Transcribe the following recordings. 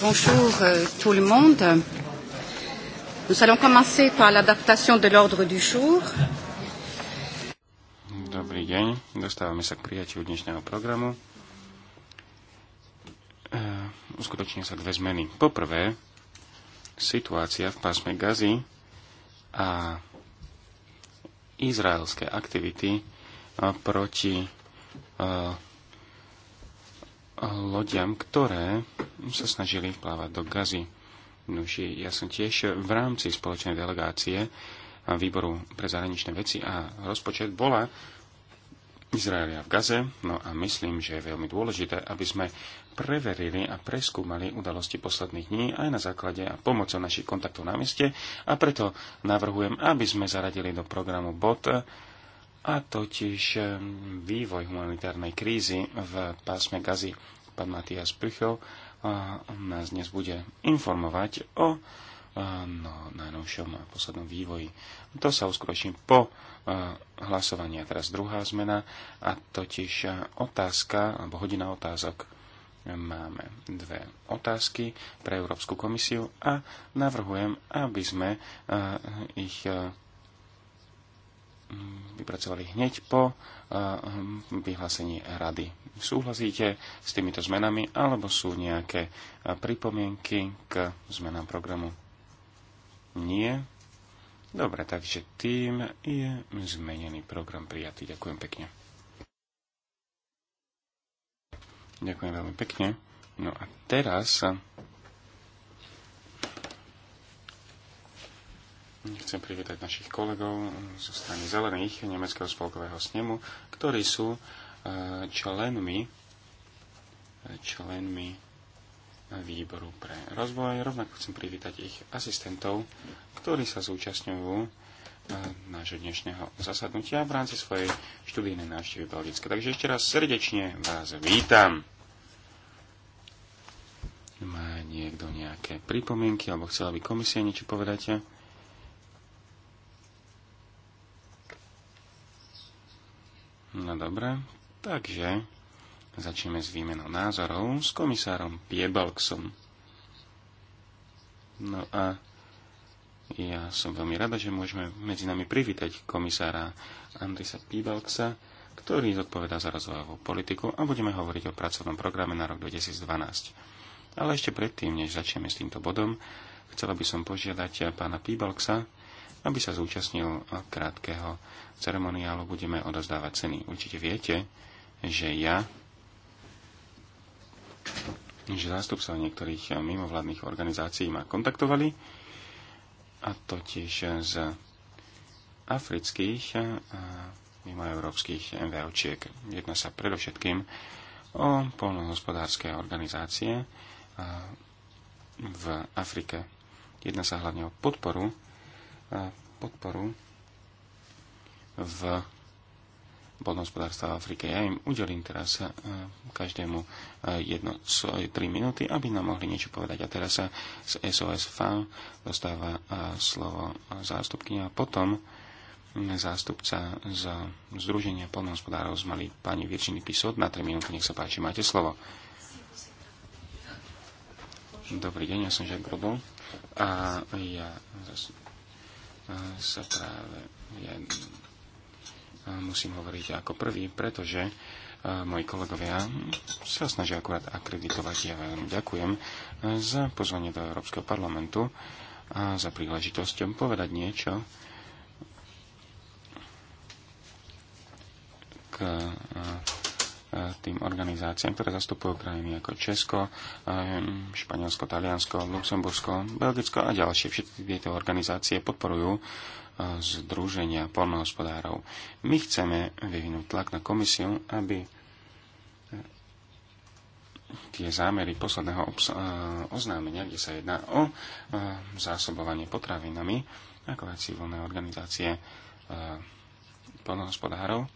Bonjour euh, tout le monde. Nous allons commencer par l'adaptation de l'ordre du jour. Dobrý deň, dostávame sa k prijatiu dnešného programu. E, uskutočnia sa dve zmeny. Poprvé, situácia v pásme Gazy a izraelské aktivity e, proti e, lodiam, ktoré sa snažili plávať do gazy. Nuži, ja som tiež v rámci spoločnej delegácie výboru pre zahraničné veci a rozpočet bola Izraelia v Gaze, no a myslím, že je veľmi dôležité, aby sme preverili a preskúmali udalosti posledných dní aj na základe a pomocou našich kontaktov na mieste a preto navrhujem, aby sme zaradili do programu bod a totiž eh, vývoj humanitárnej krízy v pásme Gazy. Pán Matias Prichov, eh, nás dnes bude informovať o eh, no, najnovšom a poslednom vývoji. To sa uskutoční po hlasovaní. A teraz druhá zmena, a totiž otázka, alebo hodina otázok. Máme dve otázky pre Európsku komisiu a navrhujem, aby sme ich vypracovali hneď po eh, hm, vyhlásení rady. Súhlasíte s týmito zmenami alebo sú nejaké eh, pripomienky k zmenám programu? Nie. Dobre, takže tým je zmenený program prijatý. Ďakujem pekne. Ďakujem veľmi pekne. No a teraz eh, Chcem privítať našich kolegov zo strany Zelených Nemeckého spolkového snemu, ktorí sú e, členmi, e, členmi e, výboru pre rozvoj. Rovnako chcem privítať ich asistentov, ktorí sa zúčastňujú nášho dnešného zasadnutia v rámci svojej študijnej návštevy Belgické. Takže ešte raz srdečne vás vítam. Má niekto nejaké pripomienky, alebo chcela by komisia niečo povedať? No dobre, takže začneme s výmenou názorov s komisárom Piebalksom. No a ja som veľmi rada, že môžeme medzi nami privítať komisára Andrisa Piebalksa, ktorý zodpovedá za rozvojovú politiku a budeme hovoriť o pracovnom programe na rok 2012. Ale ešte predtým, než začneme s týmto bodom, chcela by som požiadať pána Píbalksa, aby sa zúčastnil krátkeho ceremoniálu. Budeme odozdávať ceny. Určite viete, že ja že zástupcov niektorých mimovládnych organizácií ma kontaktovali, a totiž z afrických a mimoeurópskych MVOčiek. Jedná sa predovšetkým o polnohospodárske organizácie v Afrike. Jedná sa hlavne o podporu podporu v poľnohospodárstva v Afrike. Ja im udelím teraz e, každému e, jedno, tri minúty, aby nám mohli niečo povedať. A teraz sa z SOS FAM dostáva e, slovo zástupkynia a potom zástupca z Združenia poľnohospodárov z Mali pani Virčiny Pisot. Na tri minúty, nech sa páči, máte slovo. Dobrý deň, ja som Žak Grobov a ja sa práve ja musím hovoriť ako prvý, pretože moji kolegovia sa snažia akurát akreditovať. Ja vám ďakujem za pozvanie do Európskeho parlamentu a za príležitosť povedať niečo k tým organizáciám, ktoré zastupujú krajiny ako Česko, Španielsko, Taliansko, Luxembursko, Belgicko a ďalšie. Všetky tieto organizácie podporujú Združenia polnohospodárov. My chceme vyvinúť tlak na komisiu, aby e, tie zámery posledného oznámenia, kde sa jedná o e, zásobovanie potravinami, ako aj civilné organizácie e, polnohospodárov,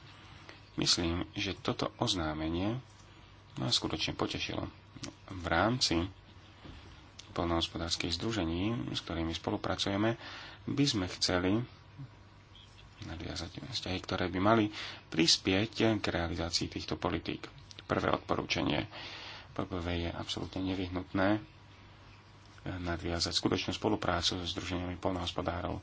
Myslím, že toto oznámenie ma skutočne potešilo. V rámci polnohospodárských združení, s ktorými spolupracujeme, by sme chceli nadviazať vzťahy, ktoré by mali prispieť k realizácii týchto politík. Prvé odporúčanie PPV je absolútne nevyhnutné nadviazať skutočnú spoluprácu so Združeniami polnohospodárov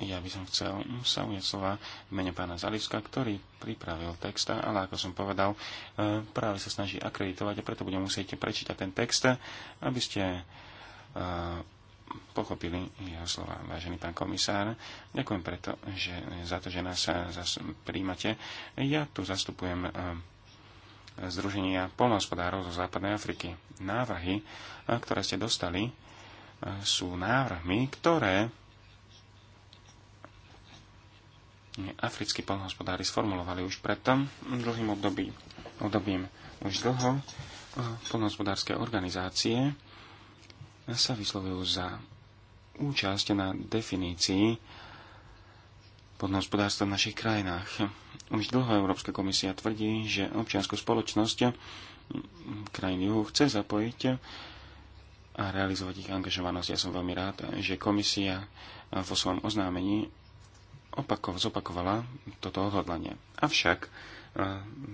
ja by som chcel sa ujať slova v mene pána Zaliska, ktorý pripravil text, ale ako som povedal, e, práve sa snaží akreditovať a preto budem musieť prečítať ten text, aby ste e, pochopili jeho slova. Vážený pán komisár, ďakujem preto, že, za to, že nás zas príjmate. Ja tu zastupujem e, Združenia polnohospodárov zo Západnej Afriky. Návrhy, ktoré ste dostali, sú návrhmi, ktoré africkí polnohospodári sformulovali už predtom, dlhým období, obdobím už dlho, polnohospodárske organizácie sa vyslovujú za účasť na definícii podnohospodárstva v našich krajinách. Už dlho Európska komisia tvrdí, že občiansku spoločnosť krajín juhu chce zapojiť a realizovať ich angažovanosť. Ja som veľmi rád, že komisia vo svojom oznámení opakov, zopakovala toto odhodlanie. Avšak e,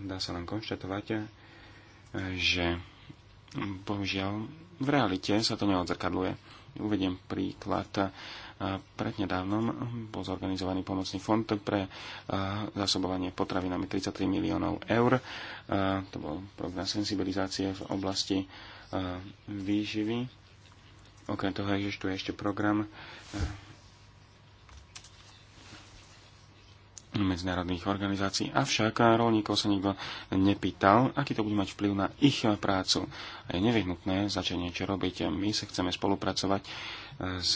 dá sa len konštatovať, e, že bohužiaľ v realite sa to neodzrkadluje. Uvediem príklad. E, prednedávnom bol zorganizovaný pomocný fond pre zásobovanie potravinami 33 miliónov eur. To bol program sensibilizácie v oblasti výživy. Okrem toho existuje ešte program medzinárodných organizácií. Avšak rolníkov sa nikto nepýtal, aký to bude mať vplyv na ich prácu. A je nevyhnutné začať niečo robiť. My sa chceme spolupracovať s,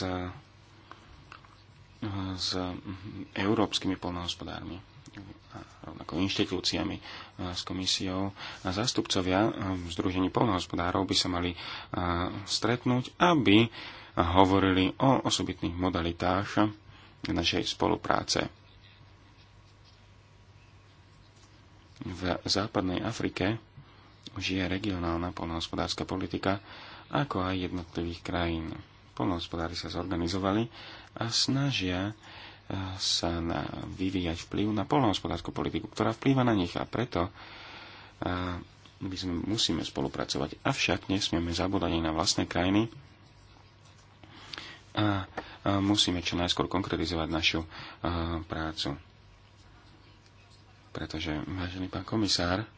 s európskymi polnohospodármi a rovnako inštitúciami s komisiou. A zástupcovia v Združení polnohospodárov by sa mali stretnúť, aby hovorili o osobitných modalitách našej spolupráce V západnej Afrike žije regionálna polnohospodárska politika, ako aj jednotlivých krajín. Polnohospodári sa zorganizovali a snažia eh, sa na, vyvíjať vplyv na polnohospodárskú politiku, ktorá vplýva na nich a preto eh, my sme, musíme spolupracovať. Avšak nesmieme zabúdať na vlastné krajiny a, a musíme čo najskôr konkretizovať našu a, eh, prácu pretože, vážený pán komisár,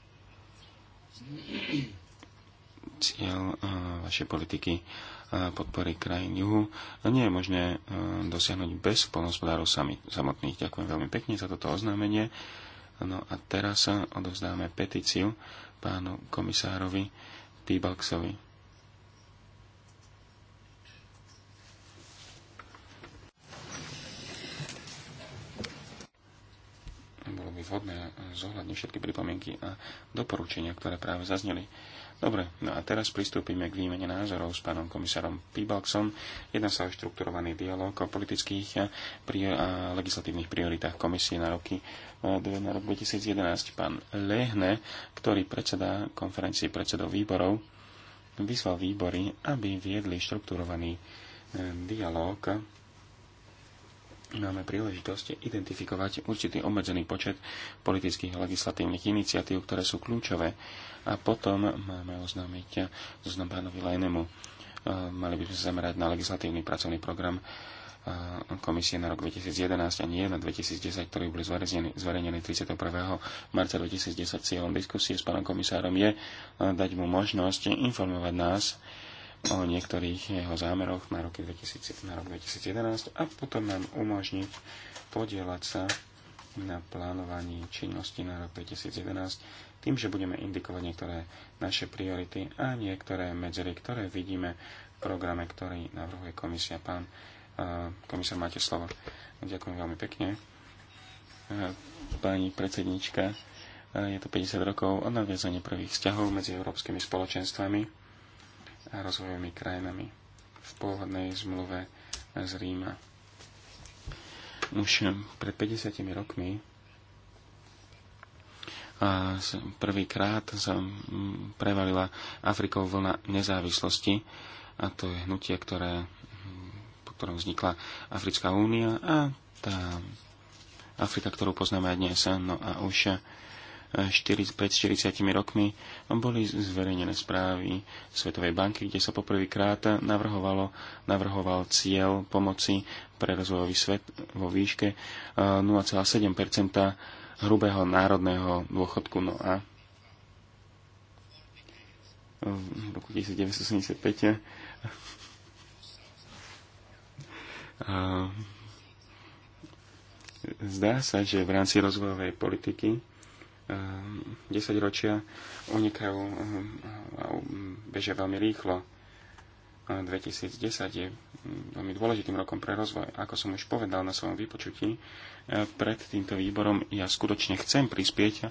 cieľ eh, vašej politiky eh, podpory krajín juhu eh, nie je možné dosiahnuť bez polnospodárov samotných. Ďakujem veľmi pekne za toto oznámenie. No a teraz odovzdáme petíciu pánu komisárovi Pibalksovi. vhodné zohľadniť všetky pripomienky a doporučenia, ktoré práve zazneli. Dobre, no a teraz pristúpime k výmene názorov s pánom komisárom Pibalksom. Jedná sa o štrukturovaný dialog o politických a legislatívnych prioritách komisie na, roky, e, na rok 2011. Pán Lehne, ktorý predseda konferencii predsedov výborov, vyzval výbory, aby viedli štrukturovaný e, dialog máme príležitosť identifikovať určitý obmedzený počet politických a legislatívnych iniciatív, ktoré sú kľúčové a potom máme oznámiť zoznam pánovi Lajnemu. E, mali by sme zamerať na legislatívny pracovný program e, komisie na rok 2011 a nie na 2010, ktorý bol zverejnený, zverejnený 31. marca 2010. Cieľom diskusie s pánom komisárom je e, dať mu možnosť informovať nás o niektorých jeho zámeroch na, roky 2000, na rok 2011 a potom nám umožniť podielať sa na plánovaní činnosti na rok 2011 tým, že budeme indikovať niektoré naše priority a niektoré medzery, ktoré vidíme v programe, ktorý navrhuje komisia. Pán eh, komisár, máte slovo. Ďakujem veľmi pekne. Eh, pani predsednička, eh, je to 50 rokov od nadviazania prvých vzťahov medzi európskymi spoločenstvami a rozvojovými krajinami v pôvodnej zmluve z Ríma. Už hm, pred 50 rokmi prvýkrát sa hm, prevalila Afrikou vlna nezávislosti a to je hnutie, ktoré, hm, po ktorom vznikla Africká únia a tá Afrika, ktorú poznáme aj dnes. No a už pred 40 rokmi boli zverejnené správy Svetovej banky, kde sa poprvýkrát navrhovalo, navrhoval cieľ pomoci pre rozvojový svet vo výške 0,7 eh, hrubého národného dôchodku. No a v roku 1975 eh, eh, zdá sa, že v rámci rozvojovej politiky desaťročia unikajú eh, a bežia veľmi rýchlo. 2010 je mm, veľmi dôležitým rokom pre rozvoj. Ako som už povedal na svojom vypočutí, eh, pred týmto výborom ja skutočne chcem prispieť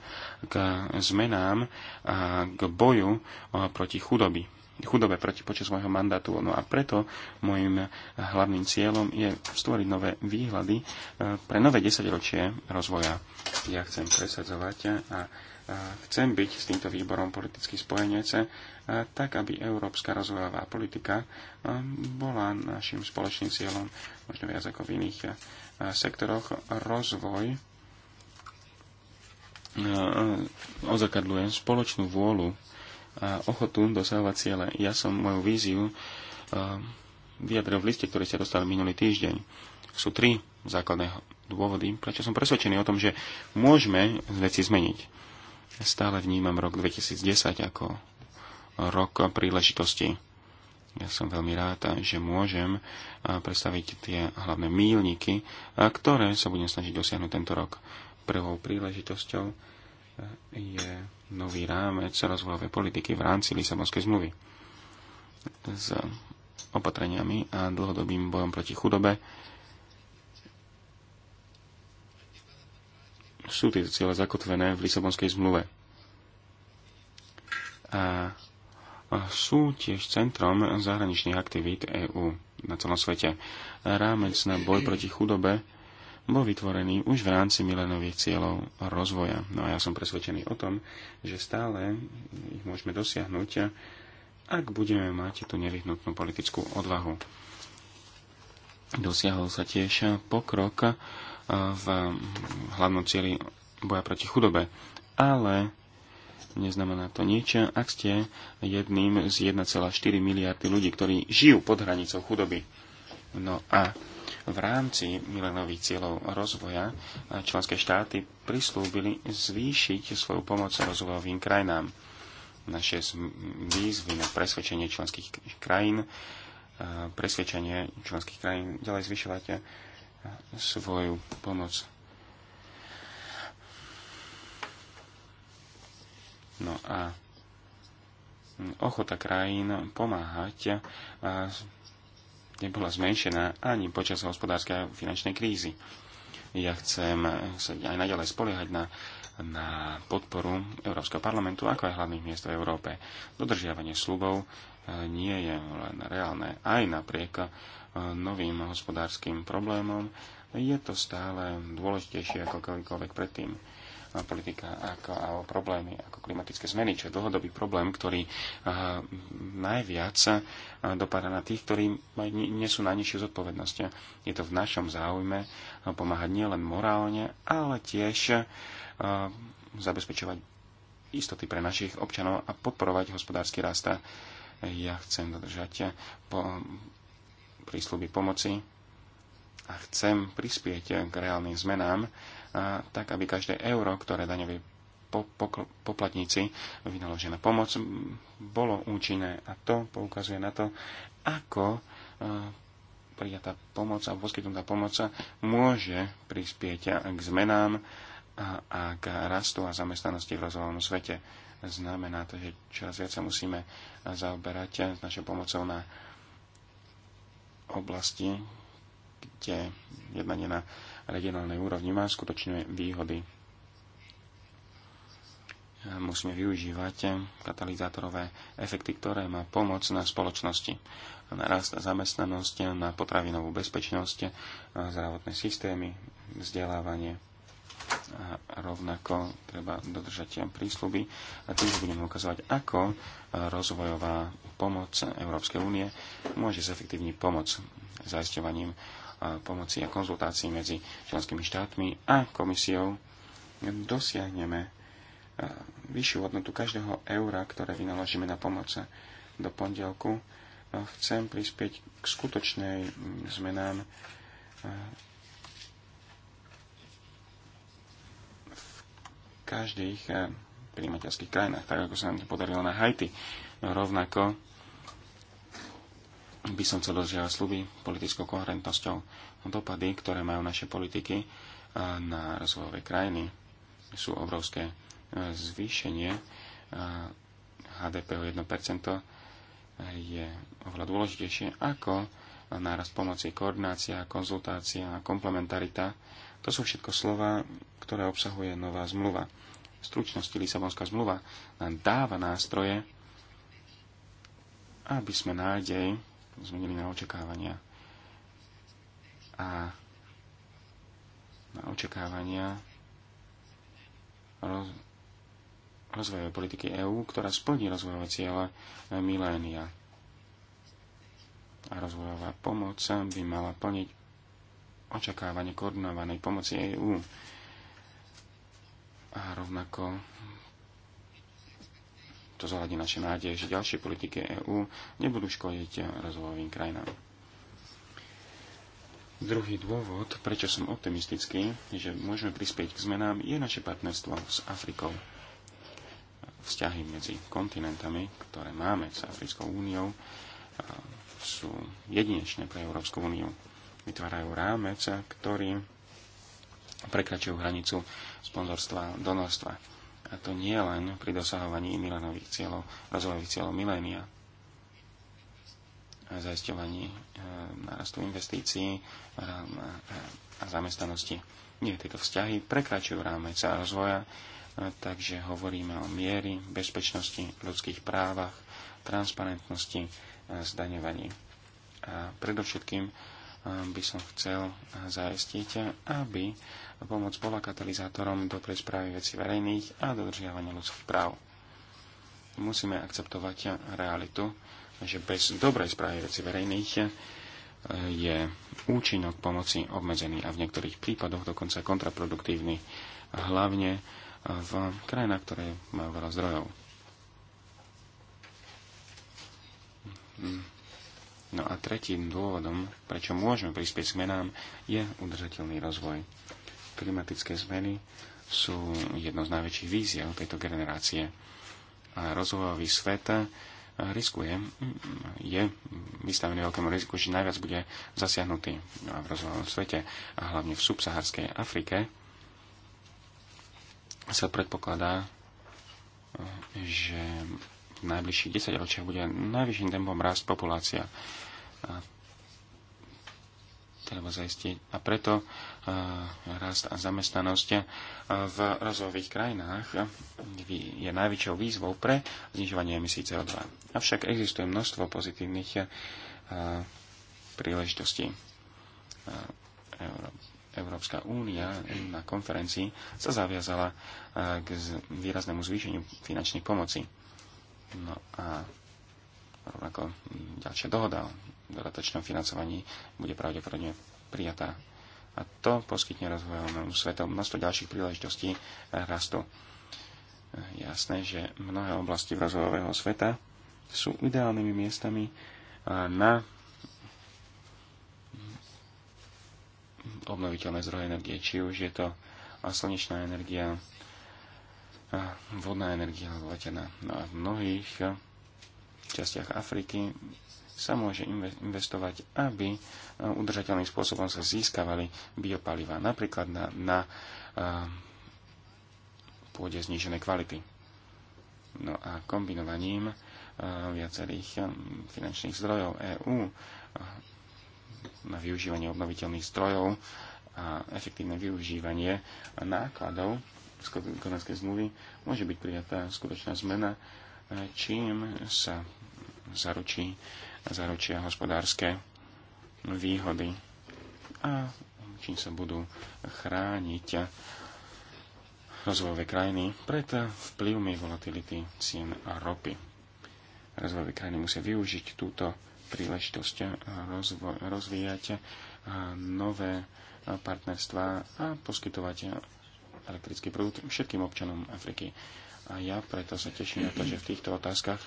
k zmenám a k boju eh, proti chudoby chudobe proti počas svojho mandátu. No a preto môjim hlavným cieľom je stvoriť nové výhľady e, pre nové desaťročie rozvoja. Ja chcem presadzovať a chcem byť s týmto výborom politicky spojenec, e, tak aby európska rozvojová politika e, bola našim spoločným cieľom, možno viac ako v iných sektoroch, rozvoj ozrkadľuje spoločnú vôľu a ochotu dosahovať cieľe. Ja som moju víziu e, vyjadril v liste, ktorý ste dostali minulý týždeň. Sú tri základné dôvody, prečo som presvedčený o tom, že môžeme veci zmeniť. Stále vnímam rok 2010 ako rok príležitosti. Ja som veľmi rád, že môžem e, predstaviť tie hlavné mílniky, ktoré sa budem snažiť dosiahnuť tento rok. Prvou príležitosťou je nový rámec rozvojovej politiky v rámci Lisabonskej zmluvy s opatreniami a dlhodobým bojom proti chudobe. Sú tieto ciele zakotvené v Lisabonskej zmluve. A sú tiež centrom zahraničných aktivít EÚ na celom svete. Rámec na boj proti chudobe bol vytvorený už v rámci milenových cieľov rozvoja. No a ja som presvedčený o tom, že stále ich môžeme dosiahnuť, ak budeme mať tú nevyhnutnú politickú odvahu. Dosiahol sa tiež pokrok v hlavnom cieli boja proti chudobe, ale neznamená to nič, ak ste jedným z 1,4 miliardy ľudí, ktorí žijú pod hranicou chudoby. No a v rámci milenových cieľov rozvoja členské štáty prislúbili zvýšiť svoju pomoc rozvojovým krajinám. Naše výzvy na presvedčenie členských krajín, presvedčenie členských krajín ďalej zvyšovať svoju pomoc. No a ochota krajín pomáhať nebola zmenšená ani počas hospodárskej a finančnej krízy. Ja chcem sa aj naďalej spoliehať na, na podporu Európskeho parlamentu, ako aj hlavných miest v Európe. Dodržiavanie slubov e, nie je len reálne. Aj napriek e, novým hospodárskym problémom je to stále dôležitejšie ako kedykoľvek predtým politika ako, a problémy ako klimatické zmeny, čo je dlhodobý problém, ktorý uh, najviac dopadá na tých, ktorí maj, sú najnižšie zodpovednosť. Je to v našom záujme pomáhať nielen morálne, ale tiež uh, zabezpečovať istoty pre našich občanov a podporovať hospodársky rast. Ja chcem dodržať po, prísľuby pomoci a chcem prispieť k reálnym zmenám tak aby každé euro, ktoré daňoví poplatníci vynaložia na pomoc, bolo účinné. A to poukazuje na to, ako e, prijatá pomoc a poskytnutá pomoc môže prispieť k zmenám a, k rastu a zamestnanosti v rozvojovom svete. Znamená to, že čoraz viac sa musíme zaoberať s našou pomocou na oblasti, kde jednanie na regionálnej úrovni má skutočné výhody. Musíme využívať katalizátorové efekty, ktoré má pomoc na spoločnosti. Na rast zamestnanosť, na potravinovú bezpečnosť, zdravotné systémy, vzdelávanie. A rovnako treba dodržať prísluby a tým budeme ukazovať, ako rozvojová pomoc Európskej únie môže zefektívniť pomoc zaisťovaním pomoci a konzultácií medzi členskými štátmi a komisiou dosiahneme e, vyššiu hodnotu každého eura, ktoré vynaložíme na pomoc do pondelku. E, chcem prispieť k skutočnej zmenám e, v každých príjimateľských krajinách, tak ako sa nám to podarilo na Haiti. No, rovnako by som chcel dožiaľ sluby politickou koherentnosťou. Dopady, ktoré majú naše politiky e, na rozvojové krajiny, sú obrovské. E, zvýšenie e, HDP o 1% je oveľa dôležitejšie ako nárast pomoci, koordinácia, konzultácia, komplementarita. To sú všetko slova, ktoré obsahuje nová zmluva. V stručnosti Lisabonská zmluva nám dáva nástroje, aby sme nádej zmenili na očakávania. A na očakávania roz, rozvojovej politiky EÚ, ktorá splní rozvojové ciele milénia. A rozvojová pomoc by mala plniť očakávanie koordinovanej pomoci EÚ. A rovnako to zohľadí naše nádej, že ďalšie politiky EÚ nebudú škodiť rozvojovým krajinám. Druhý dôvod, prečo som optimistický, že môžeme prispieť k zmenám, je naše partnerstvo s Afrikou. Vzťahy medzi kontinentami, ktoré máme s Africkou úniou, sú jedinečné pre Európsku úniu. Vytvárajú rámec, ktorý prekračujú hranicu sponzorstva donorstva a to nie len pri dosahovaní milenových cieľov, rozvojových cieľov milénia a zaisťovaní e, narastu investícií e, a zamestnanosti. Nie, tieto vzťahy prekračujú rámec rozvoja, e, takže hovoríme o miery, bezpečnosti, ľudských právach, transparentnosti, zdaňovaní. A predovšetkým by som chcel zaistiť, aby pomoc bola katalizátorom dobrej správy veci verejných a dodržiavania ľudských práv. Musíme akceptovať realitu, že bez dobrej správy veci verejných eh, je účinok pomoci obmedzený a v niektorých prípadoch dokonca kontraproduktívny, hlavne v krajinách, ktoré majú veľa zdrojov No a tretím dôvodom, prečo môžeme prispieť zmenám, je udržateľný rozvoj. Klimatické zmeny sú jednou z najväčších víziev tejto generácie. A rozvojový svet eh, riskuje, je vystavený veľkému riziku, že najviac bude zasiahnutý no v rozvojovom svete a hlavne v subsaharskej Afrike sa predpokladá, eh, že v najbližších 10 ročiach bude najvyšším tempom rast populácia a treba zaistiť. A preto uh, rast a zamestnanosť e, v rozvojových krajinách e, je najväčšou výzvou pre znižovanie emisí CO2. Avšak existuje množstvo pozitívnych uh, príležitostí. Uh, Európska únia na konferencii sa zaviazala k výraznému zvýšeniu finančnej pomoci. No a rovnako ďalšia dohoda o dodatočnom financovaní bude pravdepodobne prijatá. A to poskytne rozvojovému svetu množstvo ďalších príležitostí rastu. Jasné, že mnohé oblasti rozvojového sveta sú ideálnymi miestami na obnoviteľné zdroje energie, či už je to slnečná energia, vodná energia alebo letená. No a v mnohých častiach Afriky sa môže investovať, aby e, udržateľným spôsobom sa získavali biopaliva, napríklad na, na e, pôde zníženej kvality. No a kombinovaním e, viacerých finančných zdrojov EÚ na využívanie obnoviteľných zdrojov a efektívne využívanie nákladov z konanskej zmluvy môže byť prijatá skutočná zmena, čím sa zaručí zaručia hospodárske výhody a čím sa budú chrániť rozvojové krajiny pred vplyvmi volatility cien a ropy. Rozvojové krajiny musia využiť túto príležitosť a rozvo- rozvíjať nové partnerstvá a poskytovať elektrický prúd všetkým občanom Afriky. A ja preto sa teším na to, že v týchto otázkach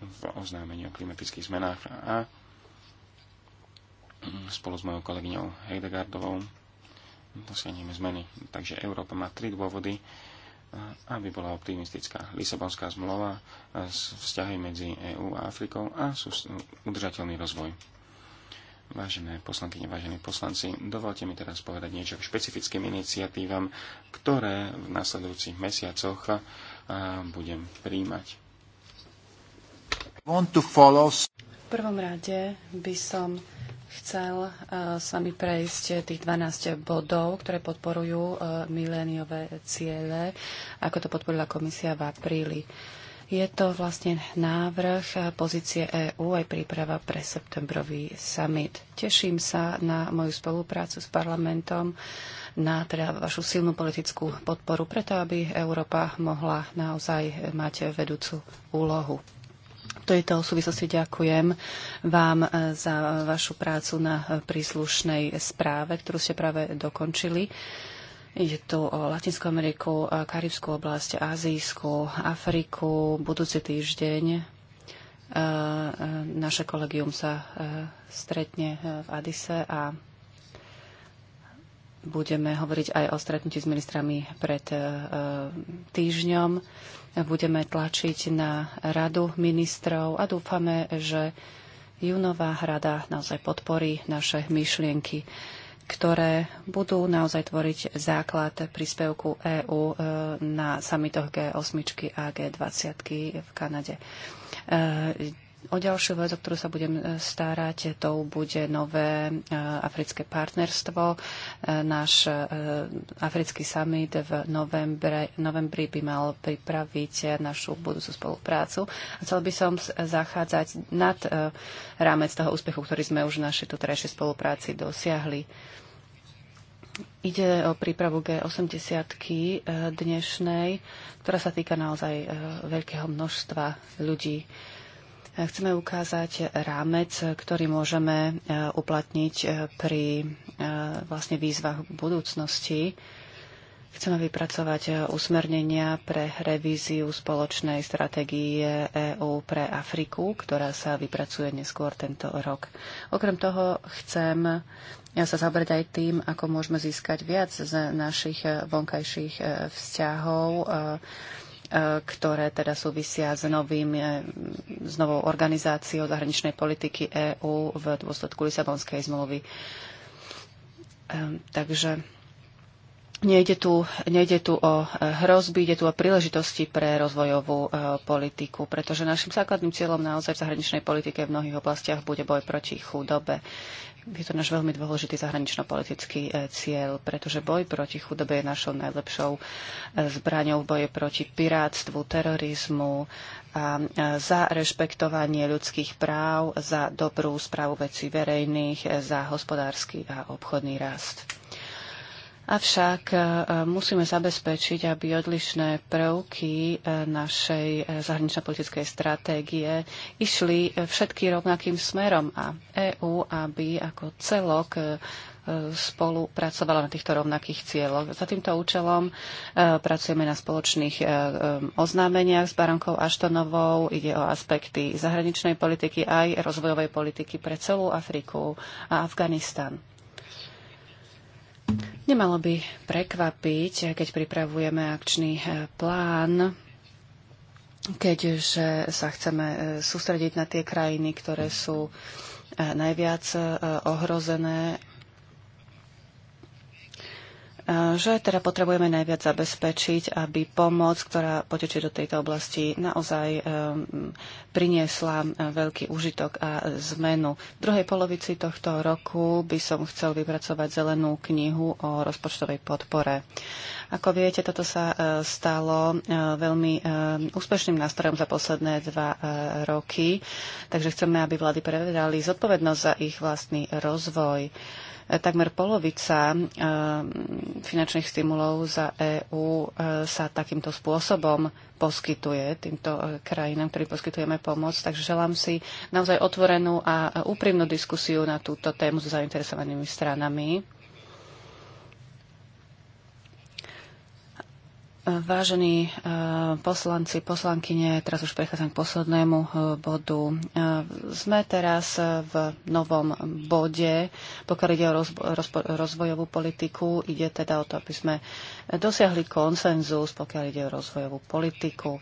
v oznámení o klimatických zmenách a spolu s mojou kolegyňou Heidegardovou dosiahneme zmeny. Takže Európa má tri dôvody, aby bola optimistická. Lisabonská zmluva, vzťahy medzi EÚ a Afrikou a udržateľný rozvoj. Vážené poslankyne, vážení poslanci, dovolte mi teraz povedať niečo k špecifickým iniciatívam, ktoré v nasledujúcich mesiacoch budem príjmať. V prvom rade by som chcel eh, s vami prejsť tých 12 bodov, ktoré podporujú eh, miléniové ciele, ako to podporila komisia v apríli. Je to vlastne návrh eh, pozície EÚ aj príprava pre septembrový summit. Teším sa na moju spoluprácu s parlamentom, na teda vašu silnú politickú podporu, preto aby Európa mohla naozaj mať vedúcu úlohu tejto súvislosti ďakujem vám e, za vašu prácu na e, príslušnej správe, ktorú ste práve dokončili. Ide tu o Latinskú Ameriku, e, Karibskú oblasť, Azijskú, Afriku, budúci týždeň. Naše kolegium sa stretne v Adise a budeme hovoriť aj o stretnutí s ministrami pred týždňom. Budeme tlačiť na radu ministrov a dúfame, že Junová rada naozaj podporí naše myšlienky, ktoré budú naozaj tvoriť základ príspevku EÚ e, na samitoch G8 a G20 v Kanade. E, O ďalšiu vec, o ktorú sa budem e, starať, to bude nové e, africké partnerstvo. E, náš africký summit v novembre, novembri by mal pripraviť našu budúcu spoluprácu. A chcel by som zachádzať nad rámec toho úspechu, ktorý sme už v našej tutrejšej spolupráci dosiahli. Ide o prípravu G80 dnešnej, ktorá sa týka naozaj veľkého množstva ľudí. Chceme ukázať rámec, ktorý môžeme e, uplatniť e, pri e, vlastne výzvach budúcnosti. Chceme vypracovať usmernenia pre revíziu spoločnej stratégie EÚ pre Afriku, ktorá sa vypracuje neskôr tento rok. Okrem toho chcem ja sa zabrať aj tým, ako môžeme získať viac z našich vonkajších vzťahov E, ktoré teda súvisia s, novým, e, s novou organizáciou zahraničnej politiky EÚ v dôsledku Lisabonskej zmluvy. Takže Nejde tu, nejde tu o e, hrozby, ide tu o príležitosti pre rozvojovú e, politiku, pretože našim základným cieľom naozaj v zahraničnej politike v mnohých oblastiach bude boj proti chudobe. Je to náš veľmi dôležitý zahranično-politický e, cieľ, pretože boj proti chudobe je našou najlepšou e, zbraňou v boji proti pirátstvu, terorizmu a e, za rešpektovanie ľudských práv, za dobrú správu vecí verejných, e, za hospodársky a obchodný rast. Avšak e, musíme zabezpečiť, aby odlišné prvky e, našej e, zahranično-politickej stratégie išli všetky rovnakým smerom a EÚ, aby ako celok spolupracovala na týchto rovnakých cieľoch. Za týmto účelom pracujeme na spoločných oznámeniach s Barankou Aštonovou. Ide o aspekty zahraničnej politiky aj rozvojovej politiky pre celú Afriku a Afganistan. Nemalo by prekvapiť, keď pripravujeme akčný eh, plán, keďže sa chceme eh, sústrediť na tie krajiny, ktoré sú eh, najviac ohrozené že teda potrebujeme najviac zabezpečiť, aby pomoc, ktorá potečie do tejto oblasti, naozaj eh, priniesla eh, veľký užitok a zmenu. V druhej polovici tohto roku by som chcel vypracovať zelenú knihu o rozpočtovej podpore. Ako viete, toto sa eh, stalo veľmi úspešným nástrojom za posledné dva roky, takže chceme, aby vlády prevedali zodpovednosť za ich vlastný rozvoj. Takmer polovica eh, finančných stimulov za EÚ eh, sa takýmto spôsobom poskytuje týmto eh, krajinám, ktorým poskytujeme pomoc. Takže želám si naozaj otvorenú a úprimnú diskusiu na túto tému so zainteresovanými stranami Vážení e, poslanci, poslankyne, teraz už prechádzam k poslednému e, bodu. E, sme teraz v novom bode, pokiaľ ide o rozvojovú politiku. Ide teda o to, aby sme dosiahli konsenzus, pokiaľ ide o rozvojovú politiku.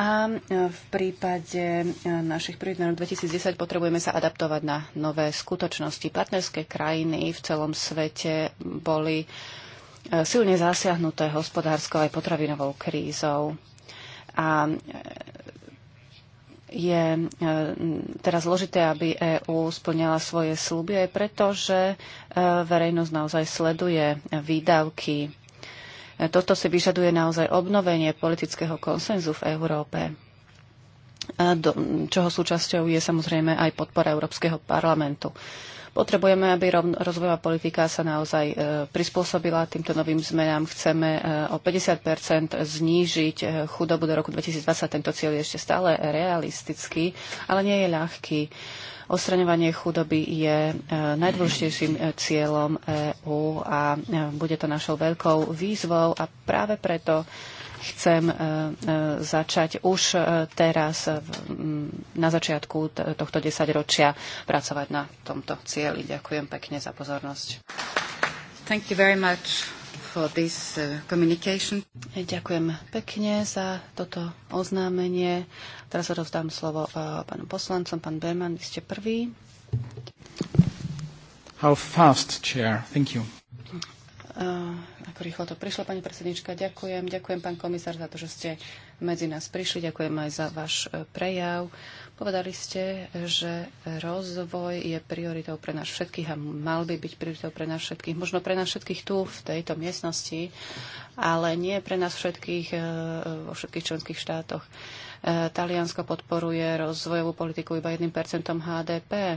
A v prípade našich prírodných 2010 potrebujeme sa adaptovať na nové skutočnosti. Partnerské krajiny v celom svete boli silne zasiahnuté hospodárskou aj potravinovou krízou. A e, je e, teraz zložité, aby EÚ splňala svoje sluby, aj preto, že e, verejnosť naozaj sleduje výdavky. Toto si vyžaduje naozaj obnovenie politického konsenzu v Európe, čoho súčasťou je samozrejme aj podpora Európskeho parlamentu. Potrebujeme, aby rozvojová politika sa naozaj e, prispôsobila týmto novým zmenám. Chceme e, o 50 znížiť e, chudobu do roku 2020. Tento cieľ je ešte stále realistický, ale nie je ľahký. Ostraňovanie chudoby je najdôležitejším cieľom EÚ a bude to našou veľkou výzvou a práve preto chcem e, e, začať už e, teraz na začiatku tohto desaťročia pracovať na tomto cieli. Ďakujem pekne za pozornosť. Thank you very much for this uh, communication. Ďakujem pekne za toto oznámenie. Teraz rozdám slovo pánu poslancom. Pán Berman, vy ste prvý. How fast, Chair. Thank you. Eh, ako rýchlo to prišlo, pani predsednička, ďakujem. Ďakujem, pán komisár, za to, že ste medzi nás prišli. Ďakujem aj za váš eh, prejav. Povedali ste, že rozvoj je prioritou pre nás všetkých a mal by byť prioritou pre nás všetkých. Možno pre nás všetkých tu, v tejto miestnosti, ale nie pre nás všetkých eh, vo všetkých členských štátoch. Taliansko podporuje rozvojovú politiku iba 1% HDP,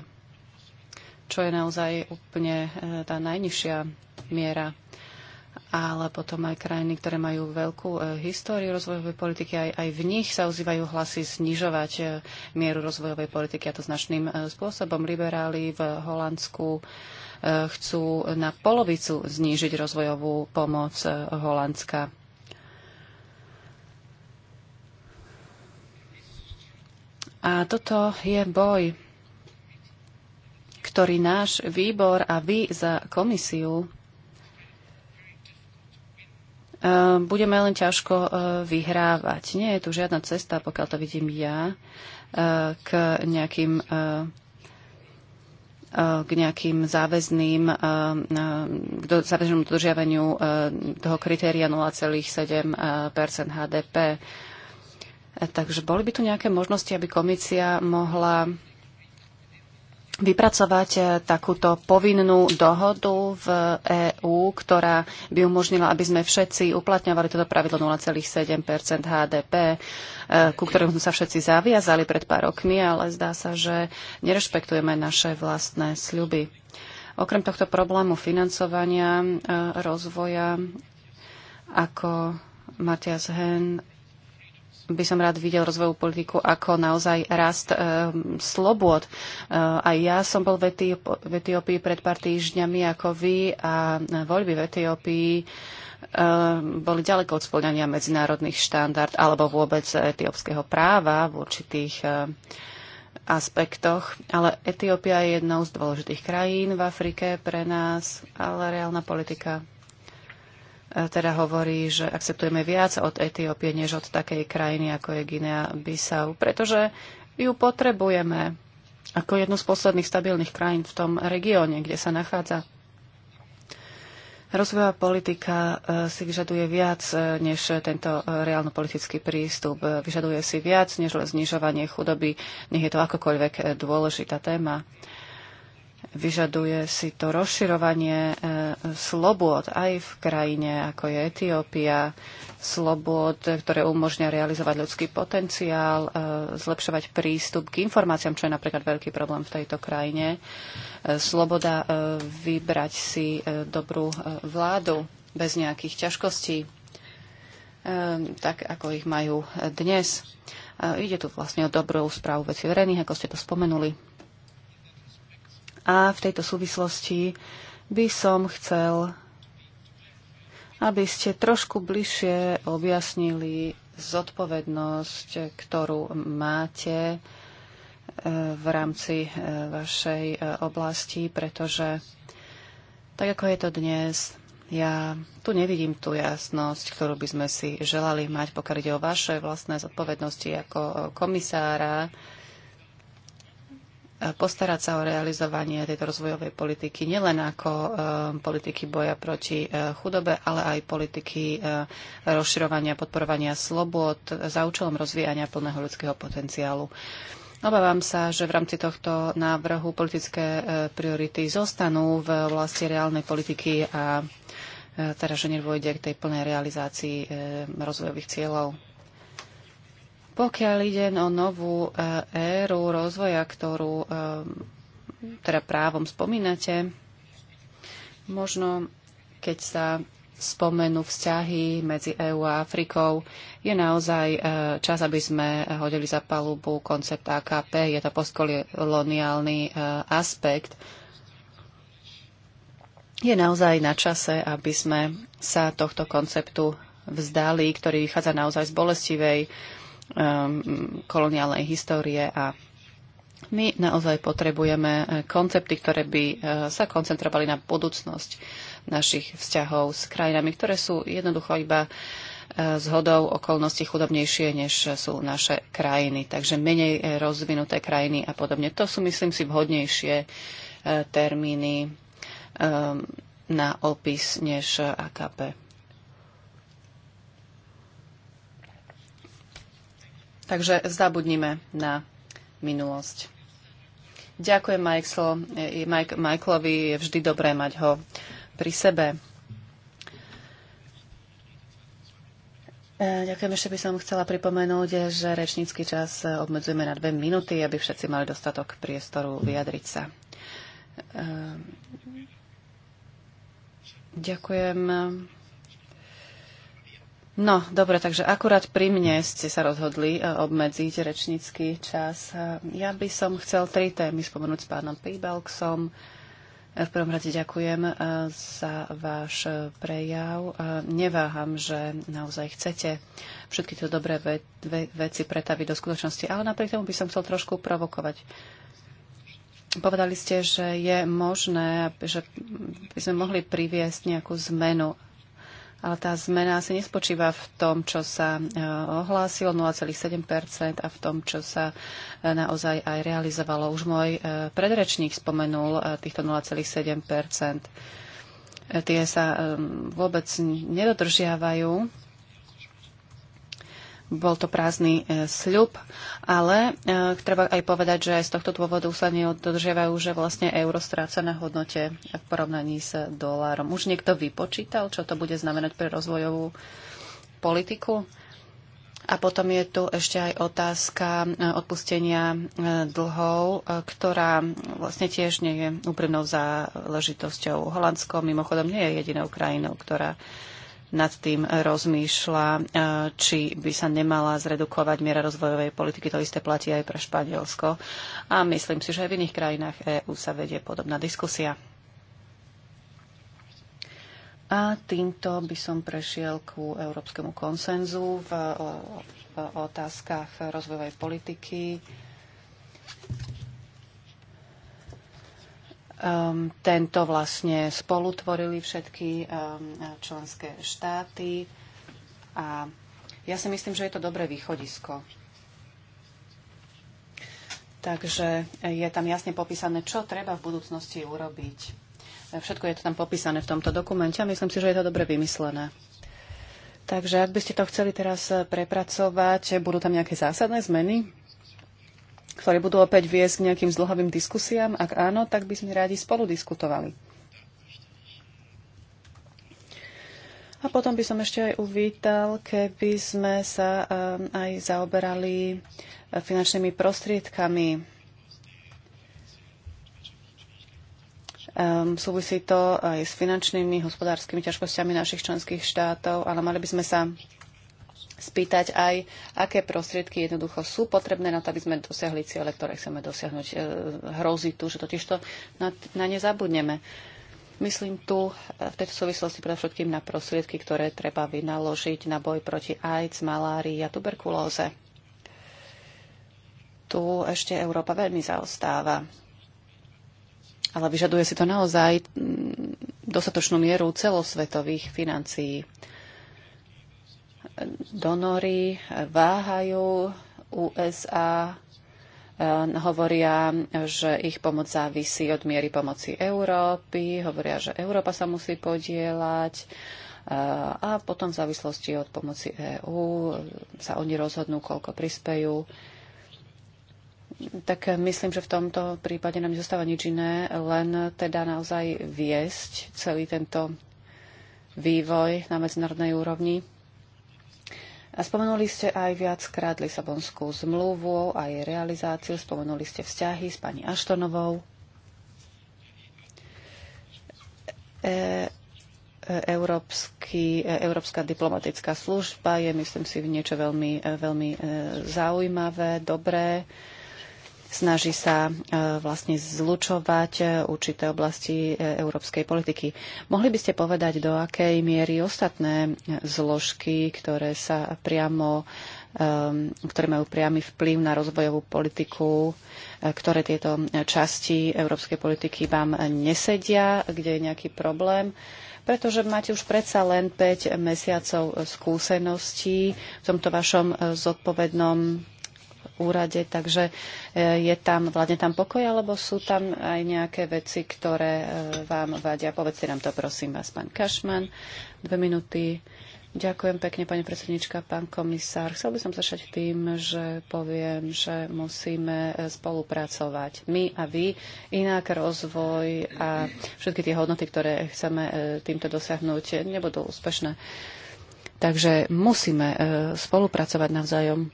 čo je naozaj úplne tá najnižšia miera ale potom aj krajiny, ktoré majú veľkú e, históriu rozvojovej politiky, aj, aj v nich sa ozývajú hlasy znižovať e, mieru rozvojovej politiky, a to značným e, spôsobom. Liberáli v Holandsku e, chcú na polovicu znížiť rozvojovú pomoc e, Holandska. A toto je boj, ktorý náš výbor a vy za komisiu E, budeme len ťažko e, vyhrávať. Nie je tu žiadna cesta, pokiaľ to vidím ja, e, k nejakým k nejakým záväzným, k záväznému dodržiavaniu toho kritéria 0,7 HDP. Takže boli by tu nejaké možnosti, aby komisia mohla vypracovať e, takúto povinnú dohodu v EÚ, ktorá by umožnila, aby sme všetci uplatňovali toto pravidlo 0,7 HDP, e, ku ktorému sme sa všetci zaviazali pred pár rokmi, ale zdá sa, že nerešpektujeme naše vlastné sľuby. Okrem tohto problému financovania, e, rozvoja, ako Matias Hen by som rád videl rozvojovú politiku ako naozaj rast e, slobôd. E, a ja som bol v, Etiop- v Etiópii pred pár týždňami ako vy a voľby v Etiópii eh, boli ďaleko od splňania medzinárodných štandard alebo vôbec etiópskeho práva v určitých aspektoch. Ale Etiópia je jednou z dôležitých krajín v Afrike pre nás, ale reálna politika E, teda hovorí, že akceptujeme viac od Etiópie, než od takej krajiny, ako je Guinea Bissau, pretože ju potrebujeme ako jednu z posledných stabilných krajín v tom regióne, kde sa nachádza. Rozvojová politika e, si vyžaduje viac e, než tento reálno-politický prístup. Vyžaduje si viac než len znižovanie chudoby, nech je to akokoľvek dôležitá téma. Vyžaduje si to rozširovanie e, slobôd aj v krajine, ako je Etiópia, slobôd, ktoré umožňa realizovať ľudský potenciál, e, zlepšovať prístup k informáciám, čo je napríklad veľký problém v tejto krajine, e, sloboda vybrať si dobrú vládu bez nejakých ťažkostí, tak ako ich majú dnes. Ide tu vlastne o dobrú správu veci verejných, ako ste to spomenuli. A v tejto súvislosti by som chcel, aby ste trošku bližšie objasnili zodpovednosť, ktorú máte eh, v rámci eh, vašej eh, oblasti, pretože tak ako je to dnes, ja tu nevidím tú jasnosť, ktorú by sme si želali mať, pokiaľ ide o vaše vlastné zodpovednosti ako komisára postarať sa o realizovanie tejto rozvojovej politiky nielen ako e, politiky boja proti e, chudobe, ale aj politiky e, rozširovania, podporovania slobod za účelom rozvíjania plného ľudského potenciálu. Obávam sa, že v rámci tohto návrhu politické priority zostanú v vlasti reálnej politiky a teda, že nedôjde k tej plnej realizácii rozvojových cieľov. Pokiaľ ide o novú e, éru rozvoja, ktorú e, teda právom spomínate, možno keď sa spomenú vzťahy medzi EÚ a Afrikou, je naozaj e, čas, aby sme hodili za palubu koncept AKP. Je to postkoloniálny aspekt. Je naozaj na čase, aby sme sa tohto konceptu vzdali, ktorý vychádza naozaj z bolestivej Um, koloniálnej histórie a my naozaj potrebujeme eh, koncepty, ktoré by eh, sa koncentrovali na budúcnosť našich vzťahov s krajinami, ktoré sú jednoducho iba eh, zhodou okolností chudobnejšie, než sú naše krajiny. Takže menej rozvinuté krajiny a podobne. To sú, myslím si, vhodnejšie termíny na opis než AKP. Takže zabudnime na minulosť. Ďakujem Michael, Mike, Michaelovi, je vždy dobré mať ho pri sebe. E, ďakujem, ešte by som chcela pripomenúť, že rečnícky čas obmedzujeme na dve minúty, aby všetci mali dostatok priestoru vyjadriť sa. E, ďakujem. No, dobre, takže akurát pri mne ste sa rozhodli e, obmedziť rečnícky čas. E, ja by som chcel tri témy spomenúť s pánom Pibalksom. E, v prvom rade ďakujem za váš prejav. Neváham, že naozaj chcete všetky tie dobré ve- ve- veci pretaviť do skutočnosti, ale napriek tomu by som chcel trošku provokovať. Povedali ste, že je možné, že by sme mohli priviesť nejakú zmenu ale tá zmena asi nespočíva v tom, čo sa e, ohlásilo 0,7% a v tom, čo sa e, naozaj aj realizovalo. Už môj e, predrečník spomenul týchto 0,7%. Tie sa vôbec nedodržiavajú bol to prázdny e, sľub, ale e, treba aj povedať, že aj z tohto dôvodu sa neodržiavajú, že vlastne euro stráca na hodnote v porovnaní s dolárom. Už niekto vypočítal, čo to bude znamenať pre rozvojovú politiku? A potom je tu ešte aj otázka e, odpustenia dlhov, ktorá vlastne tiež nie je úprimnou záležitosťou. Holandsko mimochodom nie je jedinou krajinou, ktorá nad tým rozmýšľa, e, či by sa nemala zredukovať miera rozvojovej politiky. To isté platí aj pre Španielsko. A myslím si, že aj v iných krajinách EÚ sa vedie podobná diskusia. A týmto by som prešiel ku európskemu konsenzu v, v otázkach rozvojovej politiky. Um, tento vlastne spolutvorili všetky um, členské štáty a ja si myslím, že je to dobré východisko. Takže je tam jasne popísané, čo treba v budúcnosti urobiť. Všetko je to tam popísané v tomto dokumente a myslím si, že je to dobre vymyslené. Takže ak by ste to chceli teraz eh, prepracovať, eh, budú tam nejaké zásadné zmeny? ktoré budú opäť viesť k nejakým zdlhavým diskusiám? Ak áno, tak by sme rádi spolu diskutovali. A potom by som ešte aj uvítal, keby sme sa um, aj zaoberali uh, finančnými prostriedkami. Um, súvisí to aj s finančnými, hospodárskymi ťažkosťami našich členských štátov, ale mali by sme sa spýtať aj, aké prostriedky jednoducho sú potrebné na to, aby sme dosiahli ciele, ktoré chceme dosiahnuť. E, hrozí tu, že totiž to na, na ne zabudneme. Myslím tu e, v tejto súvislosti predovšetkým na prostriedky, ktoré treba vynaložiť na boj proti AIDS, malárii a tuberkulóze. Tu ešte Európa veľmi zaostáva. Ale vyžaduje si to naozaj mm, dostatočnú mieru celosvetových financií donory váhajú. USA e, hovoria, že ich pomoc závisí od miery pomoci Európy, hovoria, že Európa sa musí podielať e, a potom v závislosti od pomoci EÚ sa oni rozhodnú, koľko prispejú. Tak myslím, že v tomto prípade nám nezostáva nič iné, len teda naozaj viesť celý tento vývoj na medzinárodnej úrovni. Spomenuli ste aj viackrát Lisabonskú zmluvu a jej realizáciu, spomenuli ste vzťahy s pani Aštonovou. E, e Európsky, e, Európska diplomatická služba je, myslím si, niečo veľmi, e, veľmi zaujímavé, dobré. E, Snaží sa e, vlastne zlučovať e, určité oblasti e, európskej politiky. Mohli by ste povedať, do akej miery ostatné zložky, ktoré sa priamo ktoré majú priamy vplyv na rozvojovú politiku, ktoré tieto časti európskej politiky vám nesedia, kde je nejaký problém pretože máte už predsa len 5 mesiacov skúseností v tomto vašom zodpovednom úrade, takže e, je tam, vládne tam pokoj, alebo sú tam aj nejaké veci, ktoré e, vám vadia? Povedzte nám to, prosím vás, pán Kašman. Dve minúty. Ďakujem pekne, pani predsednička, pán komisár. Chcel by som začať tým, že poviem, že musíme e, spolupracovať my a vy, inak rozvoj a všetky tie hodnoty, ktoré chceme týmto dosiahnuť, nebudú úspešné. Takže musíme spolupracovať navzájom.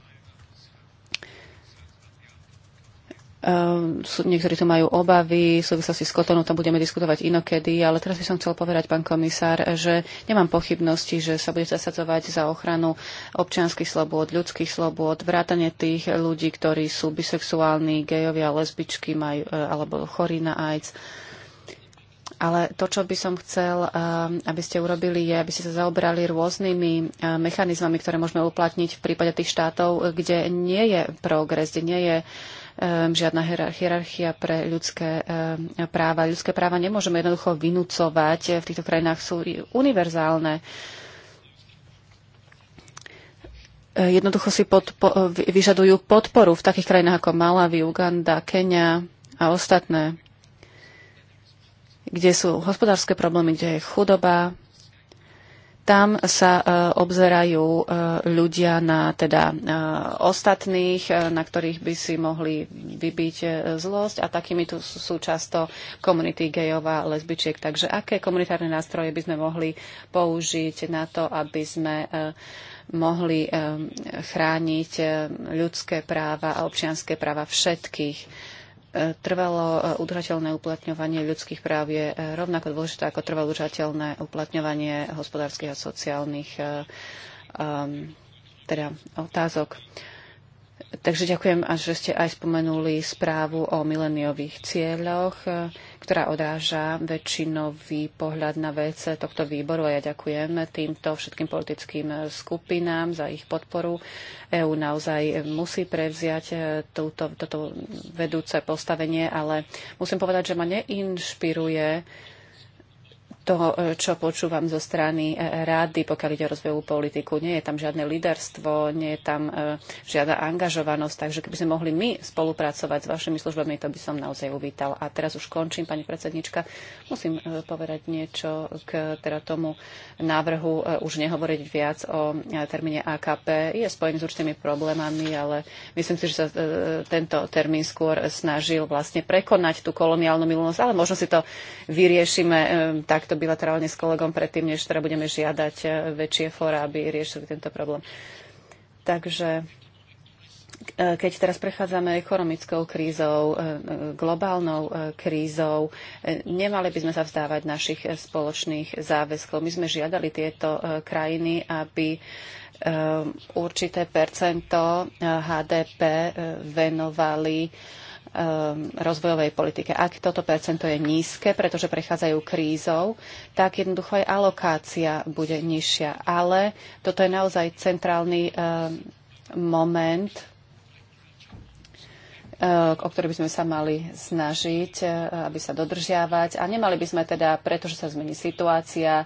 Ehm, niektorí tu majú obavy v súvislosti s kotonou, tam budeme diskutovať inokedy, ale teraz by som chcel povedať, pán komisár, že nemám pochybnosti, že sa bude zasadzovať za ochranu občianskych slobôd, ľudských slobôd, vrátane tých ľudí, ktorí sú bisexuálni, gejovia, lesbičky majú, e, alebo chorí na AIDS. Ale to, čo by som chcel, e, aby ste urobili, je, aby ste sa zaobrali rôznymi e, mechanizmami, ktoré môžeme uplatniť v prípade tých štátov, kde nie je progres, kde nie je uh, žiadna hierarchia pre ľudské práva. Ľudské práva nemôžeme jednoducho vynúcovať. E, v týchto krajinách sú univerzálne. E, jednoducho si podpo- e, vyžadujú podporu v takých krajinách ako Malawi, Uganda, Kenia a ostatné, kde sú hospodárske problémy, kde je chudoba, tam sa e, obzerajú e, ľudia na teda e, ostatných, na ktorých by si mohli vybiť zlosť a takými tu sú často komunity gejov a lesbičiek. Takže aké komunitárne nástroje by sme mohli použiť na to, aby sme mohli chrániť ľudské práva a občianské práva všetkých E, trvalo e, udržateľné uplatňovanie ľudských práv je e, rovnako dôležité ako trvalo udržateľné uplatňovanie hospodárskych a sociálnych um, teda otázok. Uh, Takže ďakujem, a že ste aj spomenuli správu o mileniových cieľoch, ktorá odráža väčšinový pohľad na vec tohto výboru. A ja ďakujem týmto všetkým politickým skupinám za ich podporu. EÚ naozaj musí prevziať túto, toto vedúce postavenie, ale musím povedať, že ma neinšpiruje toho, e, čo počúvam zo strany e, rády, pokiaľ ide o rozvojovú politiku. Nie je tam žiadne líderstvo, nie je tam e, žiadna angažovanosť, takže keby sme mohli my spolupracovať s vašimi službami, to by som naozaj uvítal. A teraz už končím, pani predsednička. Musím povedať niečo k teda tomu návrhu už nehovoriť viac o termíne AKP. Je spojený s určitými problémami, ale myslím si, že sa tento termín skôr snažil vlastne prekonať tú koloniálnu minulosť, ale možno si to vyriešime takto bilaterálne s kolegom predtým, než teda budeme žiadať e, väčšie fóra, aby riešili tento problém. Takže e, keď teraz prechádzame ekonomickou krízou, e, globálnou krízou, nemali by sme sa vzdávať našich spoločných záväzkov. My sme žiadali tieto krajiny, aby určité percento HDP venovali Ehm, rozvojovej politike. Ak toto percento je nízke, pretože prechádzajú krízou, tak jednoducho aj alokácia bude nižšia. Ale toto je naozaj centrálny ehm, moment, ehm, o ktorý by sme sa mali snažiť, e, aby sa dodržiavať. A nemali by sme teda, pretože sa zmení situácia, e,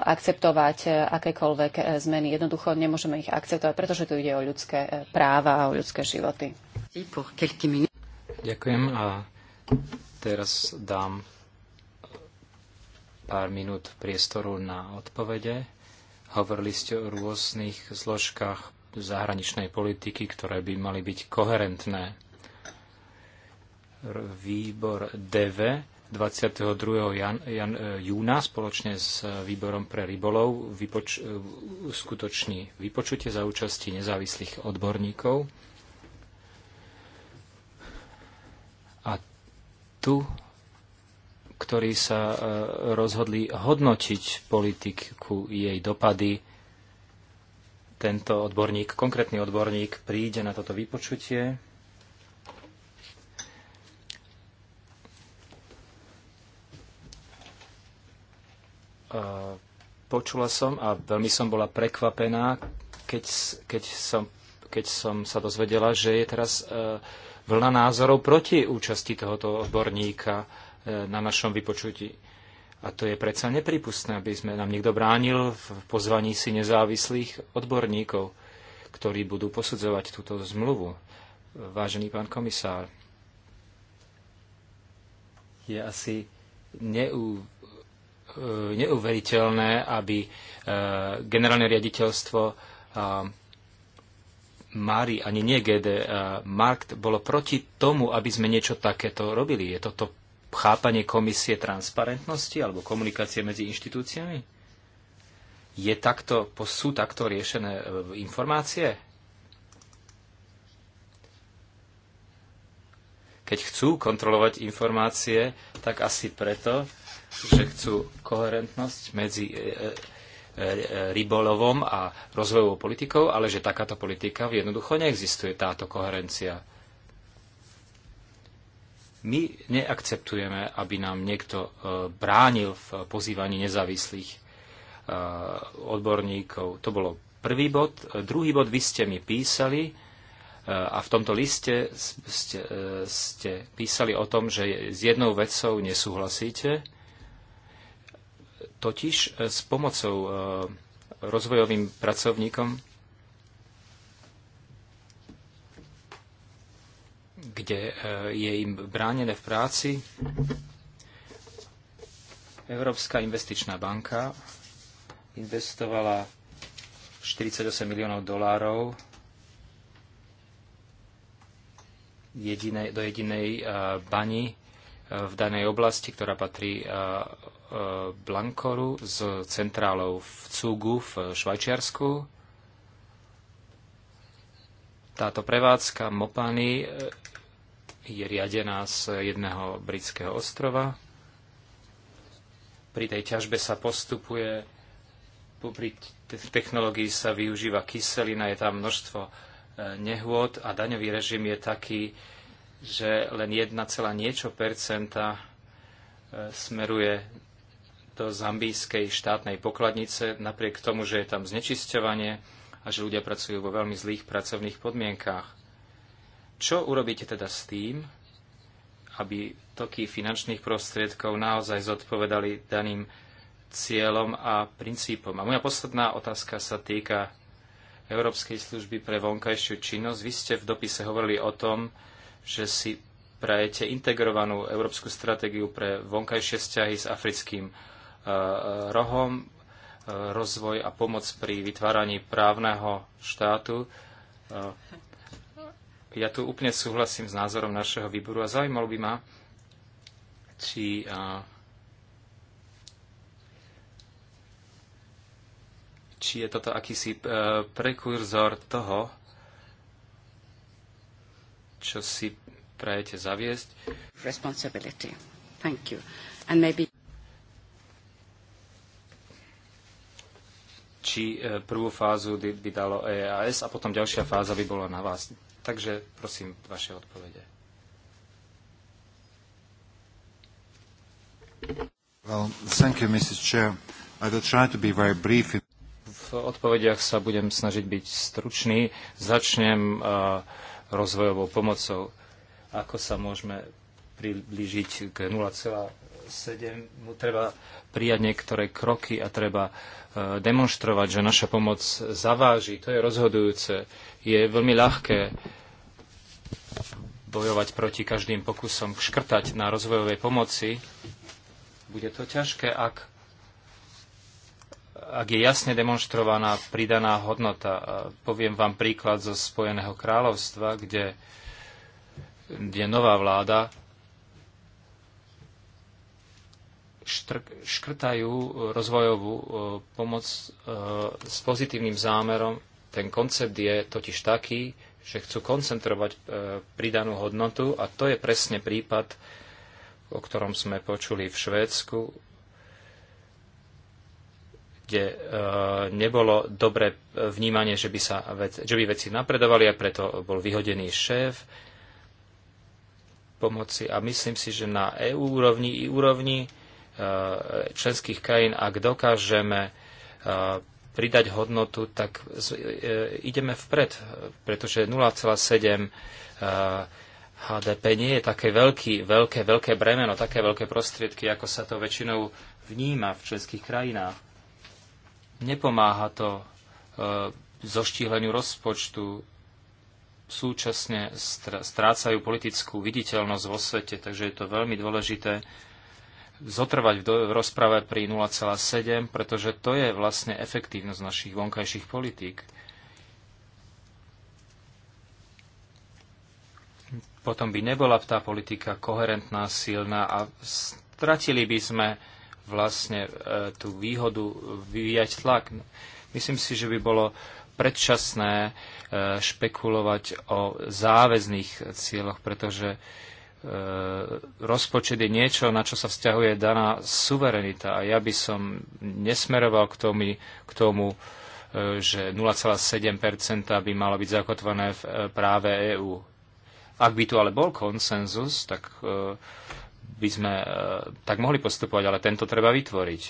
akceptovať e, akékoľvek zmeny. Jednoducho nemôžeme ich akceptovať, pretože tu ide o ľudské práva a o ľudské životy. Ďakujem a teraz dám eh, pár minút priestoru na odpovede. Hovorili ste o rôznych zložkách zahraničnej politiky, ktoré by mali byť koherentné. Výbor DV 22. Jan, jan, eh, júna spoločne s eh, výborom pre rybolov vypoč, skutoční vypočutie za účasti nezávislých odborníkov tu, ktorí sa e, rozhodli hodnotiť politiku, jej dopady. Tento odborník, konkrétny odborník, príde na toto vypočutie. E, počula som a veľmi som bola prekvapená, keď, keď, som, keď som sa dozvedela, že je teraz uh, vlna názorov proti účasti tohoto odborníka e, na našom vypočutí. A to je predsa nepripustné, aby sme nám niekto bránil v pozvaní si nezávislých odborníkov, ktorí budú posudzovať túto zmluvu. Vážený pán komisár, je asi neú, e, neuveriteľné, aby e, generálne riaditeľstvo Mari, ani nie GD Markt, bolo proti tomu, aby sme niečo takéto robili. Je toto chápanie komisie transparentnosti alebo komunikácie medzi inštitúciami? Je takto, sú takto riešené e, informácie? Keď chcú kontrolovať informácie, tak asi preto, že chcú koherentnosť medzi e, e, rybolovom a rozvojovou politikou, ale že takáto politika jednoducho neexistuje, táto koherencia. My neakceptujeme, aby nám niekto e, bránil v pozývaní nezávislých e, odborníkov. To bolo prvý bod. Druhý bod vy ste mi písali e, a v tomto liste ste, ste písali o tom, že s jednou vecou nesúhlasíte Totiž e, s pomocou e, rozvojovým pracovníkom, kde e, je im bránené v práci, Európska investičná banka investovala 48 miliónov dolárov do jedinej uh, bani v danej oblasti, ktorá patrí e, e, Blankoru s centrálou v Cúgu v Švajčiarsku. Táto prevádzka Mopany e, je riadená z jedného britského ostrova. Pri tej ťažbe sa postupuje, pri technológii sa využíva kyselina, je tam množstvo nehôd a daňový režim je taký, že len 1, niečo percenta e, smeruje do zambijskej štátnej pokladnice, napriek tomu, že je tam znečisťovanie a že ľudia pracujú vo veľmi zlých pracovných podmienkách. Čo urobíte teda s tým, aby toky finančných prostriedkov naozaj zodpovedali daným cieľom a princípom? A moja posledná otázka sa týka Európskej služby pre vonkajšiu činnosť. Vy ste v dopise hovorili o tom, že si prajete integrovanú európsku stratégiu pre vonkajšie vzťahy s africkým eh, rohom, eh, rozvoj a pomoc pri vytváraní právneho štátu. Eh, ja tu úplne súhlasím s názorom našeho výboru a zaujímalo by ma, či či je toto akýsi prekurzor toho, čo si prajete zaviesť. Responsibility. Thank you. And maybe... Či e, prvú fázu by dalo EAS a potom ďalšia fáza by bola na vás. Takže prosím vaše odpovede. Well, thank you, Mrs. Chair. I will try to be very brief. V odpovediach sa budem snažiť byť stručný. Začnem uh, rozvojovou pomocou. Ako sa môžeme priblížiť k 0,7, treba prijať niektoré kroky a treba e, demonstrovať, že naša pomoc zaváži. To je rozhodujúce. Je veľmi ľahké bojovať proti každým pokusom škrtať na rozvojovej pomoci. Bude to ťažké, ak ak je jasne demonstrovaná pridaná hodnota. Poviem vám príklad zo Spojeného kráľovstva, kde, kde nová vláda škrtajú rozvojovú e, pomoc e, s pozitívnym zámerom. Ten koncept je totiž taký, že chcú koncentrovať e, pridanú hodnotu a to je presne prípad, o ktorom sme počuli v Švédsku, kde e, nebolo dobre vnímanie, že by, sa vec, že by veci napredovali a preto bol vyhodený šéf pomoci. A myslím si, že na EU úrovni i úrovni e, členských krajín, ak dokážeme e, pridať hodnotu, tak ideme vpred, pretože 0,7 HDP nie je také veľký, veľké, veľké bremeno, také veľké prostriedky, ako sa to väčšinou vníma v členských krajinách Nepomáha to e, zoštíhleniu rozpočtu. Súčasne strácajú politickú viditeľnosť vo svete, takže je to veľmi dôležité zotrvať v, do, v rozprave pri 0,7, pretože to je vlastne efektívnosť našich vonkajších politík. potom by nebola tá politika koherentná, silná a stratili by sme vlastne e, tú výhodu vyvíjať tlak. Myslím si, že by bolo predčasné e, špekulovať o záväzných cieľoch, pretože e, rozpočet je niečo, na čo sa vzťahuje daná suverenita. A ja by som nesmeroval k tomu, k tomu že 0,7 by malo byť zakotvené v práve EÚ. Ak by tu ale bol konsenzus, tak by sme e, tak mohli postupovať, ale tento treba vytvoriť.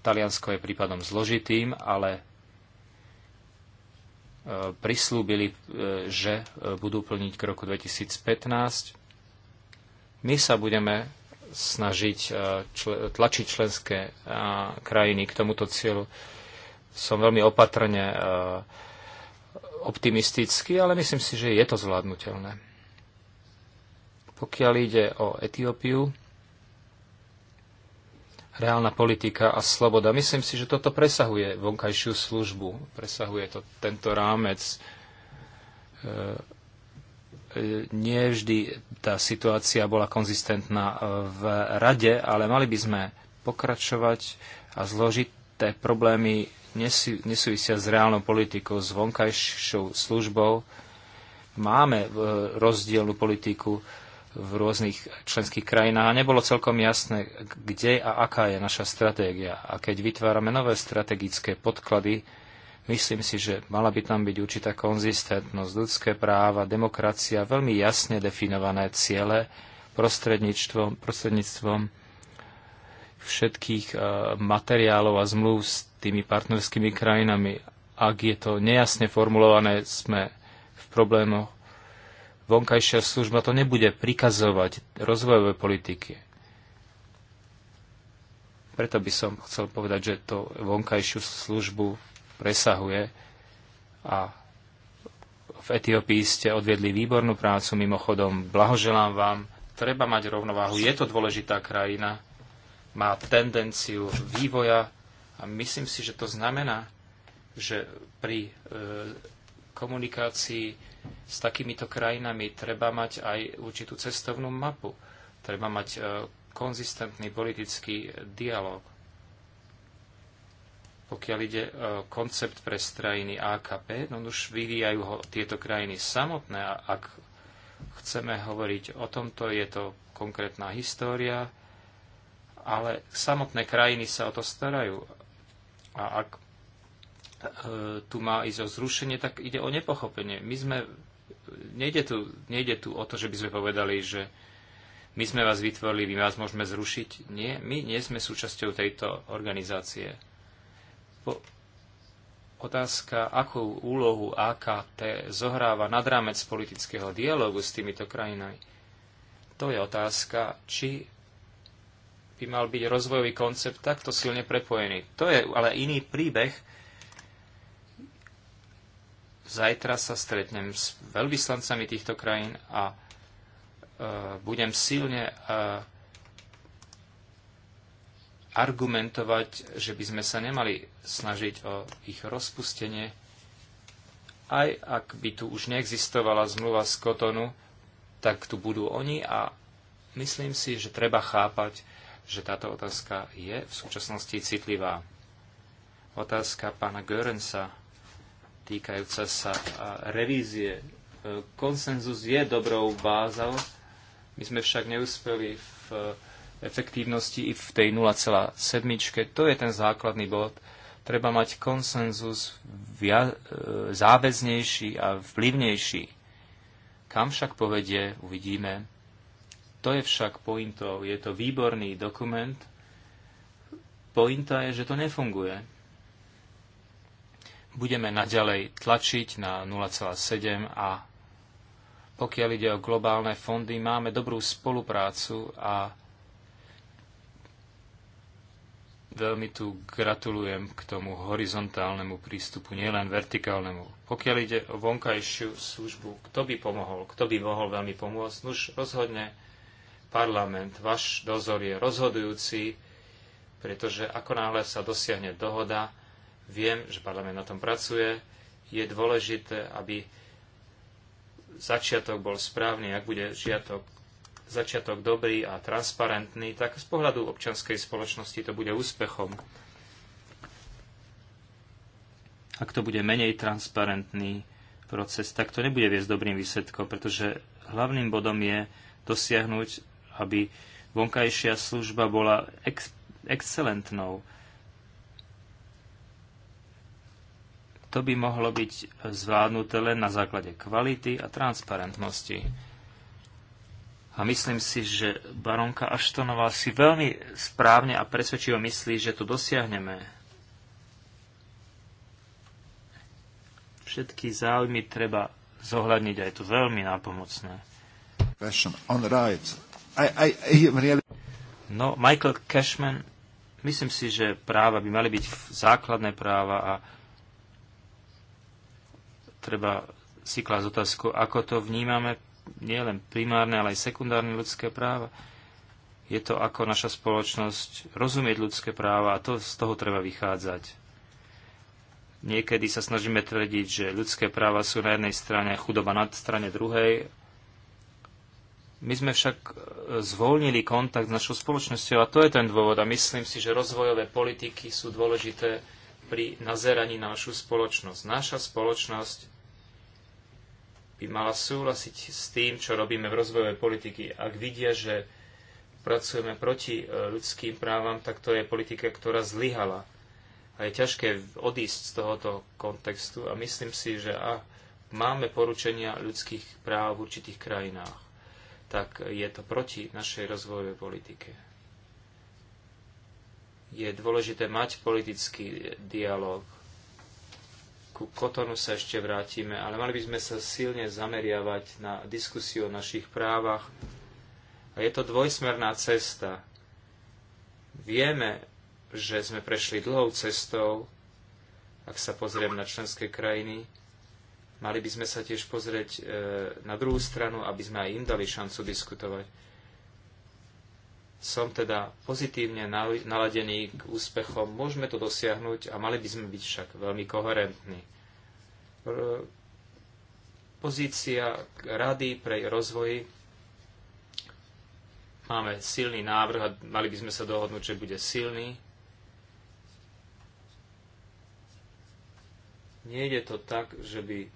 Taliansko je prípadom zložitým, ale e, prislúbili, e, že budú plniť k roku 2015. My sa budeme snažiť tlačiť členské krajiny k tomuto cieľu. Som veľmi opatrne optimistický, ale myslím si, že je to zvládnutelné. Pokiaľ ide o Etiópiu, reálna politika a sloboda. Myslím si, že toto presahuje vonkajšiu službu, presahuje to tento rámec. E, e, nie vždy tá situácia bola konzistentná e, v rade, ale mali by sme pokračovať a zložité problémy nesúvisia s reálnou politikou, s vonkajšou službou. Máme rozdielnu politiku, v rôznych členských krajinách a nebolo celkom jasné, kde a aká je naša stratégia. A keď vytvárame nové strategické podklady, myslím si, že mala by tam byť určitá konzistentnosť, ľudské práva, demokracia, veľmi jasne definované ciele prostredníctvom, prostredníctvom všetkých eh, materiálov a zmluv s tými partnerskými krajinami. Ak je to nejasne formulované, sme v problémoch vonkajšia služba to nebude prikazovať rozvojové politiky. Preto by som chcel povedať, že to vonkajšiu službu presahuje a v Etiópii ste odviedli výbornú prácu, mimochodom, blahoželám vám. Treba mať rovnováhu, je to dôležitá krajina, má tendenciu vývoja a myslím si, že to znamená, že pri e, komunikácii s takýmito krajinami treba mať aj určitú cestovnú mapu. Treba mať e, konzistentný politický dialog. Pokiaľ ide e, koncept pre krajiny AKP, no už vyvíjajú ho tieto krajiny samotné a ak chceme hovoriť o tomto, je to konkrétna história, ale samotné krajiny sa o to starajú. A ak E, tu má ísť o zrušenie, tak ide o nepochopenie. My sme, nejde tu, nejde tu o to, že by sme povedali, že my sme vás vytvorili, my vás môžeme zrušiť. Nie, my nie sme súčasťou tejto organizácie. Po, otázka, akú úlohu AKT zohráva nad rámec politického dialogu s týmito krajinami, to je otázka, či by mal byť rozvojový koncept takto silne prepojený. To je ale iný príbeh, Zajtra sa stretnem s veľvyslancami týchto krajín a e, budem silne e, argumentovať, že by sme sa nemali snažiť o ich rozpustenie, aj ak by tu už neexistovala zmluva z Kotonu, tak tu budú oni a myslím si, že treba chápať, že táto otázka je v súčasnosti citlivá. Otázka pána Görensa týkajúca sa revízie. E, konsenzus je dobrou bázou, my sme však neúspeli v e, efektívnosti i v tej 0,7. To je ten základný bod. Treba mať konsenzus e, záväznejší a vplyvnejší. Kam však povedie, uvidíme. To je však pointou. Je to výborný dokument. Pointa je, že to nefunguje budeme naďalej tlačiť na 0,7 a pokiaľ ide o globálne fondy, máme dobrú spoluprácu a veľmi tu gratulujem k tomu horizontálnemu prístupu, nielen vertikálnemu. Pokiaľ ide o vonkajšiu službu, kto by pomohol, kto by mohol veľmi pomôcť, už rozhodne parlament, váš dozor je rozhodujúci, pretože ako náhle sa dosiahne dohoda, Viem, že parlament na tom pracuje. Je dôležité, aby začiatok bol správny, ak bude žiatok, začiatok dobrý a transparentný, tak z pohľadu občianskej spoločnosti to bude úspechom. Ak to bude menej transparentný proces, tak to nebude viesť dobrým výsledkom, pretože hlavným bodom je dosiahnuť, aby vonkajšia služba bola ex- excelentnou, To by mohlo byť zvládnuté len na základe kvality a transparentnosti. A myslím si, že baronka Aštonová si veľmi správne a presvedčivo myslí, že to dosiahneme. Všetky záujmy treba zohľadniť a je to veľmi nápomocné. No, Michael Cashman, myslím si, že práva by mali byť základné práva a treba si klásť otázku, ako to vnímame nielen primárne, ale aj sekundárne ľudské práva. Je to, ako naša spoločnosť rozumieť ľudské práva a to, z toho treba vychádzať. Niekedy sa snažíme tvrdiť, že ľudské práva sú na jednej strane a chudoba na strane druhej. My sme však e, zvolnili kontakt s našou spoločnosťou a to je ten dôvod. A myslím si, že rozvojové politiky sú dôležité pri nazeraní na našu spoločnosť. Naša spoločnosť by mala súhlasiť s tým, čo robíme v rozvojovej politiky. Ak vidia, že pracujeme proti e, ľudským právam, tak to je politika, ktorá zlyhala. A je ťažké odísť z tohoto kontextu a myslím si, že a, máme poručenia ľudských práv v určitých krajinách, tak je to proti našej rozvojovej politike je dôležité mať politický dialog, ku Kotonu sa ešte vrátime, ale mali by sme sa silne zameriavať na diskusiu o našich právach. A je to dvojsmerná cesta. Vieme, že sme prešli dlhou cestou, ak sa pozriem na členské krajiny, mali by sme sa tiež pozrieť e, na druhú stranu, aby sme aj im dali šancu diskutovať som teda pozitívne naladený k úspechom. Môžeme to dosiahnuť a mali by sme byť však veľmi koherentní. Pozícia Rady pre rozvoj máme silný návrh a mali by sme sa dohodnúť, že bude silný. Nie je to tak, že by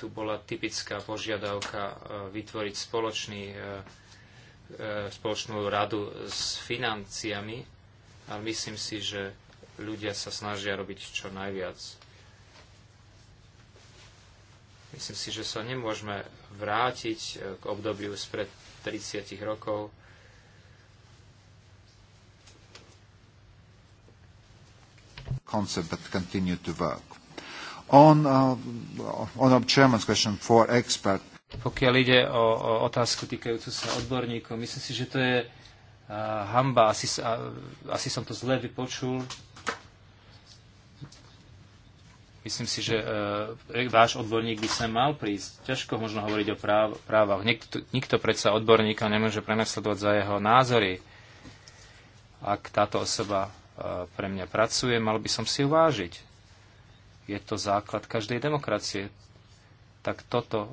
tu bola typická požiadavka e, vytvoriť spoločný e, E, spoločnú radu s financiami, ale myslím si, že ľudia sa snažia robiť čo najviac. Myslím si, že sa nemôžeme vrátiť e, k obdobiu spred 30 rokov, concept that continued to work. On, uh, on Chairman's question for expert, pokiaľ ide o, o otázku týkajúcu sa odborníkov, myslím si, že to je uh, hamba. Asi, uh, asi som to zle vypočul. Myslím si, že e, váš odborník by sem mal prísť. Ťažko možno hovoriť o práv, právach. Nikto, nikto predsa odborníka nemôže prenasledovať za jeho názory. Ak táto osoba e, pre mňa pracuje, mal by som si uvážiť. Je to základ každej demokracie. Tak toto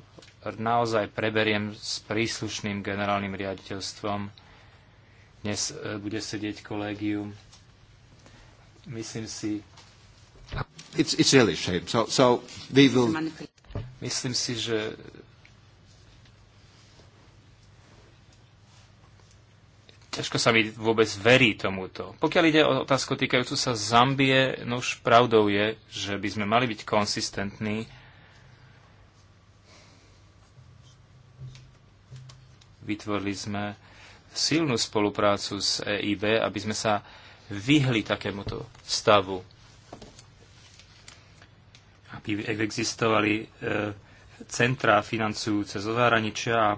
naozaj preberiem s príslušným generálnym riaditeľstvom. Dnes e, bude sedieť kolégium. Myslím si, It's, it's really shame. So, so we will... Myslím si, že ťažko sa mi vôbec verí tomuto. Pokiaľ ide o otázku týkajúcu sa Zambie, no už pravdou je, že by sme mali byť konsistentní Vytvorili sme silnú spoluprácu s EIB, aby sme sa vyhli takémuto stavu. Aby existovali e, centrá financujúce zo zahraničia.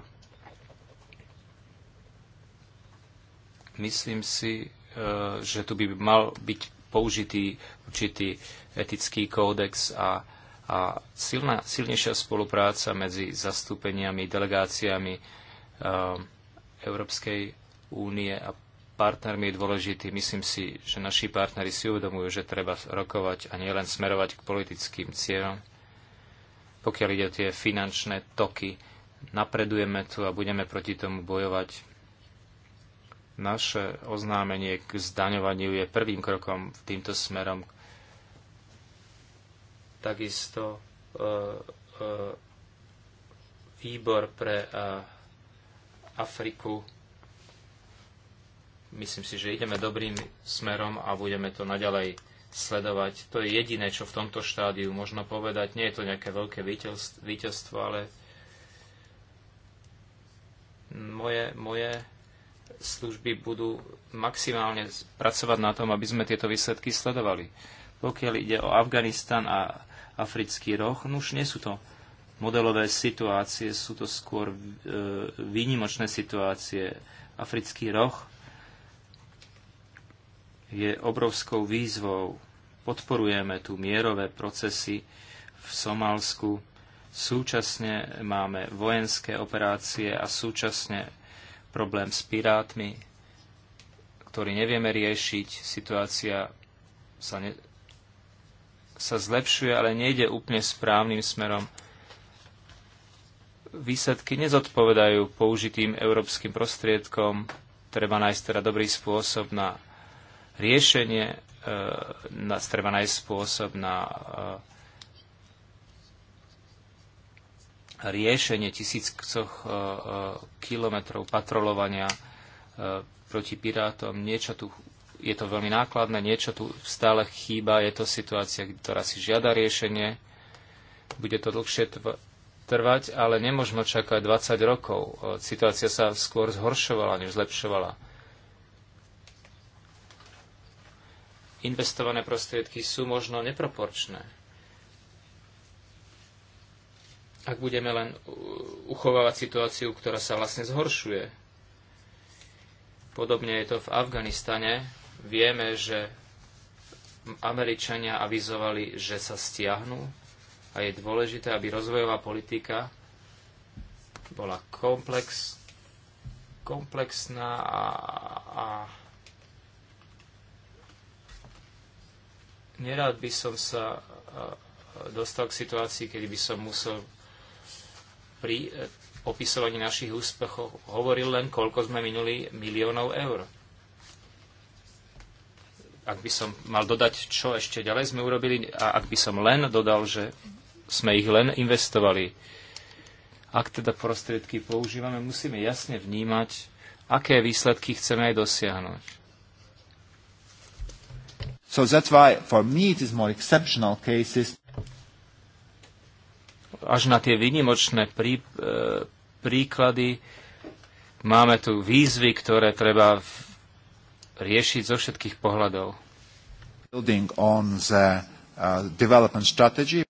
Myslím si, e, že tu by mal byť použitý určitý etický kódex a, a silná, silnejšia spolupráca medzi zastúpeniami, delegáciami, Ehm, Európskej únie a partnermi je dôležitý. Myslím si, že naši partneri si uvedomujú, že treba rokovať a nielen smerovať k politickým cieľom. Pokiaľ ide o tie finančné toky, napredujeme tu a budeme proti tomu bojovať. Naše oznámenie k zdaňovaniu je prvým krokom v týmto smerom. Takisto eh, eh, výbor pre e, Afriku. Myslím si, že ideme dobrým smerom a budeme to naďalej sledovať. To je jediné, čo v tomto štádiu možno povedať. Nie je to nejaké veľké víťazstvo, ale moje, moje služby budú maximálne pracovať na tom, aby sme tieto výsledky sledovali. Pokiaľ ide o Afganistan a africký roh, no už nie sú to modelové situácie, sú to skôr e, výnimočné situácie. Africký roh je obrovskou výzvou. Podporujeme tu mierové procesy v Somálsku. Súčasne máme vojenské operácie a súčasne problém s pirátmi, ktorý nevieme riešiť. Situácia sa, ne, sa zlepšuje, ale nejde úplne správnym smerom výsledky nezodpovedajú použitým európskym prostriedkom. Treba nájsť teda dobrý spôsob na riešenie, e, na, treba nájsť spôsob na e, riešenie tisíccoch e, kilometrov patrolovania proti pirátom. Niečo tu je to veľmi nákladné, niečo tu stále chýba, je to situácia, ktorá si žiada riešenie. Bude to dlhšie trvať, ale nemôžeme čakať 20 rokov. E, situácia sa skôr zhoršovala, než zlepšovala. Investované prostriedky sú možno neproporčné. Ak budeme len uchovávať situáciu, ktorá sa vlastne zhoršuje. Podobne je to v Afganistane. Vieme, že Američania avizovali, že sa stiahnu a je dôležité, aby rozvojová politika bola komplex, komplexná a, a nerád by som sa dostal k situácii, kedy by som musel pri e, opisovaní našich úspechov hovoril len, koľko sme minuli miliónov eur. Ak by som mal dodať, čo ešte ďalej sme urobili, a ak by som len dodal, že sme ich len investovali. Ak teda prostriedky používame, musíme jasne vnímať, aké výsledky chceme aj dosiahnuť. So that's why for me it is more exceptional cases. Až na tie výnimočné prí, e, príklady máme tu výzvy, ktoré treba v, riešiť zo všetkých pohľadov. Building on the, uh, development strategy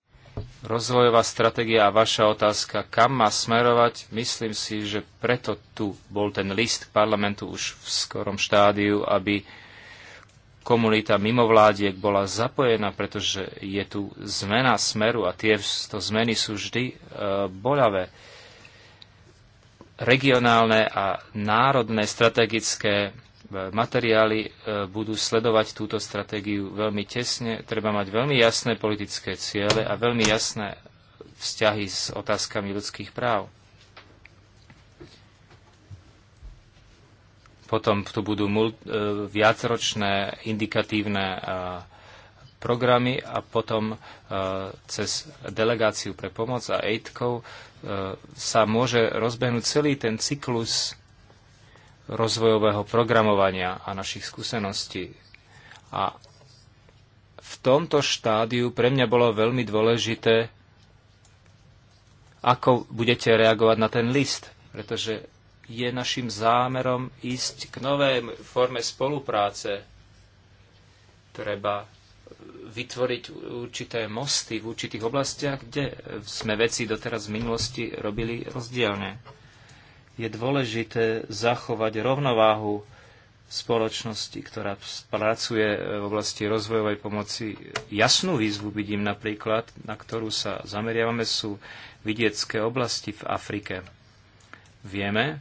rozvojová stratégia a vaša otázka, kam má smerovať, myslím si, že preto tu bol ten list parlamentu už v skorom štádiu, aby komunita mimovládiek bola zapojená, pretože je tu zmena smeru a tie to zmeny sú vždy e, boľavé. Regionálne a národné strategické materiály e, budú sledovať túto stratégiu veľmi tesne. Treba mať veľmi jasné politické ciele a veľmi jasné vzťahy s otázkami ľudských práv. Potom tu budú e, viacročné indikatívne e, programy a potom cez delegáciu pre pomoc a aidkov sa môže rozbehnúť celý ten cyklus rozvojového programovania a našich skúseností. A v tomto štádiu pre mňa bolo veľmi dôležité, ako budete reagovať na ten list, pretože je našim zámerom ísť k novej forme spolupráce. Treba vytvoriť určité mosty v určitých oblastiach, kde sme veci doteraz v minulosti robili rozdielne je dôležité zachovať rovnováhu spoločnosti, ktorá pracuje v oblasti rozvojovej pomoci. Jasnú výzvu vidím napríklad, na ktorú sa zameriavame, sú vidiecké oblasti v Afrike. Vieme,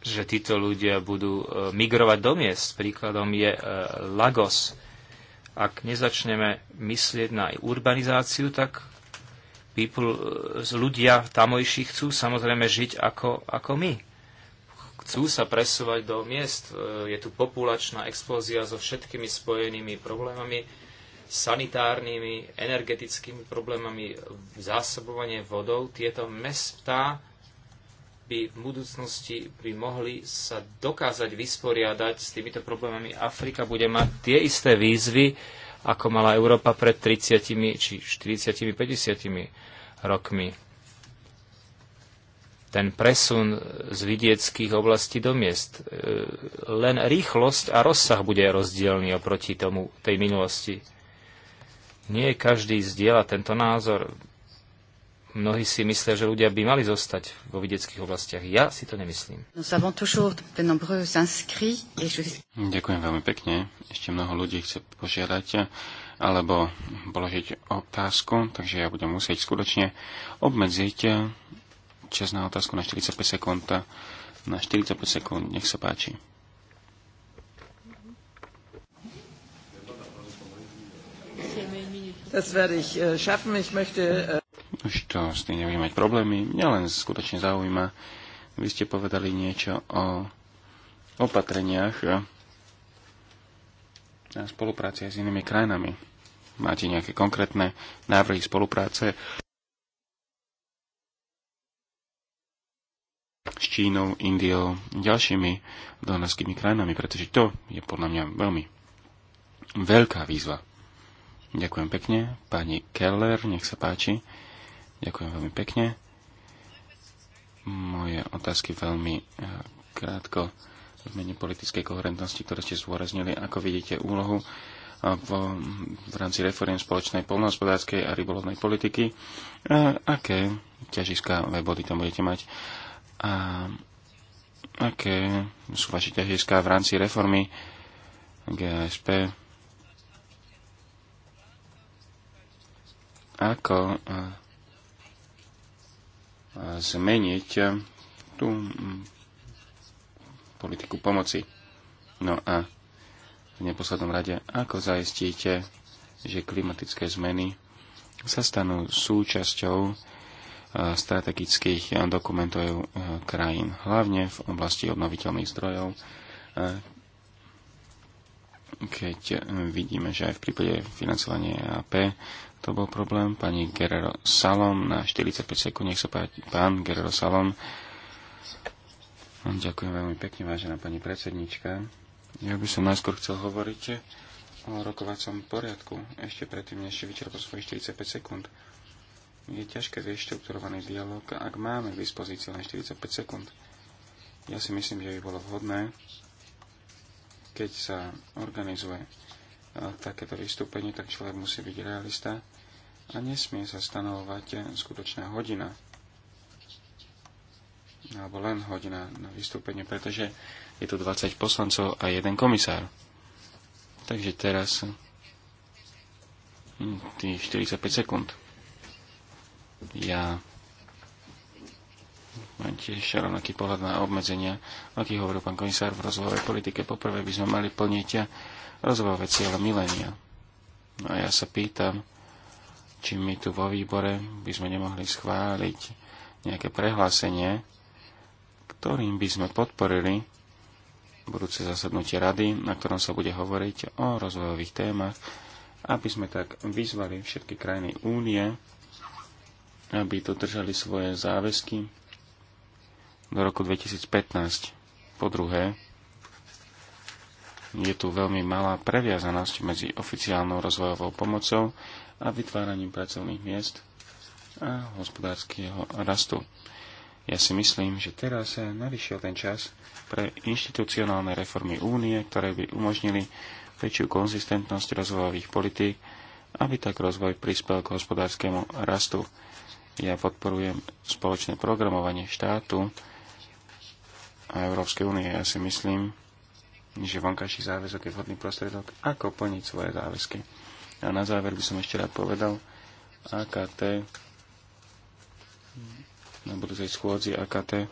že títo ľudia budú e, migrovať do miest. Príkladom je e, Lagos. Ak nezačneme myslieť na urbanizáciu, tak people, ľudia tamojší chcú samozrejme žiť ako, ako my. Chcú sa presúvať do miest. E, je tu populačná explózia so všetkými spojenými problémami, sanitárnymi, energetickými problémami, zásobovanie vodou. Tieto mestá by v budúcnosti by mohli sa dokázať vysporiadať s týmito problémami. Afrika bude mať tie isté výzvy, ako mala Európa pred 30 či 40 50 rokmi. Ten presun z vidieckých oblastí do miest. E, len rýchlosť a rozsah bude rozdielný oproti tomu tej minulosti. Nie každý zdieľa tento názor. Mnohí si myslia, že ľudia by mali zostať vo vidieckých oblastiach. Ja si to nemyslím. Ďakujem veľmi pekne. Ešte mnoho ľudí chce požiadať alebo položiť otázku, takže ja budem musieť skutočne obmedziť čas na otázku na 45 sekúnd. Na 45 sekúnd, nech sa páči. Das werde ich äh, schaffen. Ich möchte äh, už to s tým nebude mať problémy. Mňa len skutočne zaujíma, vy ste povedali niečo o opatreniach na spolupráci s inými krajinami. Máte nejaké konkrétne návrhy spolupráce s Čínou, Indiou, ďalšími donorskými krajinami, pretože to je podľa mňa veľmi veľká výzva. Ďakujem pekne. Pani Keller, nech sa páči. Ďakujem veľmi pekne. Moje otázky veľmi eh, krátko v mene politickej koherentnosti, ktoré ste zúraznili, ako vidíte úlohu eh, v, v rámci reforiem spoločnej polnohospodárskej a rybolovnej politiky. A eh, aké ťažiskavé body tam budete mať? A aké sú vaše ťažiská v rámci reformy GSP? Ako zmeniť eh, tú mm, politiku pomoci. No a v neposlednom rade, ako zaistíte, že klimatické zmeny sa stanú súčasťou eh, strategických dokumentov eh, krajín, hlavne v oblasti obnoviteľných zdrojov, keď vidíme, že aj v prípade financovania EAP to bol problém. Pani Guerrero Salom na 45 sekúnd, nech sa páči. Pán Guerrero Salom. Ďakujem veľmi pekne, vážená pani predsednička. Ja by som najskôr chcel hovoriť o rokovacom poriadku, ešte predtým, než vyčerpal svoje 45 sekúnd. Je ťažké vyštrukturovaný dialog, ak máme k dispozícii len 45 sekúnd. Ja si myslím, že by bolo vhodné, keď sa organizuje takéto vystúpenie, tak človek musí byť realista a nesmie sa stanovovať skutočná hodina alebo len hodina na vystúpenie, pretože je tu 20 poslancov a jeden komisár. Takže teraz hm, tých 45 sekúnd. Ja Mám tiež rovnaký pohľad na obmedzenia, aký hovoril pán komisár v rozvojovej politike. Poprvé by sme mali plniť rozvojové cieľe milenia. No a ja sa pýtam, či my tu vo výbore by sme nemohli schváliť nejaké prehlásenie, ktorým by sme podporili budúce zasadnutie rady, na ktorom sa bude hovoriť o rozvojových témach, aby sme tak vyzvali všetky krajiny únie, aby dodržali svoje záväzky do roku 2015. Po druhé, je tu veľmi malá previazanosť medzi oficiálnou rozvojovou pomocou a vytváraním pracovných miest a hospodárskeho rastu. Ja si myslím, že teraz sa navyšiel ten čas pre inštitucionálne reformy únie, ktoré by umožnili väčšiu konzistentnosť rozvojových politík, aby tak rozvoj prispel k hospodárskému rastu. Ja podporujem spoločné programovanie štátu, a Európskej únie. Ja si myslím, že vonkajší záväzok je vhodný prostriedok, ako plniť svoje záväzky. A na záver by som ešte rád povedal, AKT na budúcej schôdzi AKT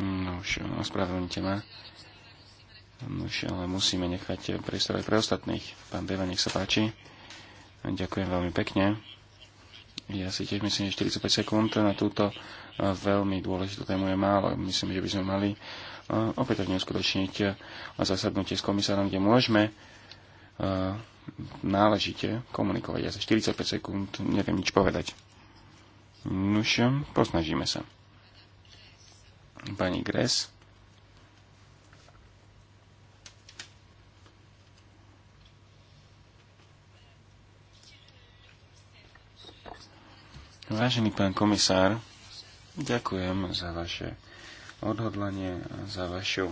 No už, ospravedlnite ma. No už, ale musíme nechať priestor aj pre ostatných. Pán Beva, nech sa páči. Ďakujem veľmi pekne. Ja si tiež myslím, že 45 sekúnd na túto e, veľmi dôležitú tému je málo. Myslím, že by sme mali e, opätovne uskutočniť e, zasadnutie s komisárom, kde môžeme náležite komunikovať. Ja za 45 sekúnd neviem nič povedať. Nuž, posnažíme sa. Pani Gres. Vážený pán komisár, ďakujem za vaše odhodlanie, a za vašu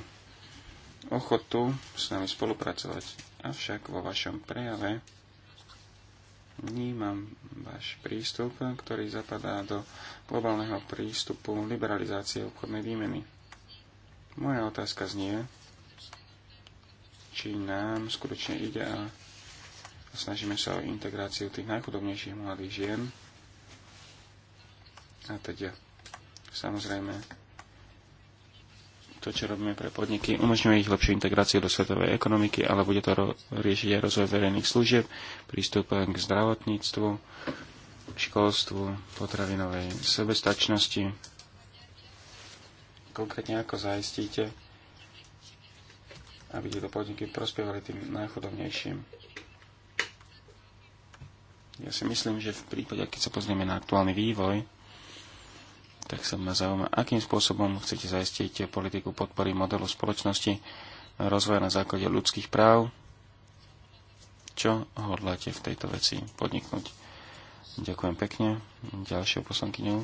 ochotu s nami spolupracovať. Avšak vo vašom prejave vnímam váš prístup, ktorý zapadá do globálneho prístupu liberalizácie obchodnej výmeny. Moja otázka znie, či nám skutočne ide a snažíme sa o integráciu tých najchudobnejších mladých žien a teď samozrejme to, čo robíme pre podniky, umožňuje ich lepšiu integráciu do svetovej ekonomiky, ale bude to ro- riešiť aj rozvoj verejných služieb, prístup k zdravotníctvu, školstvu, potravinovej sebestačnosti. Konkrétne ako zaistíte, aby tieto podniky prospievali tým najchudobnejším. Ja si myslím, že v prípade, keď sa pozrieme na aktuálny vývoj, tak sa ma zaujíma, akým spôsobom chcete zaistiť politiku podpory modelu spoločnosti rozvoja na základe ľudských práv. Čo hodláte v tejto veci podniknúť? Ďakujem pekne. Ďalšou poslankyňou.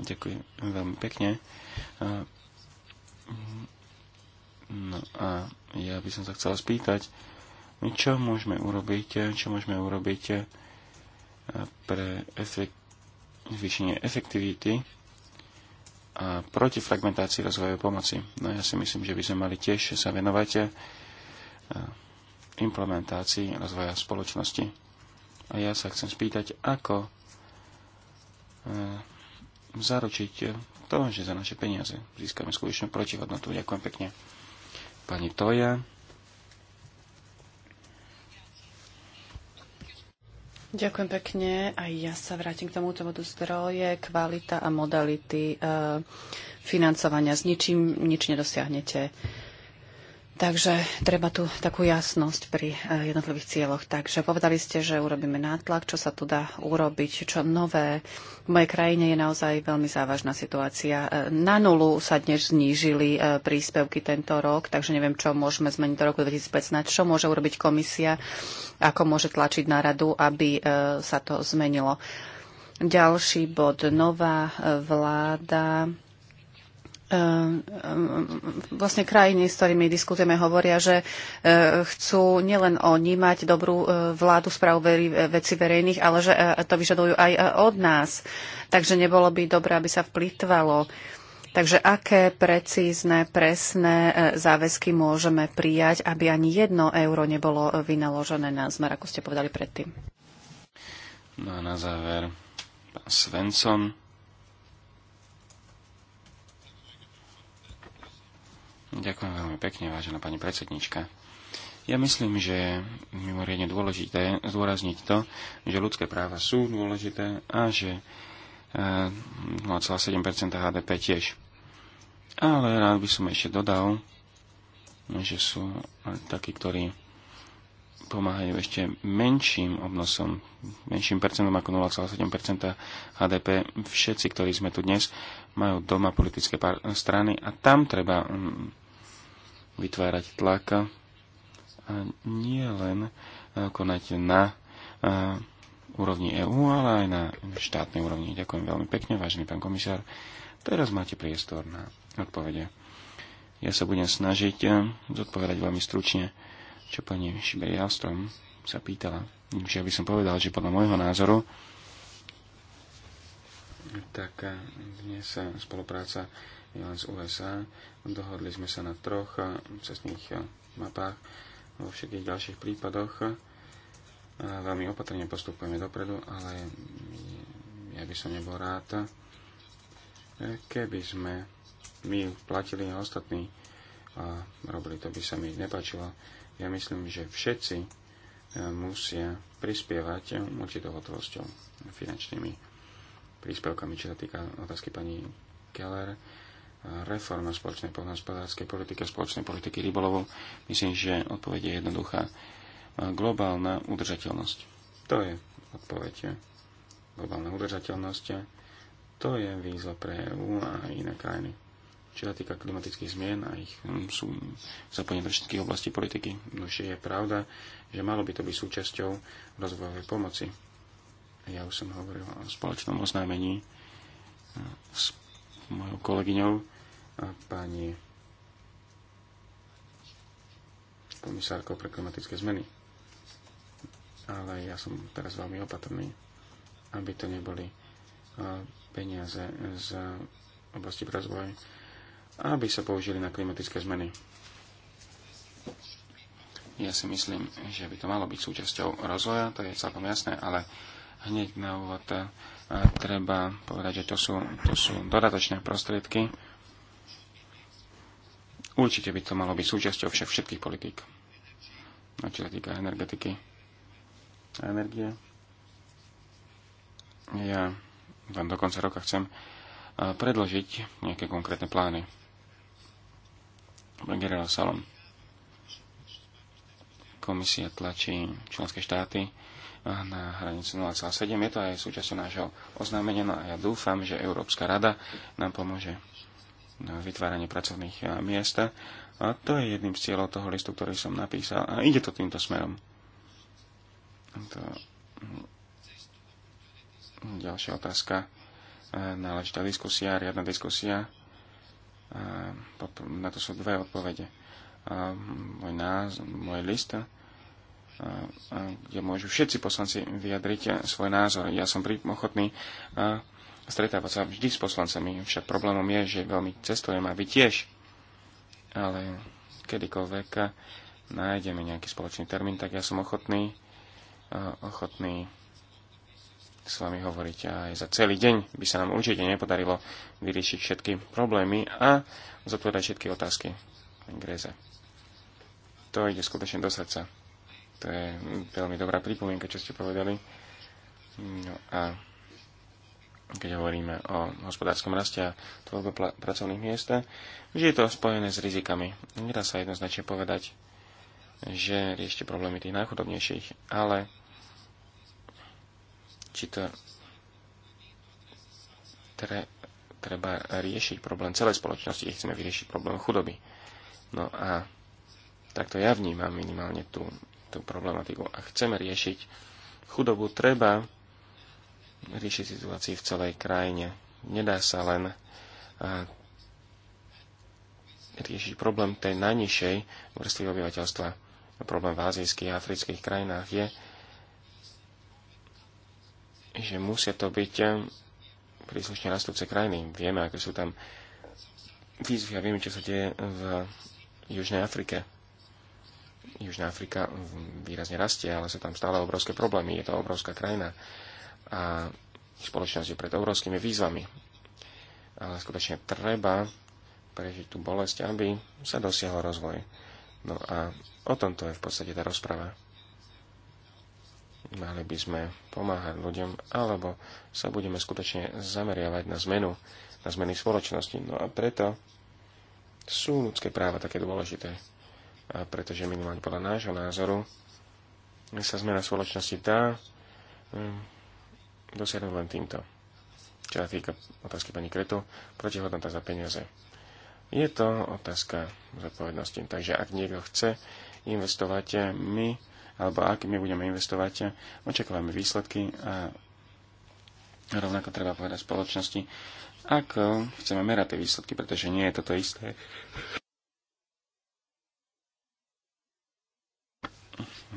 Ďakujem veľmi pekne. No a ja by som sa chcel spýtať, čo môžeme urobiť, čo môžeme urobiť e, pre efekt zvýšenie efektivity a proti fragmentácii rozvojovej pomoci. No ja si myslím, že by sme mali tiež sa venovať e, implementácii rozvoja spoločnosti. A ja sa chcem spýtať, ako e, zaručiť to, že za naše peniaze získame skutočnú protihodnotu. Ďakujem pekne. Pani Toja. Ďakujem pekne. Aj ja sa vrátim k tomuto bodu zdroje, kvalita a modality eh, financovania. S ničím nič nedosiahnete. Takže treba tu takú jasnosť pri eh, jednotlivých cieľoch. Takže povedali ste, že urobíme nátlak, čo sa tu dá urobiť, čo nové. V mojej krajine je naozaj veľmi závažná situácia. Eh, na nulu sa dnes znížili eh, príspevky tento rok, takže neviem, čo môžeme zmeniť do roku 2015, čo môže urobiť komisia, ako môže tlačiť na radu, aby sa to zmenilo. Ďalší bod, nová vláda Ehm, ehm, vlastne krajiny, s ktorými diskutujeme, hovoria, že e, chcú nielen oni mať dobrú e, vládu správu e, veci verejných, ale že to vyžadujú aj od nás. Takže nebolo by dobré, aby sa vplýtvalo. Takže aké precízne, presné záväzky môžeme prijať, aby ani jedno euro nebolo vynaložené na zmer, ako ste povedali predtým? No a na záver, pán Svensson. Ďakujem veľmi pekne, vážená pani predsednička. Ja myslím, že je mimoriadne dôležité zdôrazniť to, že ľudské práva sú dôležité a že 0,7 eh, HDP tiež. Ale rád by som ešte dodal, že sú takí, ktorí pomáhajú ešte menším obnosom, menším percentom ako 0,7 HDP. Všetci, ktorí sme tu dnes, majú doma politické strany a tam treba mm, vytvárať tlaka a nie len e, konať na e, úrovni EÚ, ale aj na štátnej úrovni. Ďakujem veľmi pekne, vážený pán komisár. Teraz máte priestor na odpovede. Ja sa budem snažiť e, zodpovedať veľmi stručne, čo pani Šiberi Alstrom sa pýtala. Ja by som povedal, že podľa môjho názoru tak dnes spolupráca nielen z USA. Dohodli sme sa na troch cestných mapách vo všetkých ďalších prípadoch. Veľmi opatrne postupujeme dopredu, ale ja by som nebol rád, keby sme my platili a ostatní a robili to by sa mi nepačilo. Ja myslím, že všetci e, musia prispievať určitou hotovosťou finančnými príspevkami, čo sa týka otázky pani Keller reforma spoločnej poľnohospodárskej politiky a spoločnej politiky rybolovov, myslím, že odpoveď je jednoduchá. Globálna udržateľnosť. To je odpoveď. Globálna udržateľnosť. To je výzva pre EÚ a iné krajiny. Čo sa týka klimatických zmien a ich sú zapojené do všetkých oblastí politiky, no je pravda, že malo by to byť súčasťou rozvojovej pomoci. Ja už som hovoril o spoločnom oznámení e, s mojou kolegyňou pani komisárkou pre klimatické zmeny. Ale ja som teraz veľmi opatrný, aby to neboli e, peniaze z oblasti rozvoja, aby sa použili na klimatické zmeny. Ja si myslím, že by to malo byť súčasťou rozvoja, to je celkom jasné, ale hneď na úvod e, treba povedať, že to sú, to sú dodatočné prostriedky, Určite by to malo byť súčasťou však všetkých politík. A čo sa týka energetiky a energie. Ja vám do konca roka chcem predložiť nejaké konkrétne plány. General Salom. Komisia tlačí členské štáty na hranicu 0,7. Je to aj súčasťou nášho oznámenia no a ja dúfam, že Európska rada nám pomôže na vytváranie pracovných eh, miest. A to je jedným z cieľov toho listu, ktorý som napísal. A ide to týmto smerom. To... Ďalšia otázka. Eh, náležitá diskusia, riadna diskusia. Eh, na to sú dve odpovede. Môj, náz, môj list, kde môžu všetci poslanci vyjadriť svoj názor. Ja som ochotný stretávať sa vždy s poslancami, však problémom je, že veľmi cestujem a vy tiež. Ale kedykoľvek nájdeme nejaký spoločný termín, tak ja som ochotný, ochotný s vami hovoriť aj za celý deň by sa nám určite nepodarilo vyriešiť všetky problémy a zodpovedať všetky otázky. Gréze. To ide skutočne do srdca. To je veľmi dobrá pripomienka, čo ste povedali. No a keď hovoríme o hospodárskom raste a tvorbe pracovných miest, že je to spojené s rizikami. Nedá sa jednoznačne povedať, že riešte problémy tých najchudobnejších, ale či to tre, treba riešiť problém celej spoločnosti, keď chceme vyriešiť problém chudoby. No a takto ja vnímam minimálne tú, tú problematiku. A chceme riešiť chudobu, treba riešiť situácii v celej krajine. Nedá sa len riešiť problém tej najnižšej vrstvy obyvateľstva. Problém v azijských a afrických krajinách je, že musia to byť príslušne rastúce krajiny. Vieme, aké sú tam výzvy a vieme, čo sa deje v Južnej Afrike. Južná Afrika výrazne rastie, ale sú tam stále obrovské problémy. Je to obrovská krajina a spoločnosť je pred obrovskými výzvami. Ale skutočne treba prežiť tú bolesť, aby sa dosiahol rozvoj. No a o tomto je v podstate tá rozprava. Mali by sme pomáhať ľuďom, alebo sa budeme skutočne zameriavať na zmenu, na zmeny spoločnosti. No a preto sú ľudské práva také dôležité. A pretože minimálne podľa nášho názoru sa zmena spoločnosti dá hm, dosiahnuť len týmto. Čo sa týka otázky pani Kretu, protihodnota za peniaze. Je to otázka zodpovednosti. Takže ak niekto chce investovať, my, alebo ak my budeme investovať, očakávame výsledky a rovnako treba povedať spoločnosti, ako chceme merať tie výsledky, pretože nie je toto isté.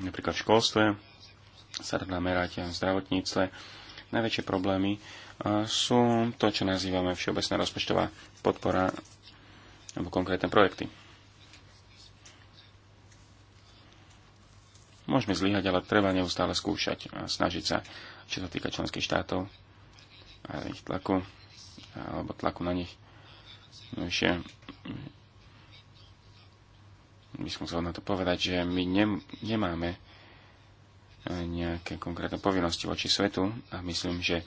Napríklad v školstve sa dá merať v zdravotníctve, Najväčšie problémy sú to, čo nazývame všeobecná rozpočtová podpora alebo konkrétne projekty. Môžeme zlyhať, ale treba neustále skúšať a snažiť sa, čo sa týka členských štátov a ich tlaku, alebo tlaku na nich. No ešte, mm, by som chcel na to povedať, že my nemáme nejaké konkrétne povinnosti voči svetu a myslím, že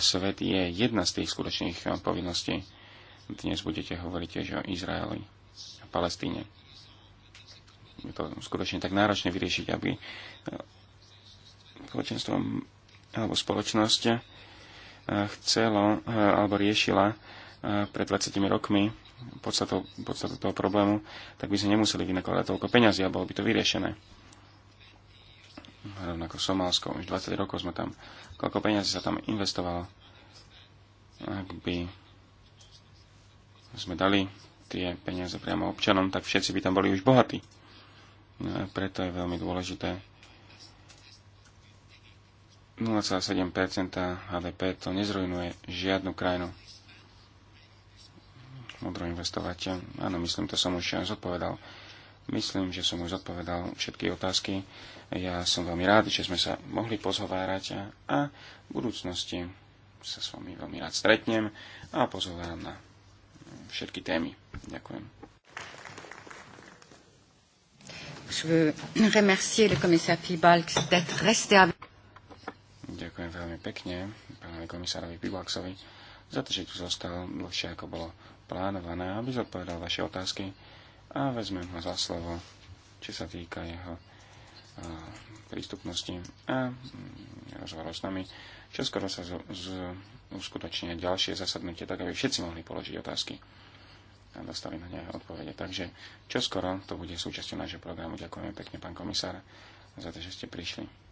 svet je jedna z tých skutočných povinností. Dnes budete hovoriť tiež o Izraeli a Palestíne. Je to skutočne tak náročne vyriešiť, aby spoločenstvo alebo spoločnosť chcelo alebo riešila pred 20 rokmi podstatu, toho problému, tak by sme nemuseli vynakladať toľko peňazí a bolo by to vyriešené rovnako Somálsko. Už 20 rokov sme tam, koľko peniazy sa tam investovalo. Ak by sme dali tie peniaze priamo občanom, tak všetci by tam boli už bohatí. No a preto je veľmi dôležité. 0,7% HDP to nezrujnuje žiadnu krajinu. Mudro investovať. Áno, myslím, to som už zodpovedal. Myslím, že som už odpovedal všetky otázky. Ja som veľmi rád, že sme sa mohli pozhovárať a, a v budúcnosti sa s vami veľmi rád stretnem a pozhováram na všetky témy. Ďakujem. Ďakujem veľmi pekne pánovi komisárovi Pibalksovi za to, že tu zostal dlhšie ako bolo plánované, aby zodpovedal vaše otázky a vezmem ho za slovo, čo sa týka jeho prístupnosti a mm, rozhovoru s nami. Čoskoro sa z, z, ďalšie zasadnutie, tak aby všetci mohli položiť otázky a dostali na ne odpovede. Takže čoskoro to bude súčasťou nášho programu. Ďakujeme pekne, pán komisár, za to, že ste prišli.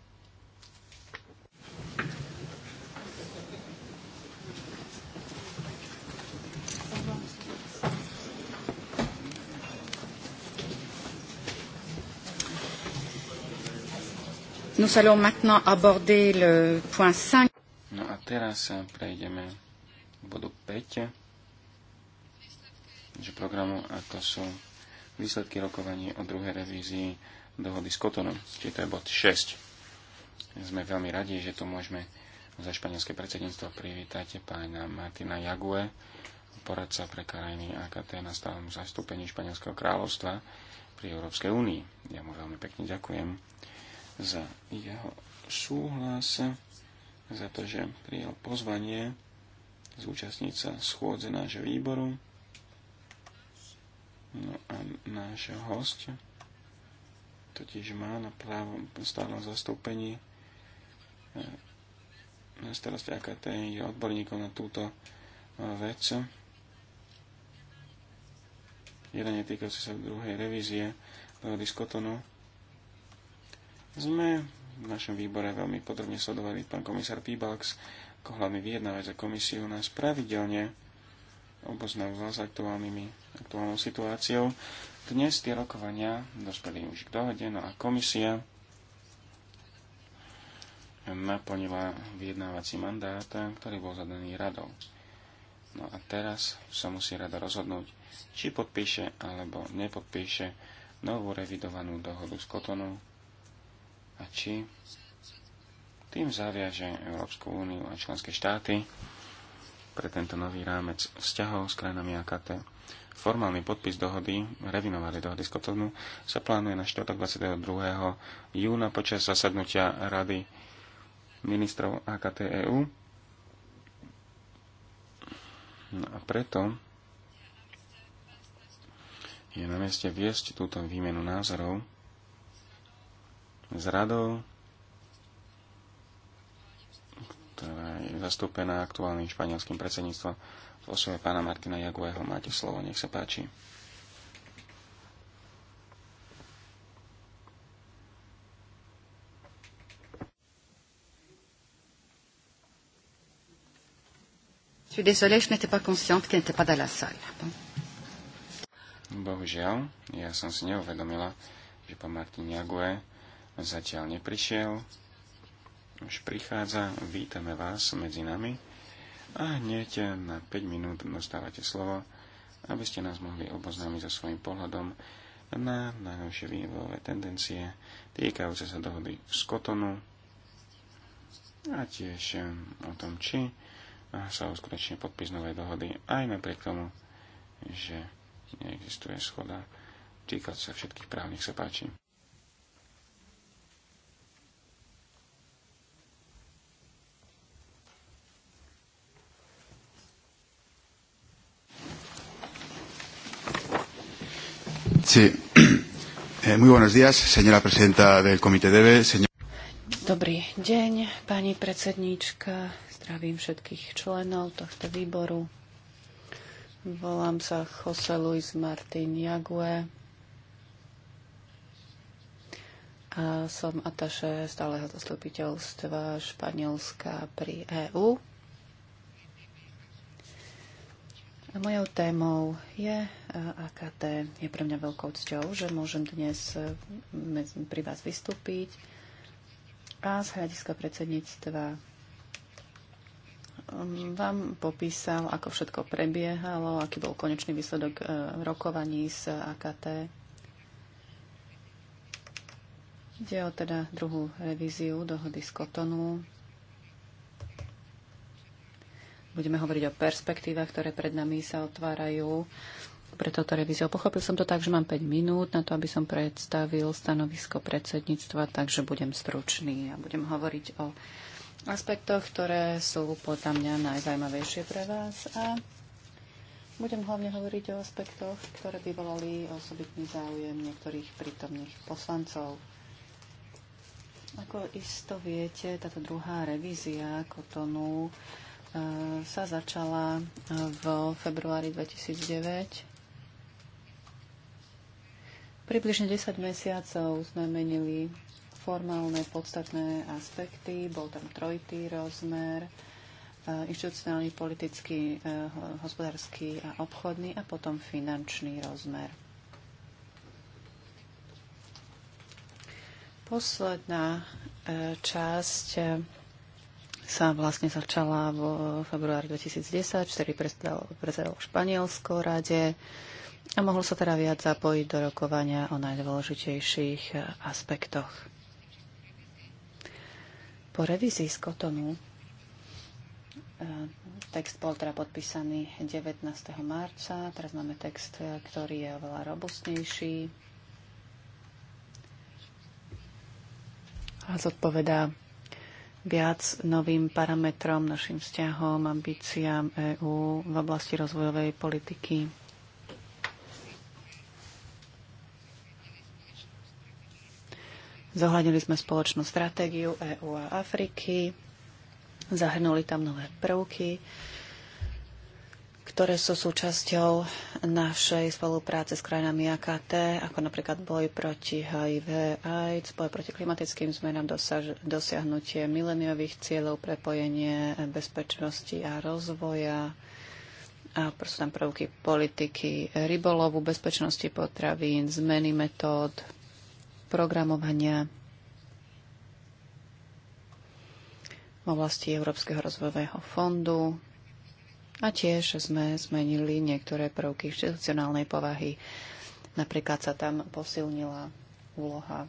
Nous allons maintenant aborder le point 5. No a teraz prejdeme k bodu 5, že programu to sú výsledky rokovania o druhej revízii dohody s Kotonom, čiže to je bod 6. Sme veľmi radi, že tu môžeme za španielské predsedníctvo privítať pána Martina Jague, poradca pre krajiny AKT na stálom zastúpení Španielského kráľovstva pri Európskej únii. Ja mu veľmi pekne ďakujem za jeho súhlas, za to, že prijal pozvanie zúčastniť sa schôdze nášho výboru. No a náš host totiž má na právom stálom zastúpení e, na starosti AKT je odborníkov na túto e, vec. Jeden je týkajúci sa druhej revízie dohody Diskotonu sme v našom výbore veľmi podrobne sledovali pán komisár Pibalks ako hlavný vyjednávať za komisiu nás pravidelne oboznávala s aktuálnymi, aktuálnou situáciou. Dnes tie rokovania dospeli už k dohode, no a komisia naplnila vyjednávací mandát, ktorý bol zadaný radou. No a teraz sa musí rada rozhodnúť, či podpíše alebo nepodpíše novú revidovanú dohodu s Kotonou a či tým zaviaže Európsku úniu a členské štáty pre tento nový rámec vzťahov s krajinami AKT. Formálny podpis dohody, revinovali dohody z Kotonu, sa plánuje na štvrtok 22. júna počas zasadnutia Rady ministrov AKT EU. No a preto je na mieste viesť túto výmenu názorov s radou, ktorá je zastúpená aktuálnym španielským predsedníctvom v osobe pána Martina Jagueho. Máte slovo, nech sa páči. Je suis désolée, je n'étais pas consciente qu'elle n'était pas dans la salle. Bohužiaľ, ja som si neuvedomila, že pán Martin Jague zatiaľ neprišiel. Už prichádza, vítame vás medzi nami a hneď na 5 minút dostávate slovo, aby ste nás mohli oboznámiť so svojím pohľadom na najnovšie vývojové tendencie týkajúce sa dohody z Kotonu a tiež o tom, či sa uskutoční podpis novej dohody aj napriek tomu, že neexistuje schoda týkať sa všetkých právnych sa páči. Sí. Eh, muy buenos días, señora presidenta del Comité DEVE. Señor... Dobrý deň, pani predsedníčka. Zdravím všetkých členov tohto výboru. Volám sa Jose Luis Martin Jague. A som ataše stáleho zastupiteľstva Španielska pri EÚ. Mojou témou je AKT. Je pre mňa veľkou cťou, že môžem dnes eh, pri vás vystúpiť a z hľadiska predsedníctva mm, vám popísal, ako všetko prebiehalo, aký bol konečný výsledok eh, rokovaní s AKT. Ide o teda druhú revíziu dohody z Kotonu. Budeme hovoriť o perspektívach, ktoré pred nami sa otvárajú pre toto revíziou. Pochopil som to tak, že mám 5 minút na to, aby som predstavil stanovisko predsedníctva, takže budem stručný a budem hovoriť o aspektoch, ktoré sú podľa mňa najzajímavejšie pre vás. A budem hlavne hovoriť o aspektoch, ktoré vyvolali osobitný záujem niektorých prítomných poslancov. Ako isto viete, táto druhá revízia Kotonu e, sa začala v februári 2009 Približne 10 mesiacov sme menili formálne podstatné aspekty, bol tam trojitý rozmer, eh, inštitucionálny, politický, eh, hospodársky a obchodný a potom finančný rozmer. Posledná eh, časť sa vlastne začala v februári 2010, ktorý vtedy v Španielsko rade a mohol sa teda viac zapojiť do rokovania o najdôležitejších aspektoch. Po revízii z Kotonu e, text bol teda podpísaný 19. marca, teraz máme text, e, ktorý je oveľa robustnejší a zodpovedá viac novým parametrom, našim vzťahom, ambíciám EÚ v oblasti rozvojovej politiky. Zohľadili sme spoločnú stratégiu EÚ a Afriky, zahrnuli tam nové prvky, ktoré sú súčasťou našej spolupráce s krajinami AKT, ako napríklad boj proti HIV, AIDS, boj proti klimatickým zmenám, dosaž, dosiahnutie mileniových cieľov, prepojenie bezpečnosti a rozvoja, a sú tam prvky politiky rybolovu, bezpečnosti potravín, zmeny metód, programovania v oblasti Európskeho rozvojového fondu a tiež sme zmenili niektoré prvky inštitucionálnej povahy. Napríklad sa tam posilnila úloha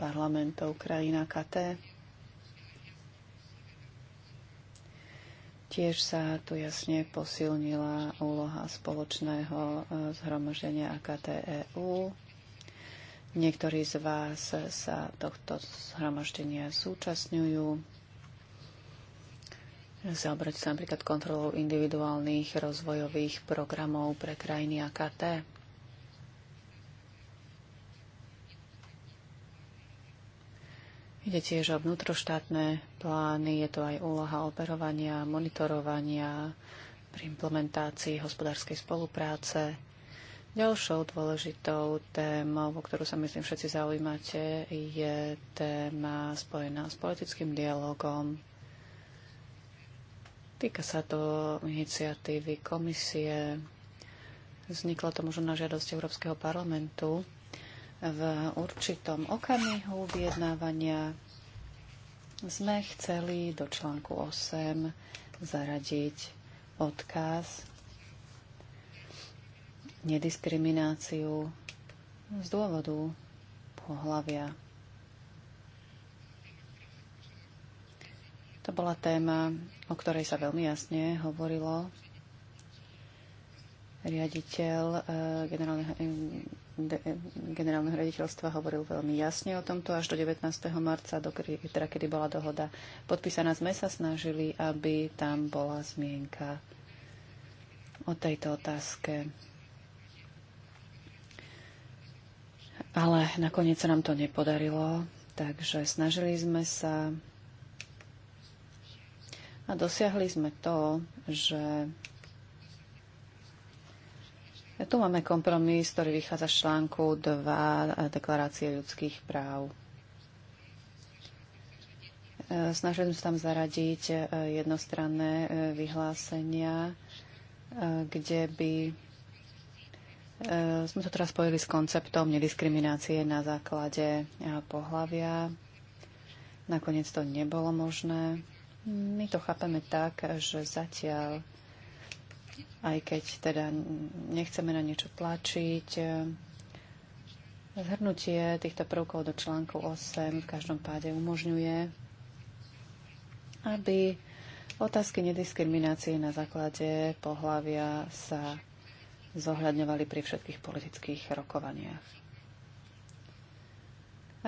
parlamentov krajín KT. Tiež sa tu jasne posilnila úloha spoločného eh, zhromaždenia AKT EU. Niektorí z vás sa tohto zhromaždenia zúčastňujú. Zaobrať sa napríklad kontrolou individuálnych rozvojových programov pre krajiny AKT. Ide tiež o vnútroštátne plány, je to aj úloha operovania, monitorovania pri implementácii hospodárskej spolupráce Ďalšou dôležitou témou, o ktorú sa myslím všetci zaujímate, je téma spojená s politickým dialogom. Týka sa to iniciatívy komisie. Vzniklo to možno na žiadosť Európskeho parlamentu v určitom okamihu vyjednávania sme chceli do článku 8 zaradiť odkaz nediskrimináciu z dôvodu pohlavia. To bola téma, o ktorej sa veľmi jasne hovorilo. Riaditeľ eh, generálneho, eh, eh, generálneho riaditeľstva hovoril veľmi jasne o tomto až do 19. marca, do kedy, teda kedy bola dohoda podpísaná. Sme sa snažili, aby tam bola zmienka o tejto otázke. ale nakoniec sa nám to nepodarilo, takže snažili sme sa a dosiahli sme to, že tu máme kompromis, ktorý vychádza z článku 2 Deklarácie ľudských práv. Snažili sme sa tam zaradiť jednostranné vyhlásenia, kde by E, sme to teraz spojili s konceptom nediskriminácie na základe e, pohlavia. Nakoniec to nebolo možné. My to chápeme tak, že zatiaľ, aj keď teda nechceme na niečo tlačiť, e, zhrnutie týchto prvkov do článku 8 v každom páde umožňuje, aby otázky nediskriminácie na základe pohlavia sa zohľadňovali pri všetkých politických rokovaniach.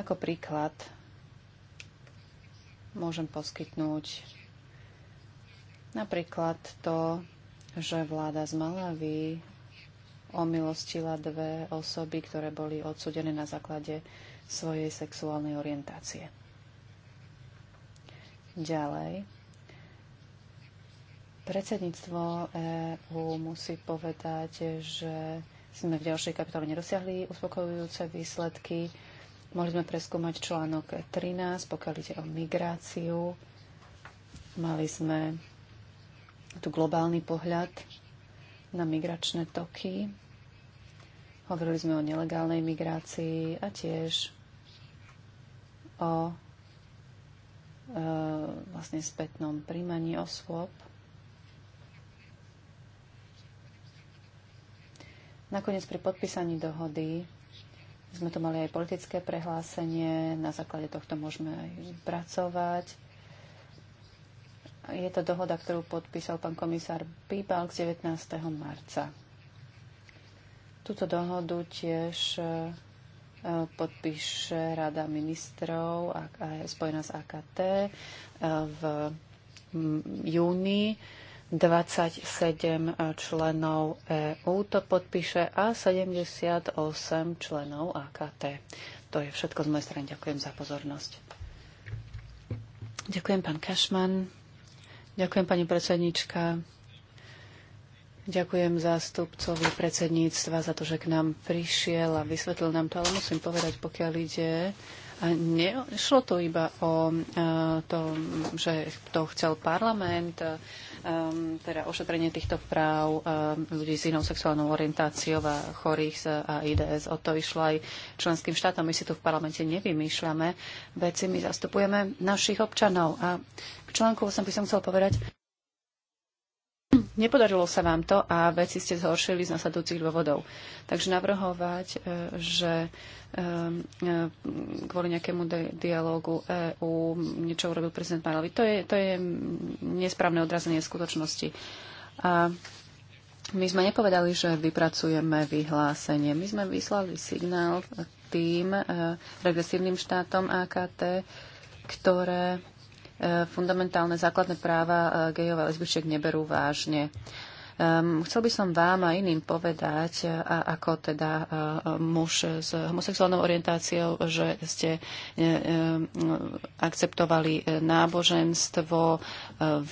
Ako príklad môžem poskytnúť napríklad to, že vláda z Malavy omilostila dve osoby, ktoré boli odsudené na základe svojej sexuálnej orientácie. Ďalej, Predsedníctvo EÚ musí povedať, že sme v ďalšej kapitole nedosiahli uspokojujúce výsledky. Mohli sme preskúmať článok 13, pokiaľ ide o migráciu. Mali sme tu globálny pohľad na migračné toky. Hovorili sme o nelegálnej migrácii a tiež o e, vlastne spätnom príjmaní osôb. Nakoniec pri podpísaní dohody sme tu mali aj politické prehlásenie, na základe tohto môžeme aj pracovať. Je to dohoda, ktorú podpísal pán komisár Bibalk k 19. marca. Túto dohodu tiež e, podpíše Rada ministrov a spojená s AKT e, v júni. 27 členov EÚ to podpíše a 78 členov AKT. To je všetko z mojej strany. Ďakujem za pozornosť. Ďakujem, pán Kašman. Ďakujem, pani predsednička. Ďakujem zástupcovi predsedníctva za to, že k nám prišiel a vysvetlil nám to, ale musím povedať, pokiaľ ide Nešlo to iba o e, to, že to chcel parlament, e, teda ošetrenie týchto práv e, ľudí s inou sexuálnou orientáciou a chorých z AIDS. O to išlo aj členským štátom. My si tu v parlamente nevymýšľame veci, my zastupujeme našich občanov. A k článku 8 by som chcel povedať, Nepodarilo sa vám to a veci ste zhoršili z nasledujúcich dôvodov. Takže navrhovať, e, že e, e, kvôli nejakému dialógu EÚ niečo urobil prezident Malovi, to je, to je nesprávne odrazenie skutočnosti. A my sme nepovedali, že vypracujeme vyhlásenie. My sme vyslali signál tým regresívnym štátom AKT, ktoré fundamentálne základné práva e, gejov a lesbičiek neberú vážne. Um, chcel by som vám a iným povedať, e, a, ako teda e, muž s homosexuálnou orientáciou, že ste e, akceptovali náboženstvo,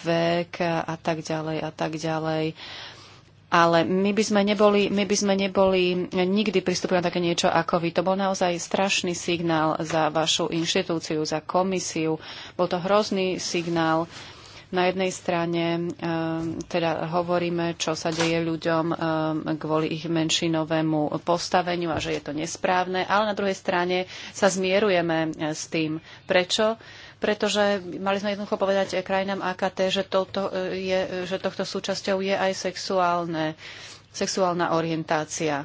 vek a tak ďalej a tak ďalej ale my by sme neboli, my by sme neboli nikdy pristúpili na také niečo ako vy. To bol naozaj strašný signál za vašu inštitúciu, za komisiu. Bol to hrozný signál. Na jednej strane e, teda hovoríme, čo sa deje ľuďom e, kvôli ich menšinovému postaveniu a že je to nesprávne, ale na druhej strane sa zmierujeme e, s tým. Prečo? pretože mali sme jednoducho povedať krajinám AKT, že, toto e, je, že tohto súčasťou je aj sexuálne, sexuálna orientácia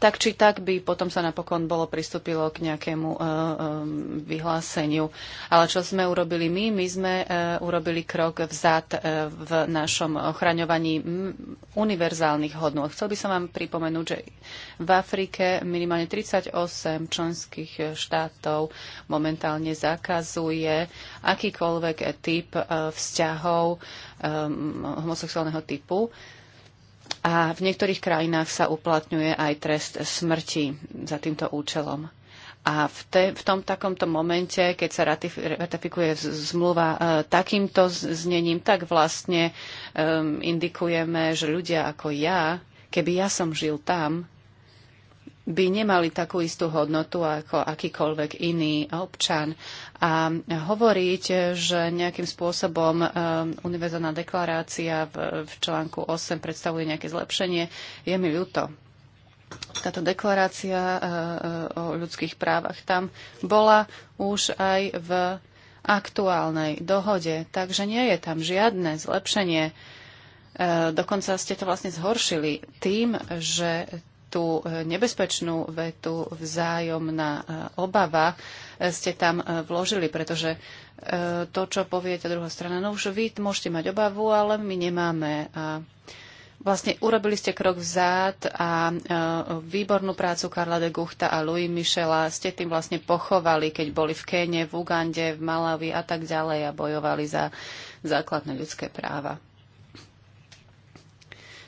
tak či tak by potom sa napokon bolo pristúpilo k nejakému uh, um, vyhláseniu. Ale čo sme urobili my? My sme uh, urobili krok vzad uh, v našom ochraňovaní univerzálnych hodnú. Chcel by som vám pripomenúť, že v Afrike minimálne 38 členských štátov momentálne zakazuje akýkoľvek typ uh, vzťahov um, homosexuálneho typu. Uh, a v niektorých krajinách sa uplatňuje aj trest smrti za týmto účelom. A v, te, v tom takomto momente, keď sa ratif, ratifikuje zmluva e, takýmto znením, tak vlastne e, indikujeme, že ľudia ako ja, keby ja som žil tam, by nemali takú istú hodnotu ako akýkoľvek iný občan. A hovoriť, že nejakým spôsobom e, univerzálna deklarácia v, v článku 8 predstavuje nejaké zlepšenie, je mi ľúto. Táto deklarácia e, e, o ľudských právach tam bola už aj v aktuálnej dohode, takže nie je tam žiadne zlepšenie. Dokonca ste to vlastne zhoršili tým, že tú e, nebezpečnú vetu vzájomná e, obava e, ste tam vložili, pretože to, čo poviete druhá strana, no už vy môžete mať obavu, ale my nemáme. A vlastne urobili ste krok vzad a výbornú prácu Karla de Guchta a Louis Michela ste tým vlastne pochovali, keď boli v Kéne, v Ugande, v Malavi a tak ďalej a bojovali za základné ľudské práva.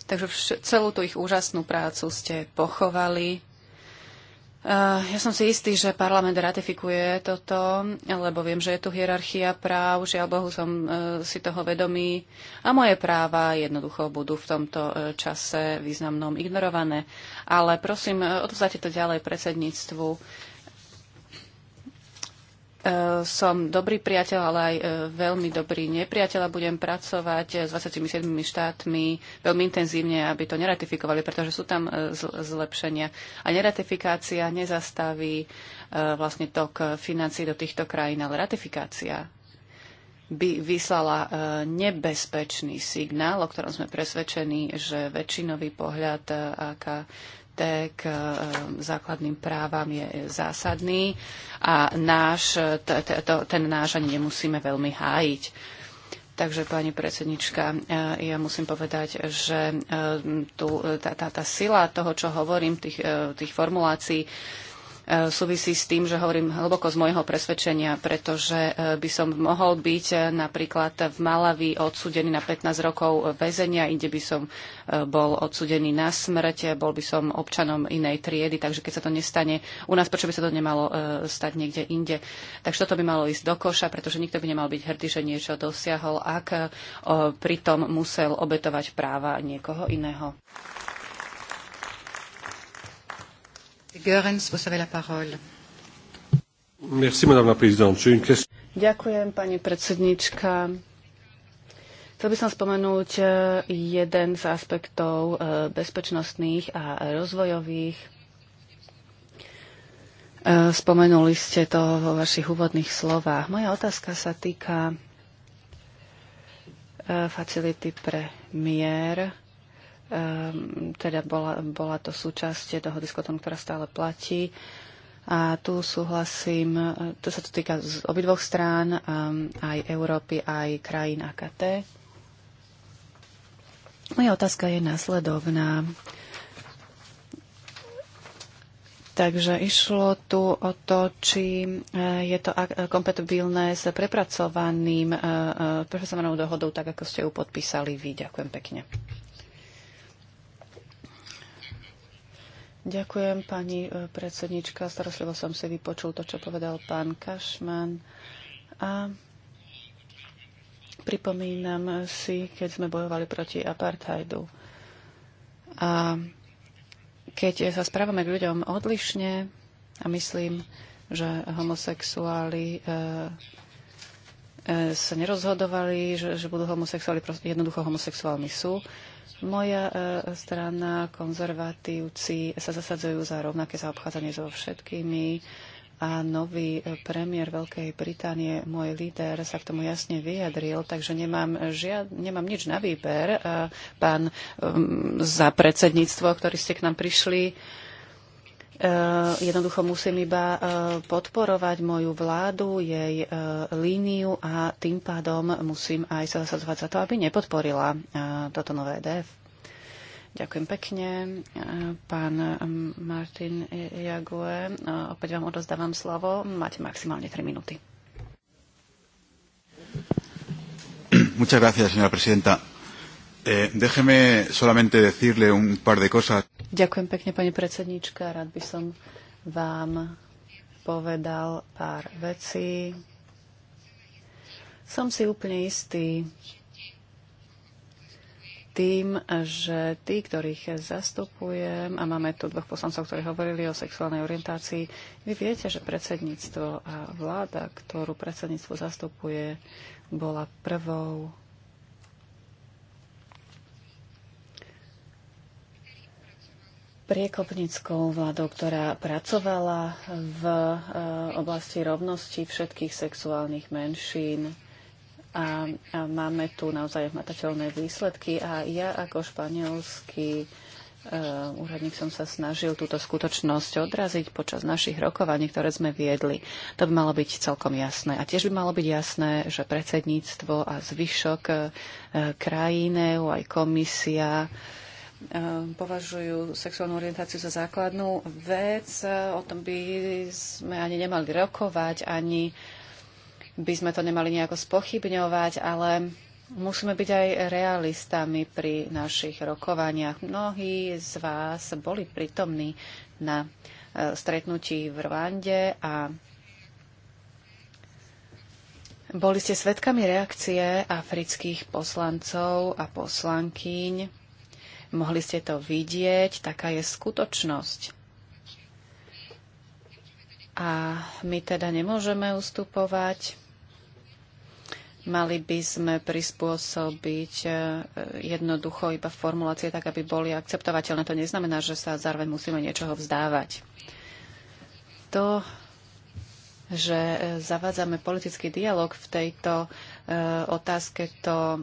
Takže celú tú ich úžasnú prácu ste pochovali. Ja som si istý, že parlament ratifikuje toto, lebo viem, že je tu hierarchia práv, žiaľ Bohu som e, si toho vedomý a moje práva jednoducho budú v tomto e, čase významnom ignorované. Ale prosím, e, odvzdajte to ďalej predsedníctvu E, som dobrý priateľ, ale aj e, veľmi dobrý nepriateľ a budem pracovať e, s 27 štátmi veľmi intenzívne, aby to neratifikovali, pretože sú tam zlepšenia. A neratifikácia nezastaví vlastne tok financií do týchto krajín, ale ratifikácia by vyslala nebezpečný signál, o ktorom sme presvedčení, že väčšinový pohľad aká k eh, základným právam je zásadný a náš, ten náš ani nemusíme veľmi hájiť. Takže, pani predsednička, eh, ja musím povedať, že eh, tu, tá, tá, tá sila toho, čo hovorím, tých, tých formulácií, E, súvisí s tým, že hovorím hlboko z môjho presvedčenia, pretože e, by som mohol byť e, napríklad v Malavi odsudený na 15 rokov väzenia, inde by som bol odsudený na smrť, bol by som občanom inej triedy, takže keď sa to nestane u nás, prečo by sa to nemalo stať niekde inde. Takže toto by malo ísť do koša, pretože nikto by nemal byť hrdý, že niečo dosiahol, ak pritom musel obetovať práva niekoho iného. Görens, vous avez la parole. Merci, madame la présidente. J'ai une question. Ďakujem, pani predsednička. Chcel by som spomenúť eh, jeden z aspektov eh, bezpečnostných a rozvojových. Eh, spomenuli ste to vo vašich úvodných slovách. Moja otázka sa týka facility pre mier Ehm, teda bola, bola to súčasť dohody s Kotonou, ktorá stále platí. A tu súhlasím, e, to sa to týka z obidvoch strán, ehm, aj Európy, aj krajín AKT. Moja otázka je následovná. Takže išlo tu o to, či e, je to kompatibilné s prepracovaným, e, prepracovanou dohodou, tak ako ste ju podpísali vy. Ďakujem pekne. Ďakujem, pani e, predsednička. Starostlivo som si vypočul to, čo povedal pán Kašman. A pripomínam si, keď sme bojovali proti apartheidu. A keď sa správame k ľuďom odlišne, a myslím, že homosexuáli e, E, sa nerozhodovali, že, že budú homosexuáli, jednoducho homosexuálni sú. Moja e, strana, konzervatívci, sa zasadzujú za rovnaké zaobchádzanie so všetkými a nový e, premiér Veľkej Británie, môj líder, sa k tomu jasne vyjadril, takže nemám, žiad, nemám nič na výber, e, pán e, za predsedníctvo, ktorý ste k nám prišli. E, Eh, jednoducho musím iba eh, podporovať moju vládu, jej eh, líniu a tým pádom musím aj sa zasadzovať za to, aby nepodporila toto nové EDF. Ďakujem pekne. Pán mm, Martin Jague, opäť vám odozdávam slovo. Máte maximálne 3 minúty. Muchas gracias, señora presidenta. Eh, déjeme solamente decirle un par de cosas. Ďakujem pekne, pani predsedníčka. Rád by som vám povedal pár vecí. Som si úplne istý tým, že tí, ktorých zastupujem, a máme tu dvoch poslancov, ktorí hovorili o sexuálnej orientácii, vy viete, že predsedníctvo a vláda, ktorú predsedníctvo zastupuje, bola prvou priekopníckou vládou, ktorá pracovala v eh, oblasti rovnosti všetkých sexuálnych menšín. A, a máme tu naozaj hmatateľné výsledky a ja ako španielský Uh, úradník som sa snažil túto skutočnosť odraziť počas našich rokovaní, ktoré sme viedli. To by malo byť celkom jasné. A tiež by malo byť jasné, že predsedníctvo a zvyšok uh, krajín, e aj komisia uh, Ehm, považujú sexuálnu orientáciu za základnú vec. O tom by sme ani nemali rokovať, ani by sme to nemali nejako spochybňovať, ale musíme byť aj realistami pri našich rokovaniach. Mnohí z vás boli prítomní na eh, stretnutí v Rwande a boli ste svedkami reakcie afrických poslancov a poslankyň Mohli ste to vidieť, taká je skutočnosť. A my teda nemôžeme ustupovať. Mali by sme prispôsobiť e, jednoducho iba formulácie tak, aby boli akceptovateľné. To neznamená, že sa zároveň musíme niečoho vzdávať. To, že e, zavádzame politický dialog v tejto E, otázke, to e,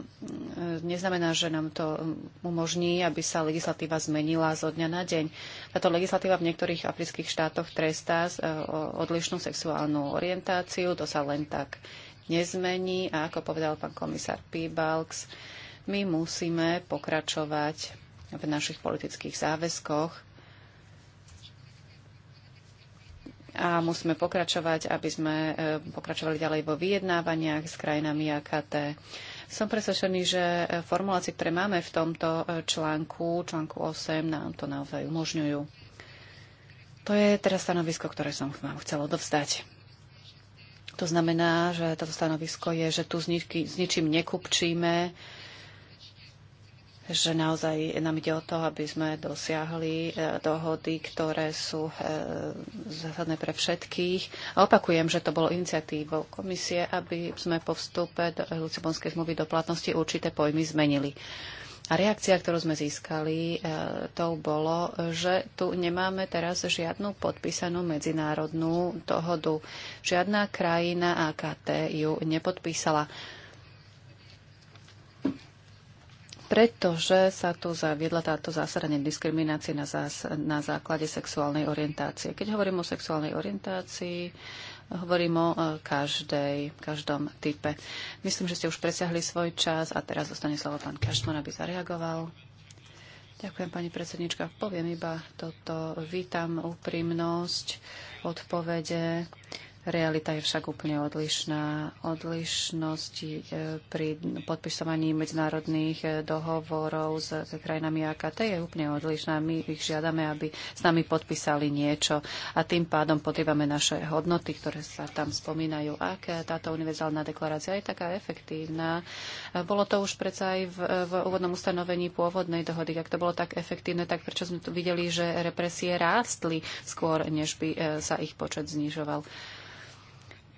neznamená, že nám to umožní, aby sa legislatíva zmenila zo dňa na deň. Táto legislatíva v niektorých afrických štátoch trestá e, odlišnú sexuálnu orientáciu, to sa len tak nezmení a ako povedal pán komisár Pibalks, my musíme pokračovať v našich politických záväzkoch a musíme pokračovať, aby sme e, pokračovali ďalej vo vyjednávaniach s krajinami AKT. Som presvedčený, že e, formulácie, ktoré máme v tomto e, článku, článku 8, nám to naozaj umožňujú. To je teraz stanovisko, ktoré som vám chcela dovzdať. To znamená, že toto stanovisko je, že tu s ničím nekupčíme, že naozaj nám ide o to, aby sme dosiahli e, dohody, ktoré sú e, zásadné pre všetkých. A opakujem, že to bolo iniciatívou komisie, aby sme po vstupe do Lucibonskej zmluvy do platnosti určité pojmy zmenili. A reakcia, ktorú sme získali, e, to bolo, že tu nemáme teraz žiadnu podpísanú medzinárodnú dohodu. Žiadna krajina AKT ju nepodpísala. pretože sa tu zaviedla táto zásada nediskriminácie na, zás- na základe sexuálnej orientácie. Keď hovorím o sexuálnej orientácii, hovorím o e, každej, každom type. Myslím, že ste už presiahli svoj čas a teraz zostane slovo pán Kašman, aby zareagoval. Ďakujem, pani predsednička. Poviem iba toto. Vítam úprimnosť odpovede Realita je však úplne odlišná. Odlišnosť e, pri podpisovaní medzinárodných e, dohovorov s krajinami AKT je úplne odlišná. My ich žiadame, aby s nami podpísali niečo a tým pádom podrývame naše hodnoty, ktoré sa tam spomínajú. Ak táto univerzálna deklarácia je taká efektívna, e, bolo to už predsa aj v, v úvodnom ustanovení pôvodnej dohody. Ak to bolo tak efektívne, tak prečo sme tu videli, že represie rástli skôr, než by sa ich počet znižoval?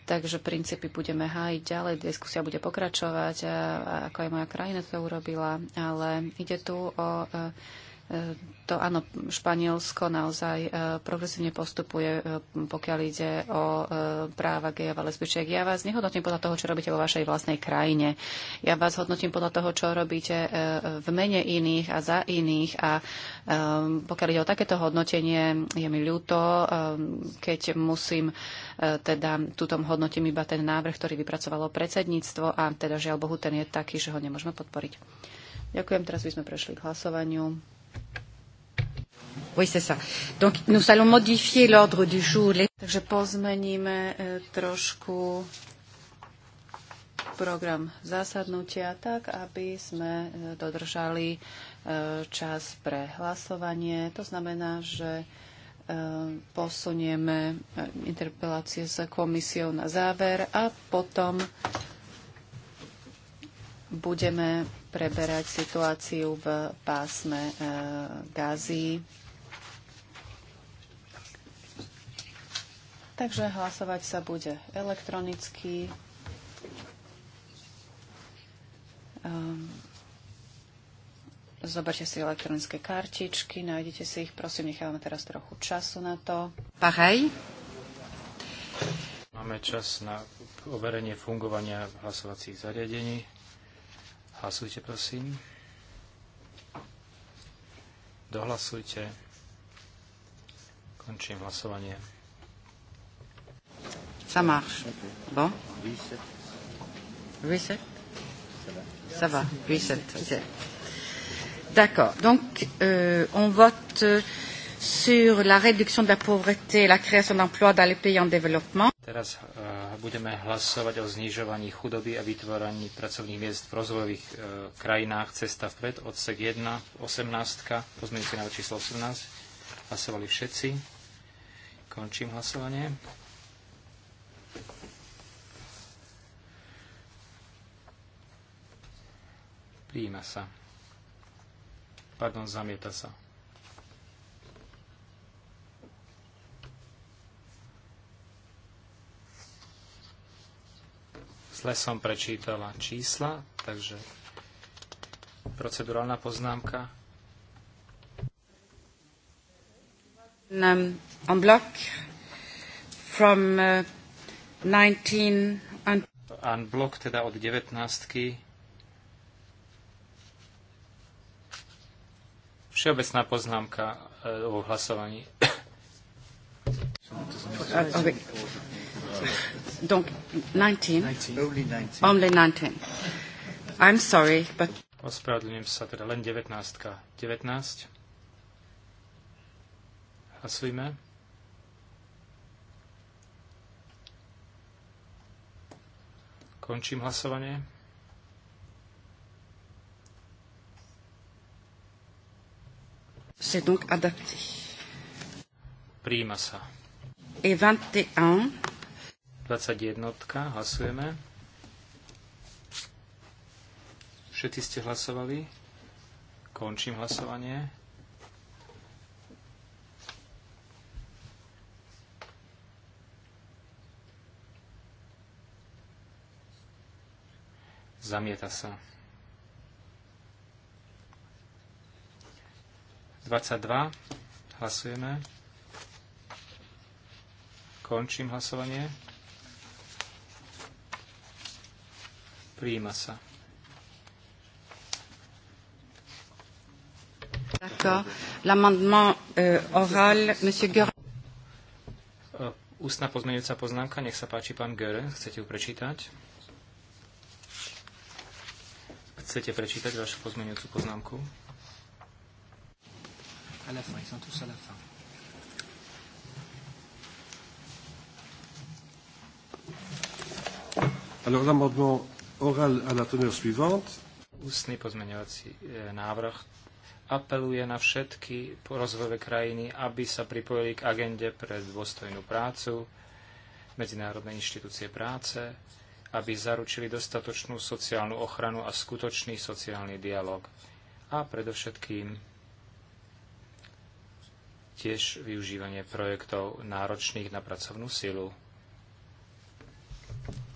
Takže princípy budeme hájiť ďalej, diskusia bude pokračovať, ako aj moja krajina to urobila, ale ide tu o e, to áno, Španielsko naozaj e, progresívne postupuje, e, pokiaľ ide o e, práva gejov a lesbičiek. Ja vás nehodnotím podľa toho, čo robíte vo vašej vlastnej krajine. Ja vás hodnotím podľa toho, čo robíte v mene iných a za iných. A pokiaľ ide o takéto hodnotenie, je mi ľúto, keď musím teda túto hodnotím iba ten návrh, ktorý vypracovalo predsedníctvo a teda žiaľ Bohu, ten je taký, že ho nemôžeme podporiť. Ďakujem, teraz by sme prešli k hlasovaniu. Oui, c'est ça. Donc, nous allons modifier l'ordre du jour. Takže pozmeníme e, trošku program zásadnutia tak, aby sme e, dodržali e, čas pre hlasovanie. To znamená, že posunieme interpelácie s komisiou na záver a potom budeme preberať situáciu v pásme e, Gazy. Takže hlasovať sa bude elektronicky. Ehm, zoberte si elektronické kartičky, nájdete si ich. Prosím, nechávame teraz trochu času na to. Pahaj. Máme čas na overenie fungovania hlasovacích zariadení. Hlasujte, prosím. Dohlasujte. Končím hlasovanie. Ça marche. Bon. Reset. Ça va. Reset. OK. D'accord. Donc, euh, on vote. Euh, sur la réduction de la pauvreté et la création d'emplois dans les pays en développement. Teraz uh, budeme hlasovať o znižovaní chudoby a vytváraní pracovných miest v rozvojových uh, krajinách. Cesta vpred, odsek 1, 18, pozmienujúci na číslo 18. Hlasovali všetci. Končím hlasovanie. Prijíma sa. Pardon, zamieta sa. Zle som prečítala čísla, takže procedurálna poznámka. Um, en from uh, 19 and... En teda od 19 Všeobecná poznámka uh, o hlasovaní. Uh, Donc, 19? 19. Only 19. I'm sorry, but... Ospravedlňujem sa teda len 19. 19. Hlasujme. Končím hlasovanie. C'est donc adapté. sa. Et 21. 21. Hlasujeme. Všetci ste hlasovali. Končím hlasovanie. Zamieta sa. 22. Hlasujeme. Končím hlasovanie. Príjima sa. L'amendement euh, oral, monsieur Guerin. Uh, ústna pozmeňujúca poznámka, nech sa páči, pán Göre, chcete ju prečítať? Chcete prečítať vašu pozmeňujúcu poznámku? À la fin, ils sont tous à la fin. Alors l'amendement orale à la teneur suivante. Ústny pozmeňovací e, návrh apeluje na všetky rozvojové krajiny, aby sa pripojili k agende pre dôstojnú prácu, medzinárodné inštitúcie práce, aby zaručili dostatočnú sociálnu ochranu a skutočný sociálny dialog. A predovšetkým tiež využívanie projektov náročných na pracovnú silu.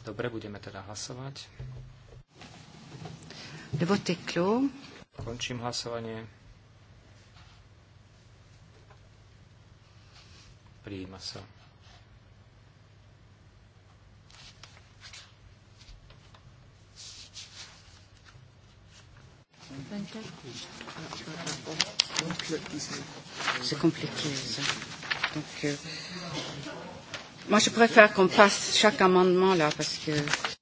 Dobre, budeme teda hlasovať. Dvotyklu. Končím hlasovanie. Prijíma sa. C'est compliqué ça. Donc, euh, Moi, je préfère qu'on passe chaque amendement là, parce que...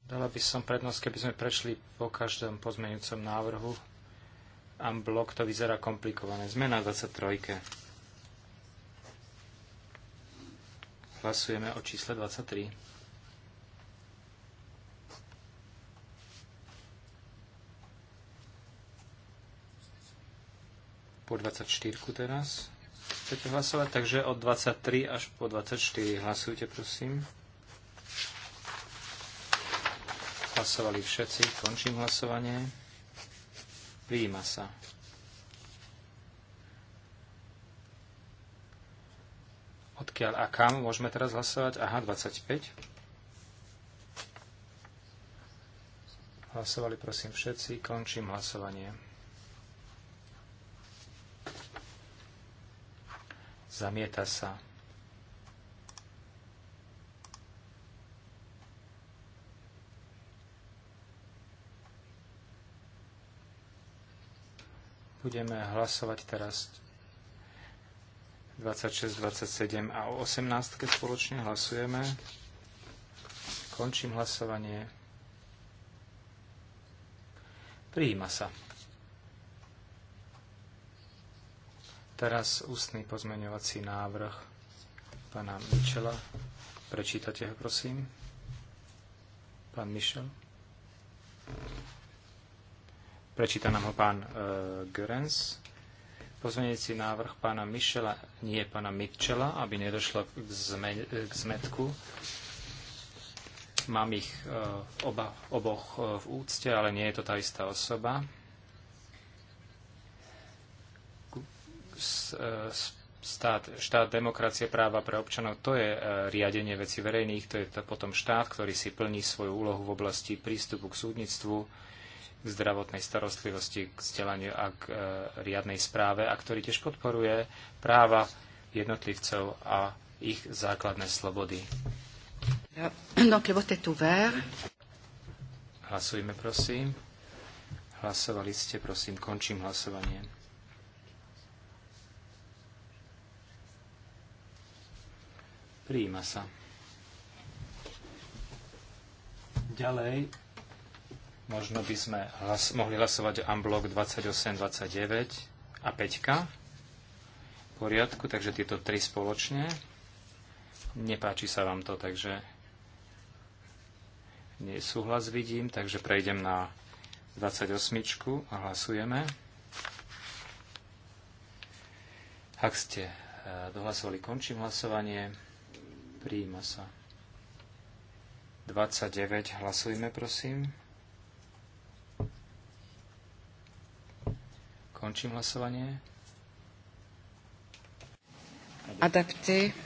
Dala by som prednosť, keby sme prešli po každom pozmeňujúcom návrhu. Unblock to vyzerá komplikované. Sme na 23. Hlasujeme o čísle 23. Po 24 teraz chcete hlasovať, takže od 23 až po 24 hlasujte, prosím. Hlasovali všetci, končím hlasovanie. Prijíma sa. Odkiaľ a kam môžeme teraz hlasovať? Aha, 25. Hlasovali prosím všetci, končím hlasovanie. Zamieta sa. Budeme hlasovať teraz 26, 27 a o 18 spoločne hlasujeme. Končím hlasovanie. Prijíma sa. teraz ústny pozmeňovací návrh pána Michela. Prečítate ho, prosím. Pán Michel. Prečíta nám ho pán uh, Görens. Pozmeňujúci návrh pána Michela, nie pána Mitchella, aby nedošlo k, zme, k zmetku. Mám ich uh, oba, oboch uh, v úcte, ale nie je to tá istá osoba. štát, e, štát demokracie, práva pre občanov, to je e, riadenie veci verejných, to je to potom štát, ktorý si plní svoju úlohu v oblasti prístupu k súdnictvu, k zdravotnej starostlivosti, k vzdelaniu a k e, riadnej správe a ktorý tiež podporuje práva jednotlivcov a ich základné slobody. Hlasujme, prosím. Hlasovali ste, prosím, končím hlasovanie. Príjima sa. Ďalej, možno by sme hlas- mohli hlasovať o unblock 28, 29 a 5 v poriadku, takže tieto tri spoločne. Nepáči sa vám to, takže nesúhlas vidím, takže prejdem na 28 a hlasujeme. Ak ste eh, dohlasovali, končím hlasovanie. Príjima sa. 29. Hlasujme, prosím. Končím hlasovanie. Adapte.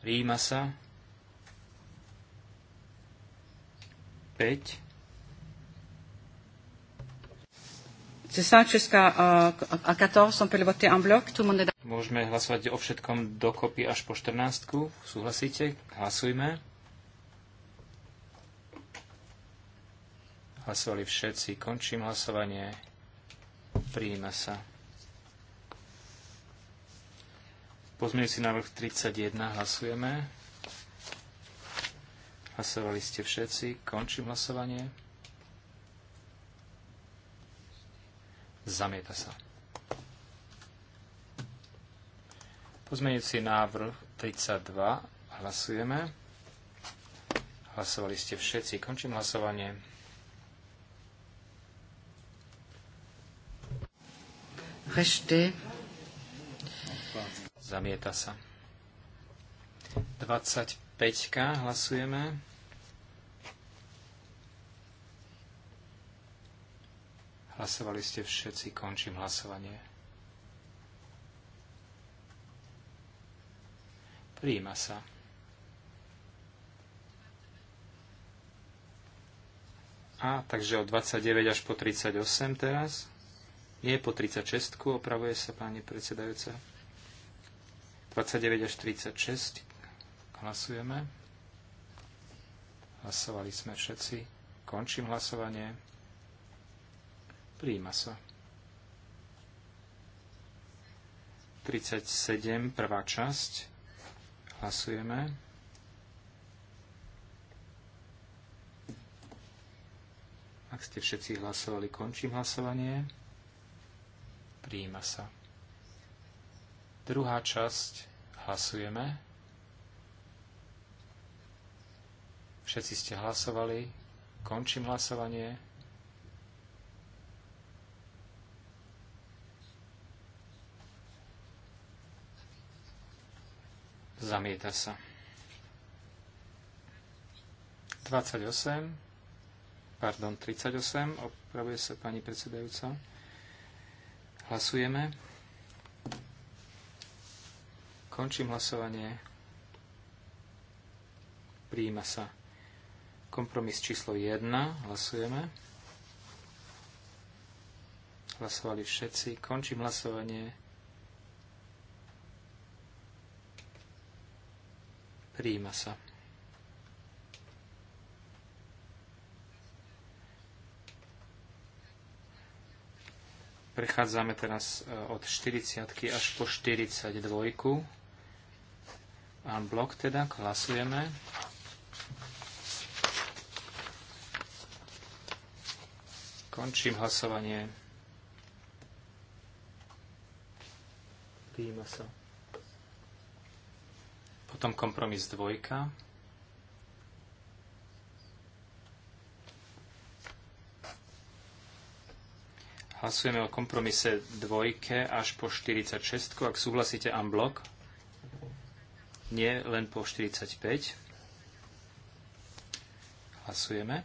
Príjima sa. 5. 5 jusqu'à à 14, on peut le voter en bloc. Tout le monde est Môžeme hlasovať o všetkom dokopy až po 14. Súhlasíte? Hlasujme. Hlasovali všetci. Končím hlasovanie. Prijíma sa. Pozmeňujúci návrh 31. Hlasujeme. Hlasovali ste všetci. Končím hlasovanie. Zamieta sa. Pozmeňujúci návrh 32. Hlasujeme. Hlasovali ste všetci. Končím hlasovanie. Rešte. Zamieta sa. 25. Hlasujeme. Hlasovali ste všetci, končím hlasovanie. Príjima sa. A, takže od 29 až po 38 teraz. Nie, po 36, opravuje sa pani predsedajúca. 29 až 36 hlasujeme. Hlasovali sme všetci. Končím hlasovanie. Príjima sa. 37, prvá časť. Hlasujeme. Ak ste všetci hlasovali, končím hlasovanie. Príjima sa. Druhá časť. Hlasujeme. Všetci ste hlasovali. Končím hlasovanie. Zamieta sa. 28, pardon, 38, opravuje sa pani predsedajúca. Hlasujeme. Končím hlasovanie. Prijíma sa. Kompromis číslo 1. Hlasujeme. Hlasovali všetci. Končím hlasovanie Príjima sa. Prechádzame teraz e, od 40 až po 42. Unblock teda, hlasujeme. Končím hlasovanie. Príjima sa. Potom kompromis dvojka. Hlasujeme o kompromise dvojke až po 46, ak súhlasíte unblock. Nie, len po 45. Hlasujeme.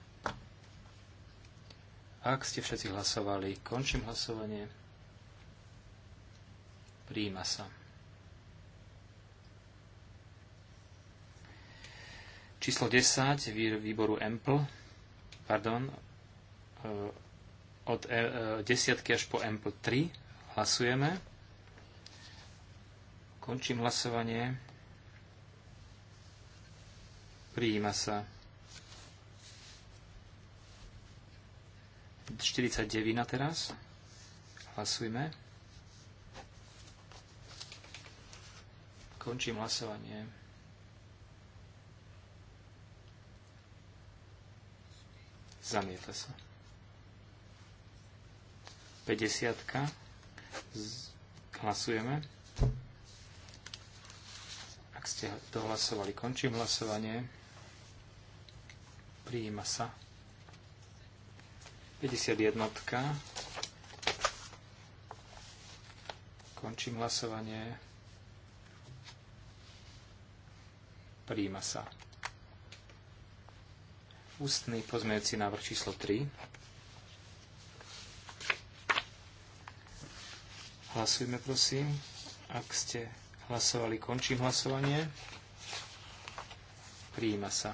Ak ste všetci hlasovali, končím hlasovanie. Príjima sa. Číslo 10 výboru EMPL, pardon, e, od e, e, desiatky až po EMPL 3 hlasujeme. Končím hlasovanie. Prijíma sa. 49 teraz. Hlasujme. Končím hlasovanie. Zamieta sa. 50. Hlasujeme. Ak ste dohlasovali, končím hlasovanie. Prijíma sa. 51. Končím hlasovanie. Prijíma sa ústny pozmeňujúci návrh číslo 3. Hlasujme, prosím. Ak ste hlasovali, končím hlasovanie. Prijíma sa.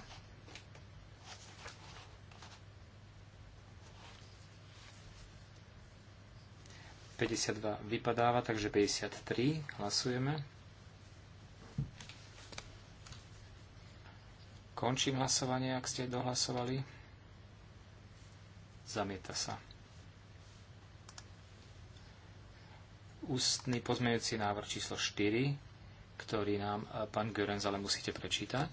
52 vypadáva, takže 53 hlasujeme. Končím hlasovanie, ak ste dohlasovali. Zamieta sa. Ústny pozmejúci návrh číslo 4, ktorý nám eh, pán Görenz ale musíte prečítať.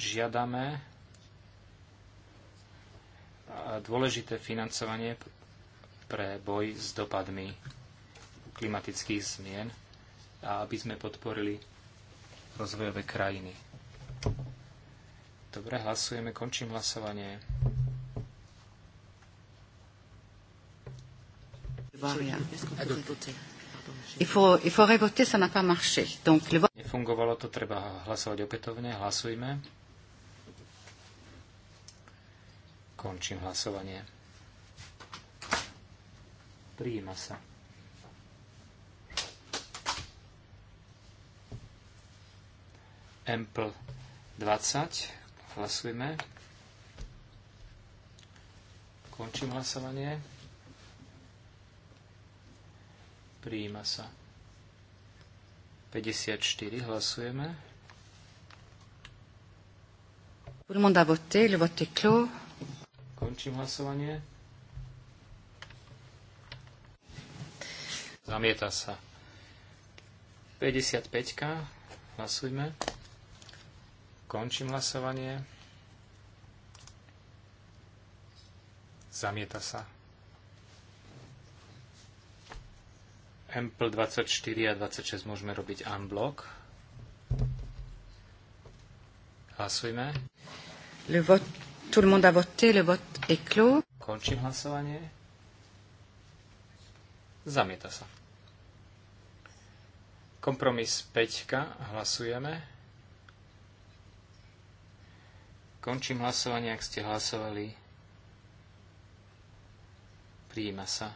Žiadame eh, dôležité financovanie pre boj s dopadmi klimatických zmien a aby sme podporili rozvojové krajiny. Dobre, hlasujeme, končím hlasovanie. Nefungovalo to, treba hlasovať opätovne. Hlasujme. Končím hlasovanie. Prijíma sa. Ample 20. Hlasujeme. Končím hlasovanie. Prijíma sa. 54. Hlasujeme. Tout le monde a voté, le vote est clos. Končím hlasovanie. Zamieta sa. 55. Hlasujme. Končím hlasovanie. Zamieta sa. Ample 24 a 26 môžeme robiť unblock. Hlasujme. Le vote, tout le monde a voté, le vote est clos. Končím hlasovanie. Zamieta sa. Kompromis 5. Hlasujeme. Končím hlasovanie, ak ste hlasovali. Príjima sa.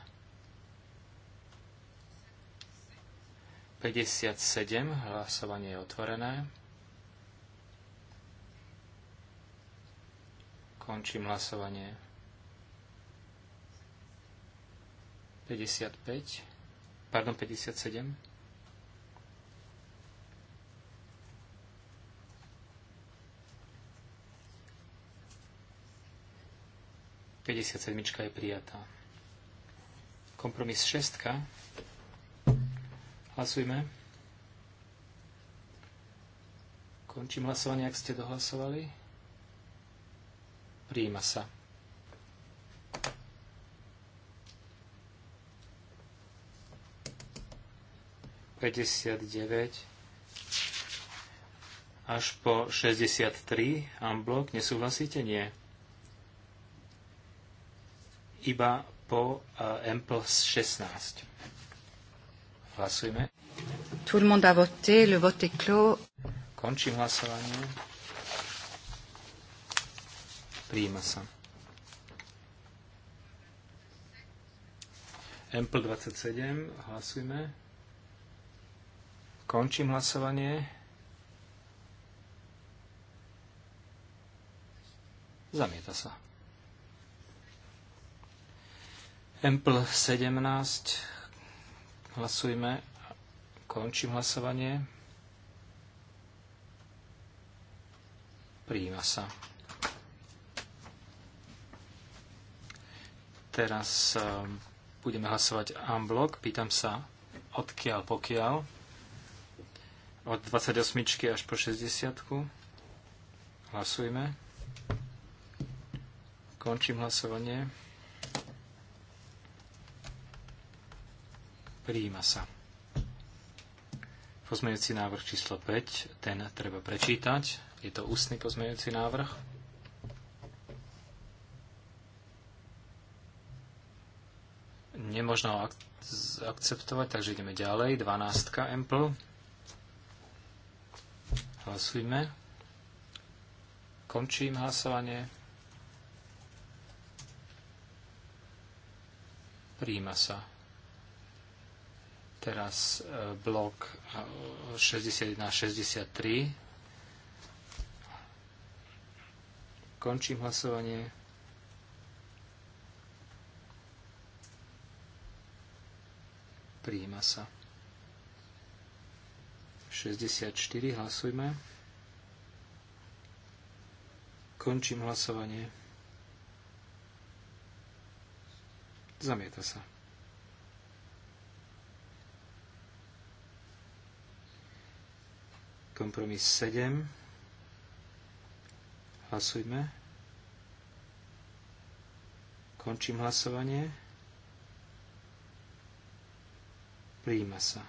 57. Hlasovanie je otvorené. Končím hlasovanie. 55. Pardon, 57. 57 je prijatá. Kompromis 6. Hlasujme. Končím hlasovanie, ak ste dohlasovali. Príjima sa. až po 63 amblok. Nesúhlasíte? Nie iba po e, M plus 16. Hlasujeme. Tout le monde a voté, le vote est clos. Končím hlasovanie. Príjima sa. Ample 27, hlasujme. Končím hlasovanie. Zamieta sa. Empl 17. Hlasujme. Končím hlasovanie. Príjima sa. Teraz um, budeme hlasovať unblock. Pýtam sa, odkiaľ pokiaľ. Od 28 až po 60. -ku. Hlasujme. Končím hlasovanie. Prijíma sa. Pozmejúci návrh číslo 5, ten treba prečítať. Je to ústny pozmejúci návrh. Nemožno ho ak- akceptovať, takže ideme ďalej. 12. Ample. Hlasujme. Končím hlasovanie. Príjima sa. Teraz e, blok 61-63. E, Končím hlasovanie. Prijíma sa. 64 hlasujme. Končím hlasovanie. Zamieta sa. Kompromis 7. Hlasujme. Končím hlasovanie. Príjima sa.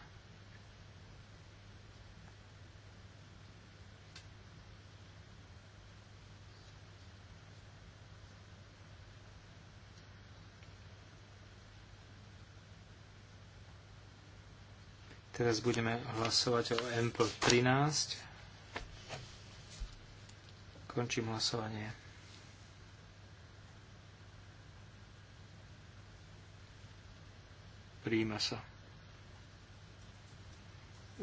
Teraz budeme hlasovať o MPL 13. Končím hlasovanie. Príjima sa.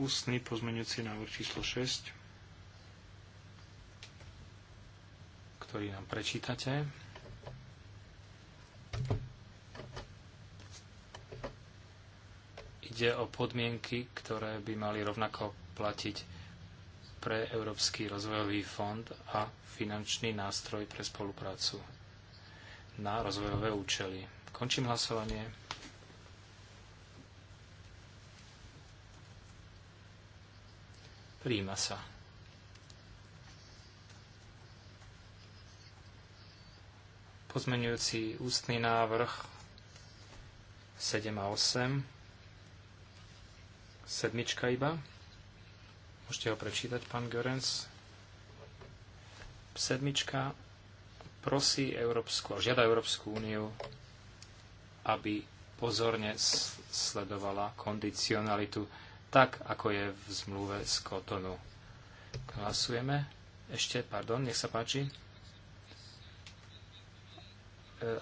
Ústny pozmeňujúci návrh číslo 6, ktorý nám prečítate. ide o podmienky, ktoré by mali rovnako platiť pre Európsky rozvojový fond a finančný nástroj pre spoluprácu na rozvojové účely. Končím hlasovanie. Príjma sa. Pozmenujúci ústny návrh 7 a 8. Sedmička iba. Môžete ho prečítať, pán Görens. Sedmička prosí Európsku, a žiada Európsku úniu, aby pozorne sledovala kondicionalitu tak, ako je v zmluve z Kotonu. Hlasujeme. Ešte, pardon, nech sa páči. E,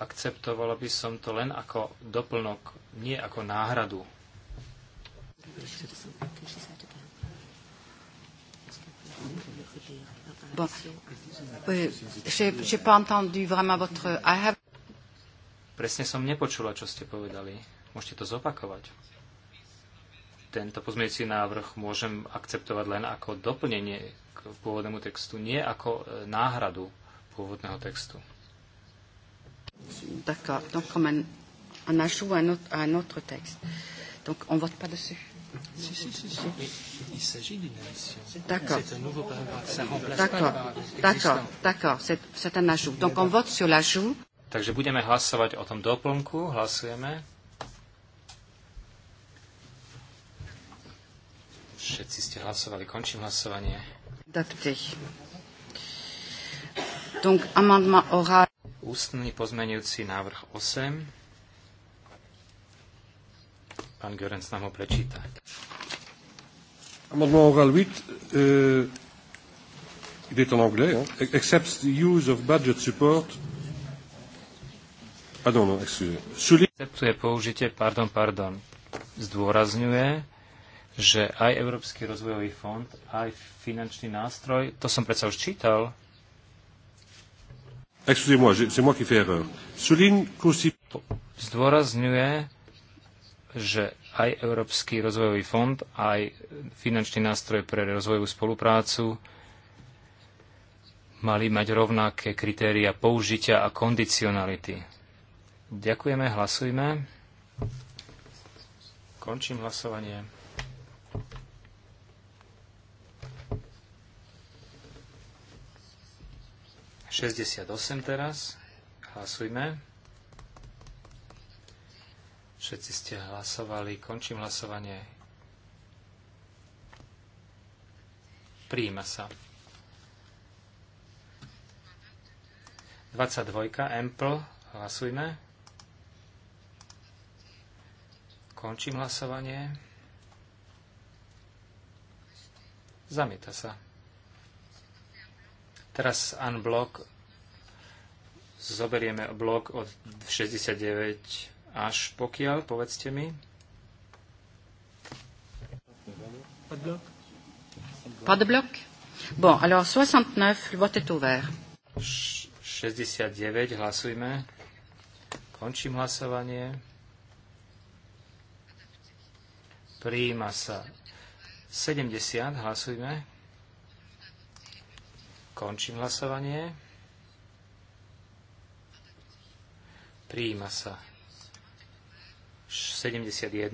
akceptovala by som to len ako doplnok, nie ako náhradu Bon. Euh, j'ai pas entendu vraiment votre... I have... Presne som nepočula, čo ste povedali. Môžete to zopakovať. Tento pozmeňujúci návrh môžem akceptovať len ako doplnenie k pôvodnému textu, nie ako e, náhradu pôvodného textu. D'accord. Donc, on, a, on ajoute un autre à notre texte. Donc, on vote pas dessus. Si, si, si, si. il s'agit d'une addition. D'accord. C'est un nouveau paragraphe. Ça remplace D'accord. D'accord. D'accord. C'est un ajout. Donc on vote sur l'ajout. Takže budeme hlasovať o tom doplnku. Hlasujeme. Všetci ste hlasovali. Končím hlasovanie. Donc amendement Ústny pozmenujúci návrh 8. Pán Görenc nám ho prečíta. Amendement oral 8, euh, il est en anglais, hein, e-, accepts the use of budget support. Pardon, ah non, excusez. Akceptuje použitie, pardon, pardon, zdôrazňuje, že aj Európsky rozvojový fond, aj finančný nástroj, to som predsa už čítal. Excusez-moi, c'est moi qui fais erreur. Souligne constitue zdôrazňuje že aj Európsky rozvojový fond, aj finančný nástroj pre rozvojovú spoluprácu mali mať rovnaké kritéria použitia a kondicionality. Ďakujeme, hlasujme. Končím hlasovanie. 68, osem teraz. Hlasujme. Všetci ste hlasovali. Končím hlasovanie. Príjima sa. 22. Empl. Hlasujme. Končím hlasovanie. Zamieta sa. Teraz unblock. Zoberieme blok od 69 až pokiaľ, povedzte mi. Pas de bloc Bon, alors 69, le vote est ouvert. 69, hlasujme. Končím hlasovanie. Príjima sa 70, hlasujme. Končím hlasovanie. Príjima sa 71.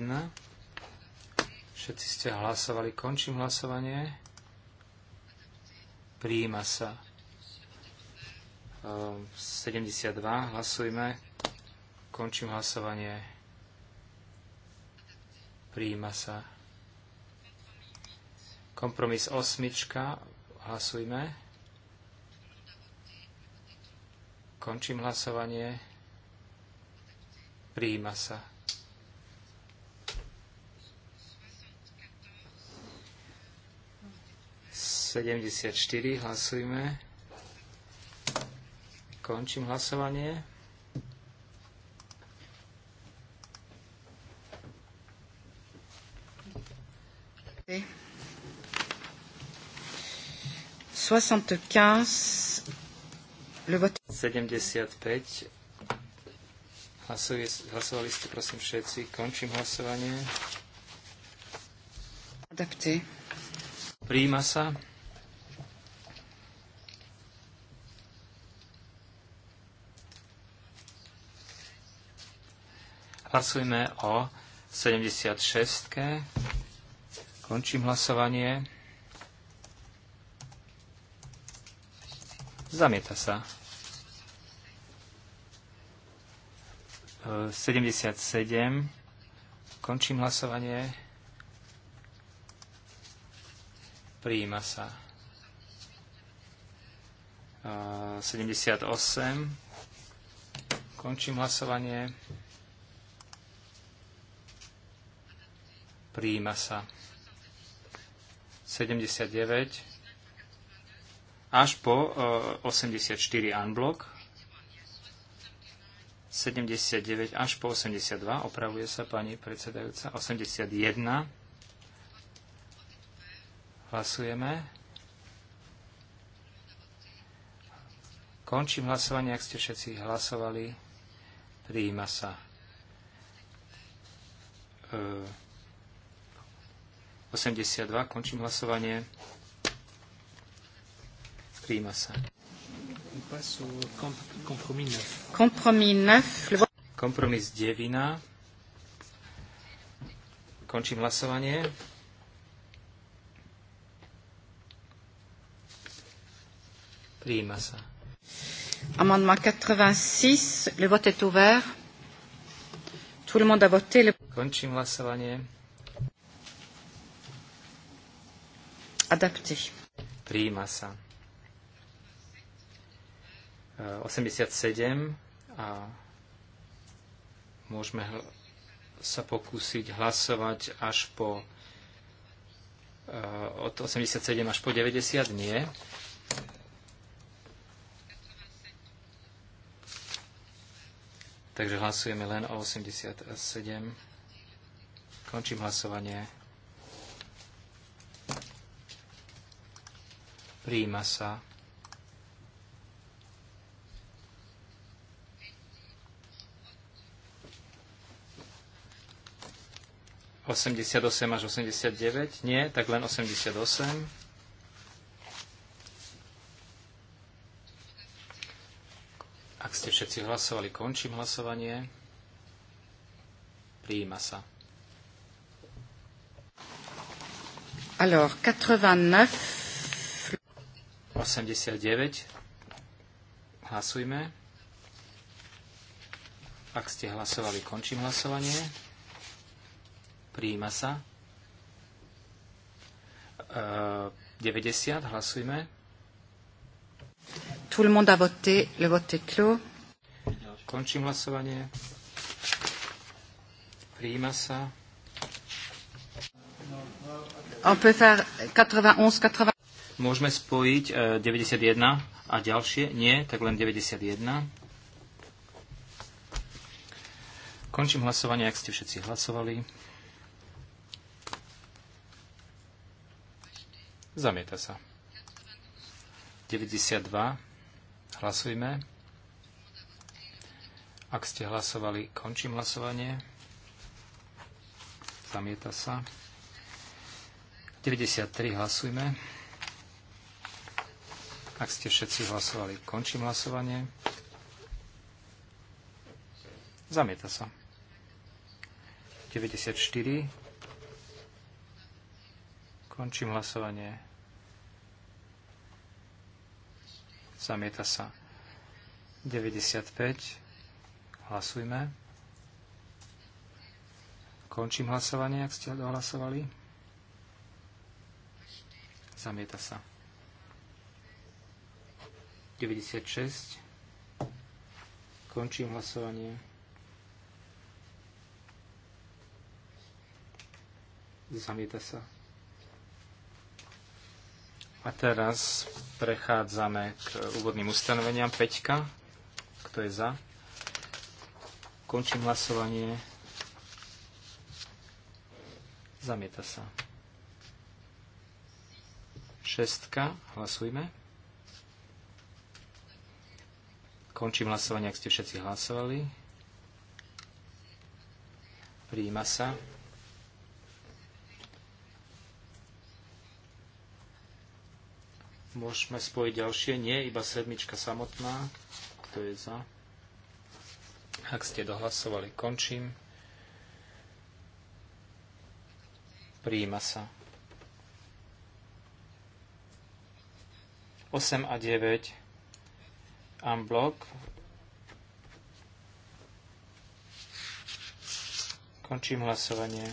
Všetci ste hlasovali. Končím hlasovanie. Prijíma sa. 72. Ehm, Hlasujme. Končím hlasovanie. Prijíma sa. Kompromis osmička. Hlasujme. Končím hlasovanie. Prijíma sa. 74 hlasujme. Končím hlasovanie. Okay. 75 75 Hlasuje, hlasovali ste prosím všetci končím hlasovanie adapté Príjima sa Hlasujme o 76. Končím hlasovanie. Zamieta sa. 77. E, Končím hlasovanie. Prijíma sa. 78. E, Končím hlasovanie. Príjima sa. 79 až po 84 e, unblock. 79 až po 82, opravuje sa pani predsedajúca. 81. Hlasujeme. Končím hlasovanie, ak ste všetci hlasovali. Prijíma sa. E 82. Končím hlasovanie. Príjma sa. Kompromis 9. Končím hlasovanie. Príjma sa. Amendement 86. Le vote est ouvert. Tout le monde a voté. Le... Končím hlasovanie. adaptih. Príjima sa. 87 e, a môžeme sa pokúsiť hlasovať až po e, od 87 až po 90 nie. Takže hlasujeme len o 87. Končím hlasovanie. Príjma sa. Osemdesiat osem až osemdesiat deväť? Nie, tak len osemdesiat osem. Ak ste všetci hlasovali, končím hlasovanie. Prijíma sa. Alors, 89 89. Hlasujme. Ak ste hlasovali, končím hlasovanie. Prijíma sa. E, 90. Hlasujme. Tout le monde a voté. Le vote est clos. Končím hlasovanie. Prijíma sa. On peut faire 91, 92. Môžeme spojiť 91 e, a ďalšie? Nie, tak len 91. Končím hlasovanie, ak ste všetci hlasovali. Zamieta sa. 92. Hlasujme. Ak ste hlasovali, končím hlasovanie. Zamieta sa. 93. Hlasujme. Ak ste všetci hlasovali, končím hlasovanie. Zamieta sa. 94. Končím hlasovanie. Zamieta sa. 95. Hlasujme. Končím hlasovanie, ak ste dohlasovali. Zamieta sa. 96. Končím hlasovanie. Zamieta sa. A teraz prechádzame k úvodným ustanoveniam. Peťka, kto je za? Končím hlasovanie. Zamieta sa. Šestka, hlasujme. Končím hlasovanie, ak ste všetci hlasovali. Príjima sa. Môžeme spojiť ďalšie, nie iba sedmička samotná. Kto je za? Ak ste dohlasovali, končím. Príjima sa. 8 a 9 unblock. Končím hlasovanie.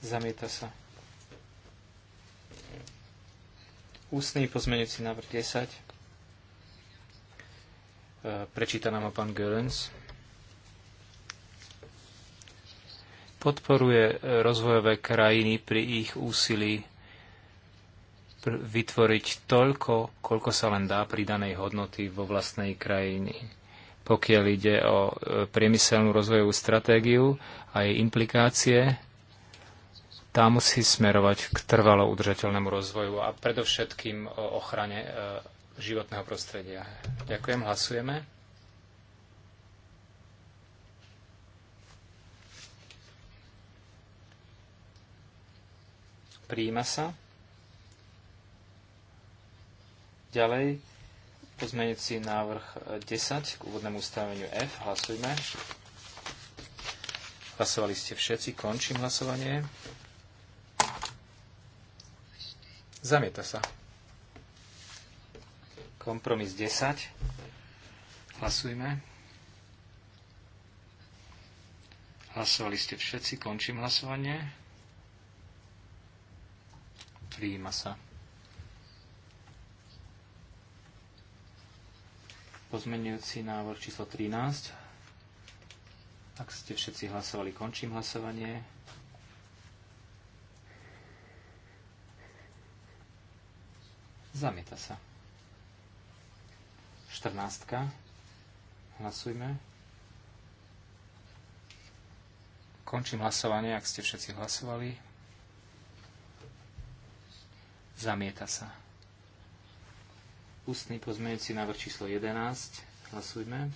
Zamieta sa. Ústny pozmeňujúci návrh 10. E, prečíta nám ho pán Görens. Podporuje rozvojové krajiny pri ich úsilí vytvoriť toľko, koľko sa len dá pridanej hodnoty vo vlastnej krajine. Pokiaľ ide o e, priemyselnú rozvojovú stratégiu a jej implikácie, tá musí smerovať k trvalo udržateľnému rozvoju a predovšetkým o ochrane e, životného prostredia. Ďakujem, hlasujeme. Prijíma sa. Ďalej, pozmeňujúci návrh 10 k úvodnému ustaveniu F. Hlasujme. Hlasovali ste všetci. Končím hlasovanie. Zamieta sa. Kompromis 10. Hlasujme. Hlasovali ste všetci. Končím hlasovanie. Prijíma sa. Pozmenujúci návrh číslo 13. Ak ste všetci hlasovali, končím hlasovanie. Zamieta sa. 14. Hlasujme. Končím hlasovanie, ak ste všetci hlasovali. Zamieta sa. Ústny pozmeňujúci návrh číslo 11. Hlasujme.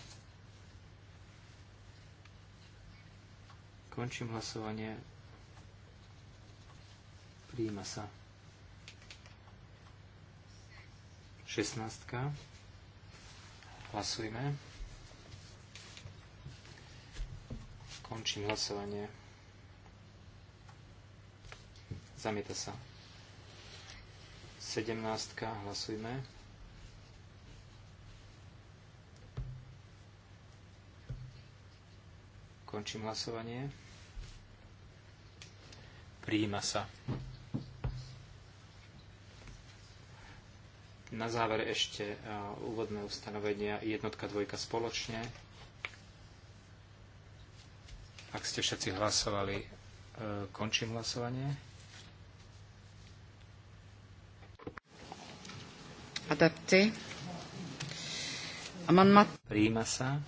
Končím hlasovanie. Príjima sa. 16. Hlasujme. Končím hlasovanie. Zamieta sa. 17. Hlasujme. Končím hlasovanie. Príjima sa. Na záver ešte e, úvodné ustanovenia jednotka, dvojka spoločne. Ak ste všetci hlasovali, e, končím hlasovanie. Adapte. Príjima sa.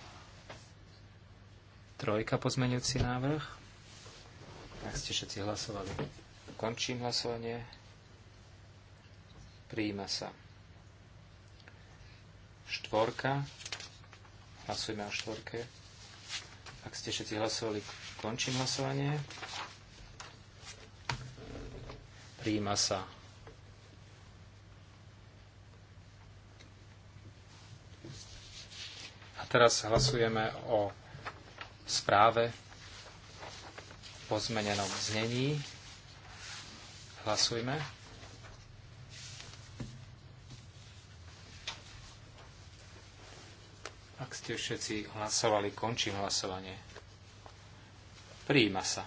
Trojka pozmeňujúci návrh. Ak ste všetci hlasovali, končím hlasovanie. Prijíma sa. Štvorka. Hlasujme o štvorke. Ak ste všetci hlasovali, končím hlasovanie. Prijíma sa. A teraz hlasujeme o správe v pozmenenom znení. Hlasujme. Ak ste všetci hlasovali, končím hlasovanie. Prijíma sa.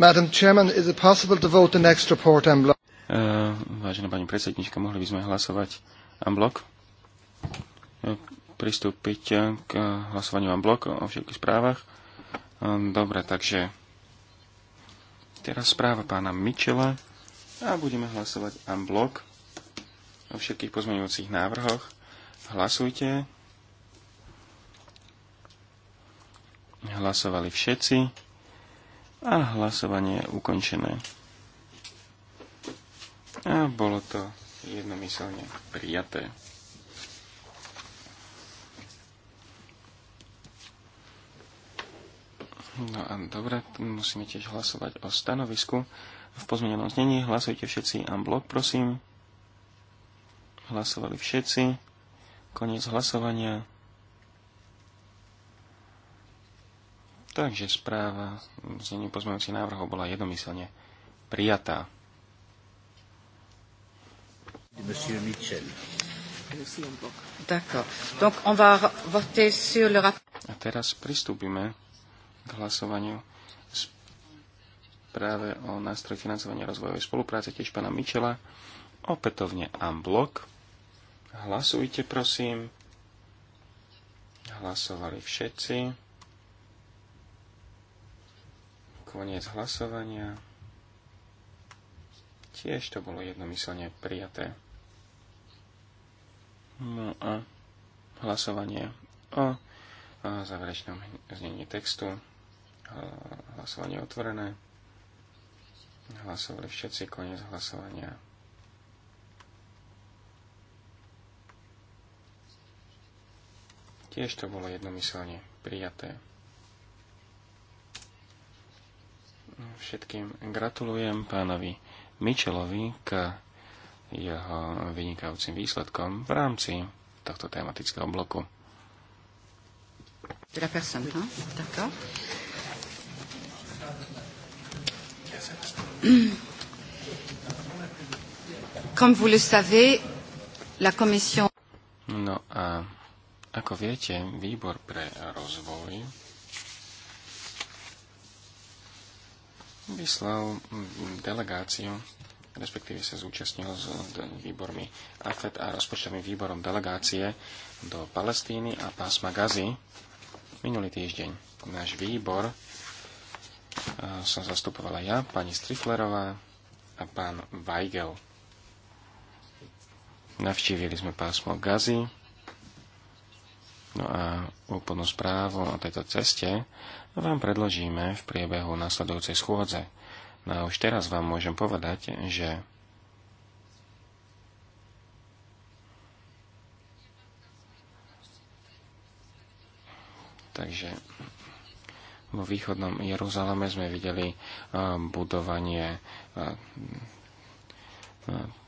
Madam Chairman, is it possible to vote the next report en bloc? Uh, vážená pani predsednička, mohli by sme hlasovať en bloc? Eh, pristúpiť eh, k hlasovaniu en bloc o všetkých správach. dobre, takže teraz správa pána Mičela a budeme hlasovať en bloc o všetkých pozmeňujúcich návrhoch. Hlasujte. Hlasovali všetci. A hlasovanie je ukončené. A bolo to jednomyselne prijaté. No a dobre, musíme tiež hlasovať o stanovisku. V pozmenenom znení hlasujte všetci a blok, prosím. Hlasovali všetci. Koniec hlasovania. Takže správa znení pozmeňujúcich návrhov bola jednomyselne prijatá. A teraz pristúpime k hlasovaniu práve o nástroj financovania rozvojovej spolupráce tiež pána Mičela. Opätovne Amblok. Hlasujte, prosím. Hlasovali všetci. Koniec hlasovania. Tiež to bolo jednomyselne prijaté. No a hlasovanie o, záverečnom znení textu. Hlasovanie otvorené. Hlasovali všetci, koniec hlasovania. Tiež to bolo jednomyselne prijaté. Všetkým gratulujem pánovi Mičelovi k jeho vynikajúcim výsledkom v rámci tohto tematického bloku. Comme vous le savez, la commission... No a ako viete, výbor pre rozvoj vyslal mm, delegáciu, respektíve sa zúčastnil s výbormi AFET a rozpočtovým výborom delegácie do Palestíny a pásma Gazy minulý týždeň. Náš výbor e, som zastupovala ja, pani Striflerová a pán Weigel. Navštívili sme pásmo Gazy, No a úplnú správu o tejto ceste vám predložíme v priebehu nasledujúcej schôdze. No a už teraz vám môžem povedať, že Takže vo východnom Jeruzaleme sme videli budovanie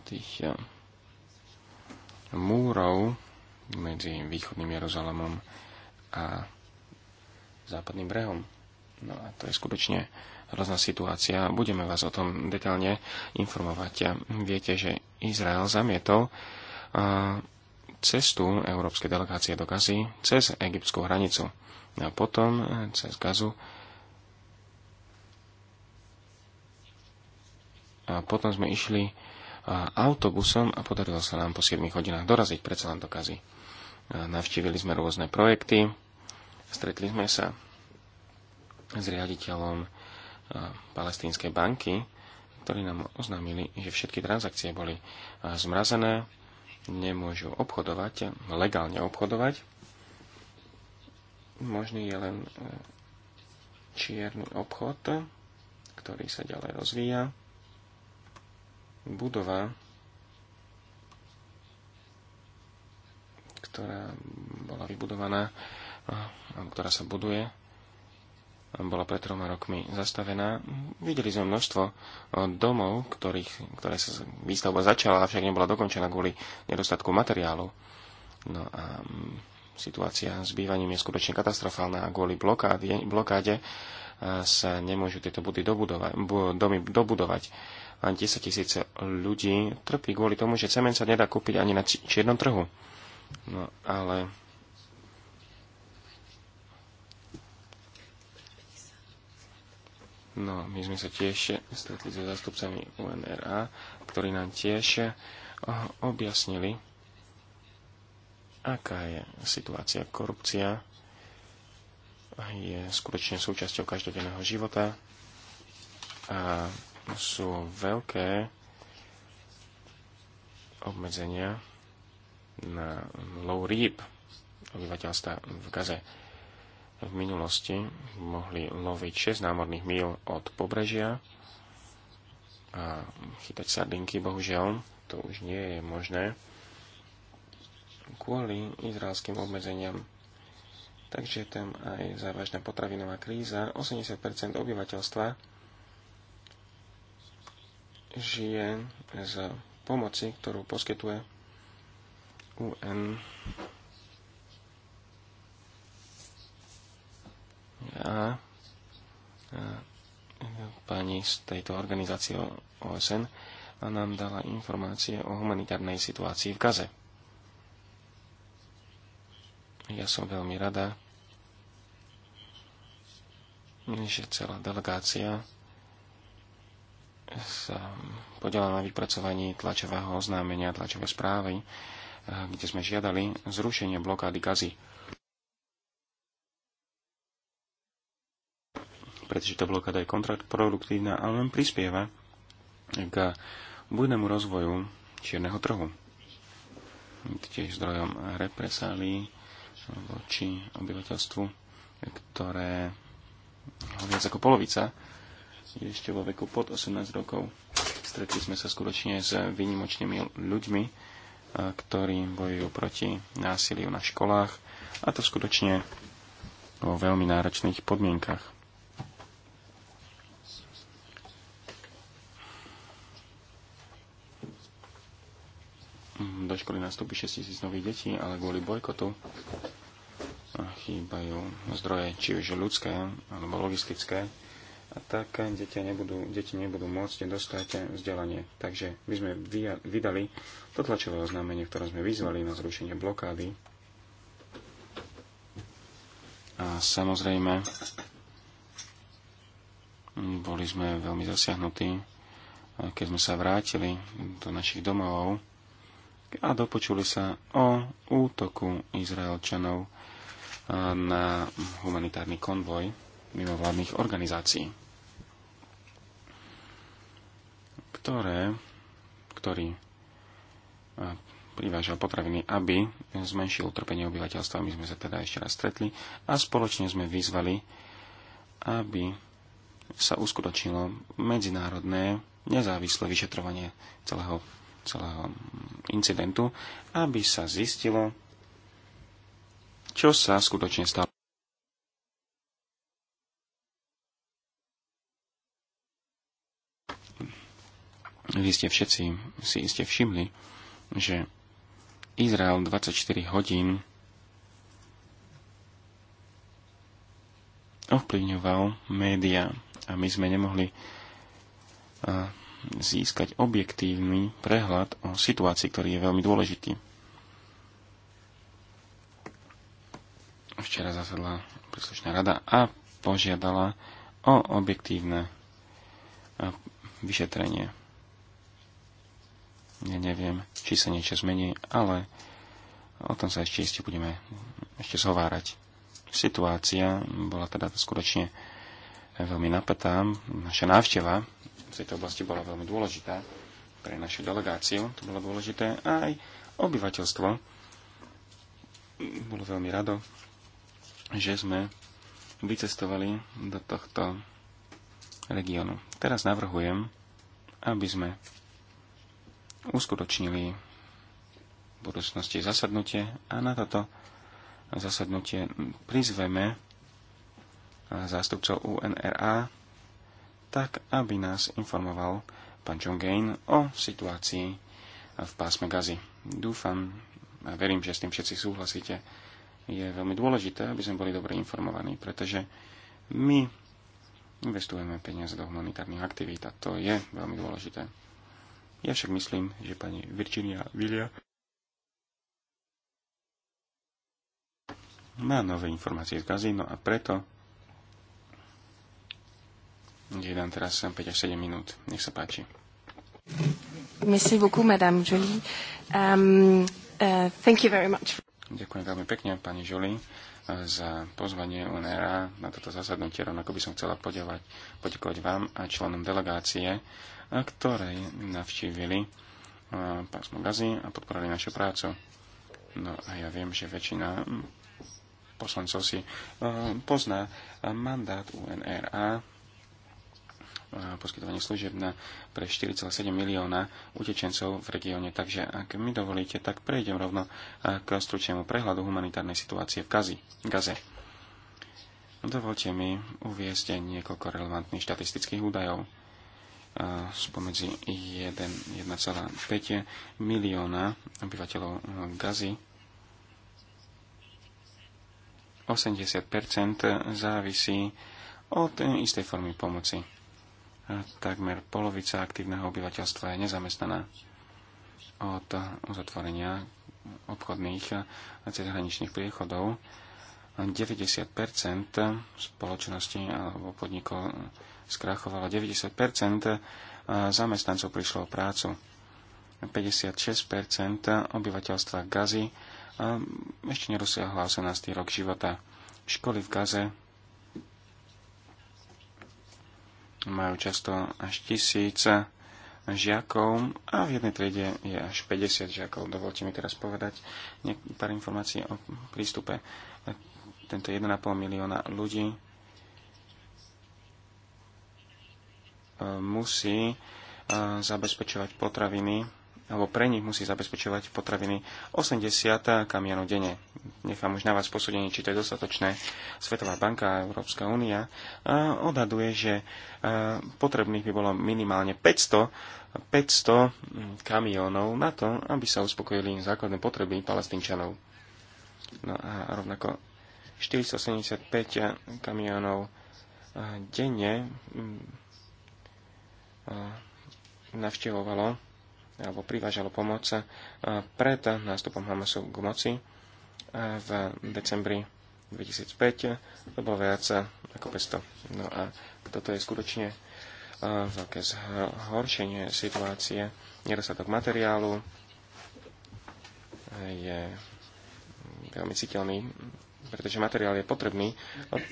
tých múrov medzi východným Jeruzalemom a západným brehom. No a to je skutočne hrozná situácia. Budeme vás o tom detálne informovať. A viete, že Izrael zamietol cestu európskej delegácie do Gazy cez egyptskú hranicu. No a potom cez Gazu a potom sme išli autobusom a podarilo sa nám po 7 hodinách doraziť predsa len do Gazy. Navštívili sme rôzne projekty, Stretli sme sa s riaditeľom e, Palestínskej banky, ktorí nám oznámili, že všetky transakcie boli e, zmrazené, nemôžu obchodovať, legálne obchodovať. Možný je len e, čierny obchod, ktorý sa ďalej rozvíja. Budova, ktorá bola vybudovaná ktorá sa buduje, bola pred troma rokmi zastavená. Videli sme množstvo domov, ktorých, ktoré sa výstavba začala, avšak nebola dokončená kvôli nedostatku materiálu. No a mm, situácia s bývaním je skutočne katastrofálna a kvôli blokáde, blokáde sa nemôžu tieto budy dobudovať, domy dobudovať. A 10 tisíce ľudí trpí kvôli tomu, že cement sa nedá kúpiť ani na čiernom trhu. No ale No, my sme sa tiež stretli so zastupcami UNRA, ktorí nám tiež eh, objasnili, aká je situácia. Korupcia je skutočne súčasťou každodenného života a sú veľké obmedzenia na lov rýb obyvateľstva v Gaze v minulosti mohli loviť 6 námorných míl od pobrežia a chytať sardinky, bohužiaľ, to už nie je možné kvôli izraelským obmedzeniam. Takže tam aj závažná potravinová kríza. 80% obyvateľstva žije z pomoci, ktorú poskytuje UN a, a pani z tejto organizácie OSN a nám dala informácie o humanitárnej situácii v Gaze. Ja som veľmi rada, že celá delegácia sa podiela na vypracovaní tlačového oznámenia, tlačovej správy, kde sme žiadali zrušenie blokády Gazy pretože tá blokáda je kontraproduktívna ale len prispieva k budnému rozvoju čierneho trhu. Tiež zdrojom represálí voči obyvateľstvu, ktoré ho viac ako polovica ešte vo veku pod 18 rokov. Stretli sme sa skutočne s výnimočnými ľuďmi, ktorí bojujú proti násiliu na školách a to skutočne vo veľmi náročných podmienkach. do školy nastúpi 6 tisíc nových detí, ale kvôli bojkotu chýbajú zdroje, či už ľudské alebo logistické, a tak deti nebudú, deti nebudú môcť dostať vzdelanie. Takže my sme vydali to tlačové oznámenie, ktoré sme vyzvali na zrušenie blokády. A samozrejme, boli sme veľmi zasiahnutí, keď sme sa vrátili do našich domovov a dopočuli sa o útoku Izraelčanov e, na humanitárny konvoj mimovládnych organizácií, ktoré, ktorý e, privážal potraviny, aby zmenšil utrpenie obyvateľstva. My sme sa teda ešte raz stretli a spoločne sme vyzvali, aby sa uskutočnilo medzinárodné nezávislé vyšetrovanie celého celého incidentu, aby sa zistilo, čo sa skutočne stalo. Vy ste všetci si iste všimli, že Izrael 24 hodín ovplyvňoval média a my sme nemohli získať objektívny prehľad o situácii, ktorý je veľmi dôležitý. Včera zasadla príslušná rada a požiadala o objektívne vyšetrenie. Ja neviem, či sa niečo zmení, ale o tom sa ešte ešte budeme ešte zhovárať. Situácia bola teda skutočne veľmi napätá. Naša návšteva v tejto oblasti bola veľmi dôležitá pre našu delegáciu, to bolo dôležité, a aj obyvateľstvo bolo veľmi rado, že sme vycestovali do tohto regiónu. Teraz navrhujem, aby sme uskutočnili v budúcnosti zasadnutie a na toto zasadnutie prizveme zástupcov UNRA, tak aby nás informoval pán John Gain o situácii v pásme Gazy. Dúfam a verím, že s tým všetci súhlasíte. Je veľmi dôležité, aby sme boli dobre informovaní, pretože my investujeme peniaze do humanitárnych aktivít a to je veľmi dôležité. Ja však myslím, že pani Virginia Vilia má nové informácie z Gazino a preto kde dám teraz 5 až 7 minút. Nech sa páči. Merci beaucoup, madame Jolie. Um, uh, thank you very much. Ďakujem veľmi pekne, pani Jolie za pozvanie UNRA na toto zasadnutie. Rovnako by som chcela podielovať, poďakovať vám a členom delegácie, ktorej navštívili pásmo Gazi a podporili našu prácu. No a ja viem, že väčšina poslancov si pozná mandát UNRA poskytovanie služieb na, pre 4,7 milióna utečencov v regióne. Takže ak mi dovolíte, tak prejdem rovno k stručnému prehľadu humanitárnej situácie v Gazi, Gaze. Dovolte mi uviezť niekoľko relevantných štatistických údajov spomedzi 1,5 milióna obyvateľov Gazy. 80% závisí od istej formy pomoci takmer polovica aktívneho obyvateľstva je nezamestnaná od uzatvorenia obchodných a cezhraničných priechodov. 90 spoločnosti alebo podnikov skrachovalo, 90 zamestnancov prišlo o prácu. 56 obyvateľstva Gazy ešte nerozsiahlo 18. rok života. Školy v Gaze majú často až tisíc žiakov a v jednej triede je až 50 žiakov. Dovolte mi teraz povedať pár informácií o prístupe. Tento 1,5 milióna ľudí e, musí e, zabezpečovať potraviny alebo pre nich musí zabezpečovať potraviny 80 kamionov denne. Nechám už na vás posúdenie, či to je dostatočné. Svetová banka a Európska únia e, odhaduje, že e, potrebných by bolo minimálne 500, 500 kamionov na to, aby sa uspokojili základné potreby palestínčanov. No a rovnako 475 kamionov e, denne mm, navštevovalo alebo privážalo pomoc eh, pred nástupom Hamasu k moci eh, v decembri 2005. To bolo viac eh, ako 500. No a toto je skutočne veľké zhoršenie situácie. Nedostatok materiálu je veľmi citeľný, pretože materiál je potrebný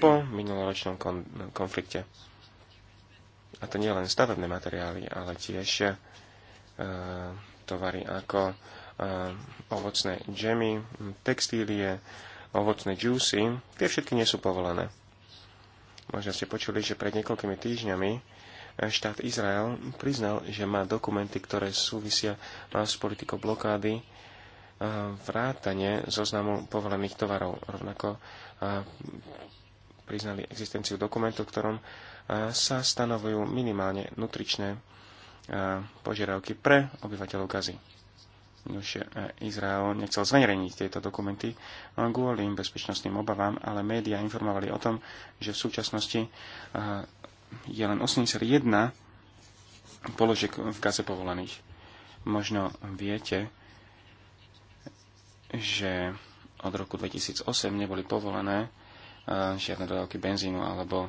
po minuloročnom kon- konflikte. A to nie len stavebné materiály, ale tiež E, tovary ako e, ovocné džemy, textílie, ovocné džúsy, tie všetky nie sú povolené. Možno ste počuli, že pred niekoľkými týždňami e, štát Izrael priznal, že má dokumenty, ktoré súvisia s politikou blokády vrátane zoznamu povolených tovarov. Rovnako priznali existenciu dokumentu, v ktorom sa stanovujú minimálne nutričné požiadavky pre obyvateľov Gazy. Už e, Izrael nechcel zverejniť tieto dokumenty kvôli im bezpečnostným obavám, ale médiá informovali o tom, že v súčasnosti e, je len 81 položiek v Gaze povolených. Možno viete, že od roku 2008 neboli povolené e, žiadne dodávky benzínu alebo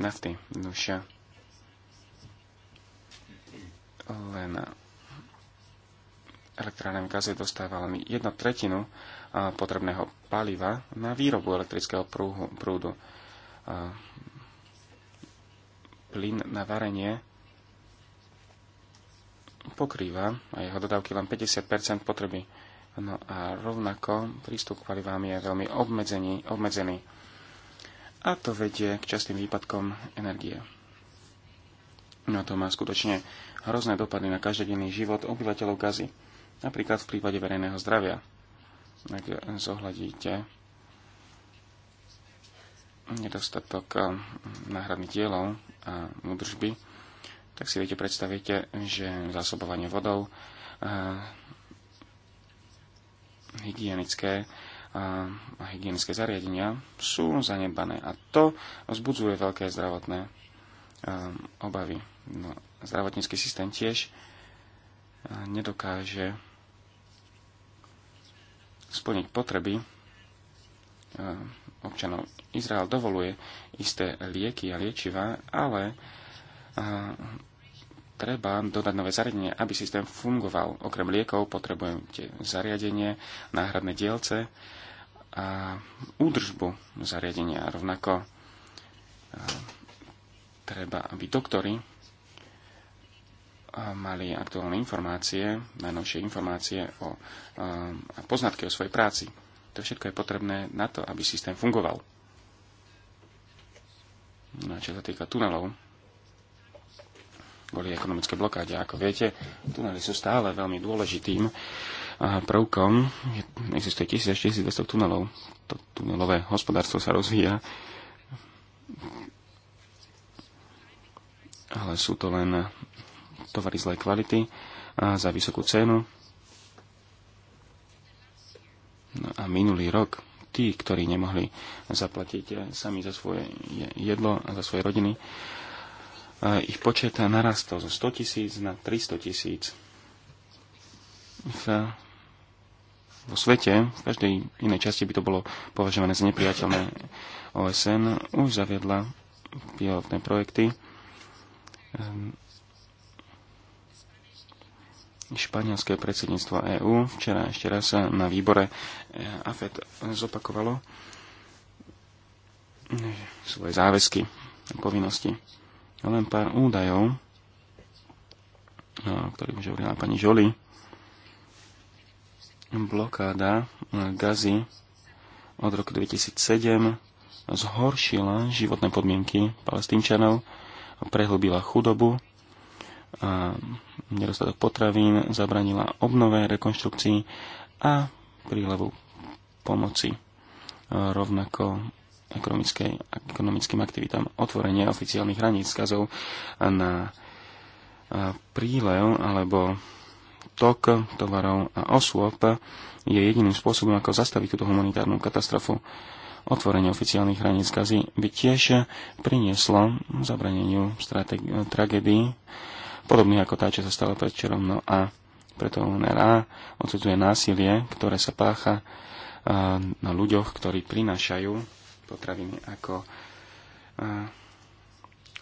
nafty. Nuša len elektrárne gazy dostáva len jednu tretinu potrebného paliva na výrobu elektrického prúhu, prúdu. Plyn na varenie pokrýva a jeho dodávky len 50 potreby. No a rovnako prístup k palivám je veľmi obmedzený, obmedzený. A to vedie k častým výpadkom energie. No to má skutočne hrozné dopady na každodenný život obyvateľov Gazy, napríklad v prípade verejného zdravia. Ak zohľadíte nedostatok eh, náhradných dielov a údržby, tak si viete predstavíte, že zásobovanie vodou, eh, hygienické eh, a, hygienické zariadenia sú zanedbané a to vzbudzuje veľké zdravotné obavy. No, zdravotnícky systém tiež e, nedokáže splniť potreby e, občanov. Izrael dovoluje isté lieky a liečivá, ale e, treba dodať nové zariadenie, aby systém fungoval. Okrem liekov tie zariadenie, náhradné dielce a údržbu zariadenia. Rovnako treba, aby doktory mali aktuálne informácie, najnovšie informácie o, um, a poznatky o svojej práci. To všetko je potrebné na to, aby systém fungoval. No a čo sa týka tunelov, boli ekonomické blokáde, ako viete, tunely sú stále veľmi dôležitým uh, prvkom. Existuje 1200 tunelov. To tunelové hospodárstvo sa rozvíja. Ale sú to len tovary zlej kvality a za vysokú cenu. No a minulý rok tí, ktorí nemohli zaplatiť eh, sami za svoje jedlo a za svoje rodiny, eh, ich počet narastol zo 100 tisíc na 300 tisíc. Vo svete, v každej inej časti by to bolo považované za nepriateľné. OSN už zaviedla pilotné projekty ehm, španielské predsedníctvo EÚ včera ešte raz na výbore e, AFED zopakovalo e, svoje záväzky a povinnosti. Len pár údajov, e, o ktorých už hovorila pani Žoli. Blokáda gazy od roku 2007 zhoršila životné podmienky palestínčanov, prehlbila chudobu a nedostatok potravín zabranila obnove, rekonštrukcii a prílevu pomoci e, rovnako ekonomickým aktivitám. Otvorenie oficiálnych hraníc skazov na e, prílev alebo tok tovarov a osôb je jediným spôsobom, ako zastaviť túto humanitárnu katastrofu. Otvorenie oficiálnych hraníc gazy by tiež prinieslo zabraneniu tragédii podobný ako tá, čo sa stala predčerom. No a preto UNRA odsudzuje násilie, ktoré sa pácha eh, na ľuďoch, ktorí prinášajú potraviny ako eh,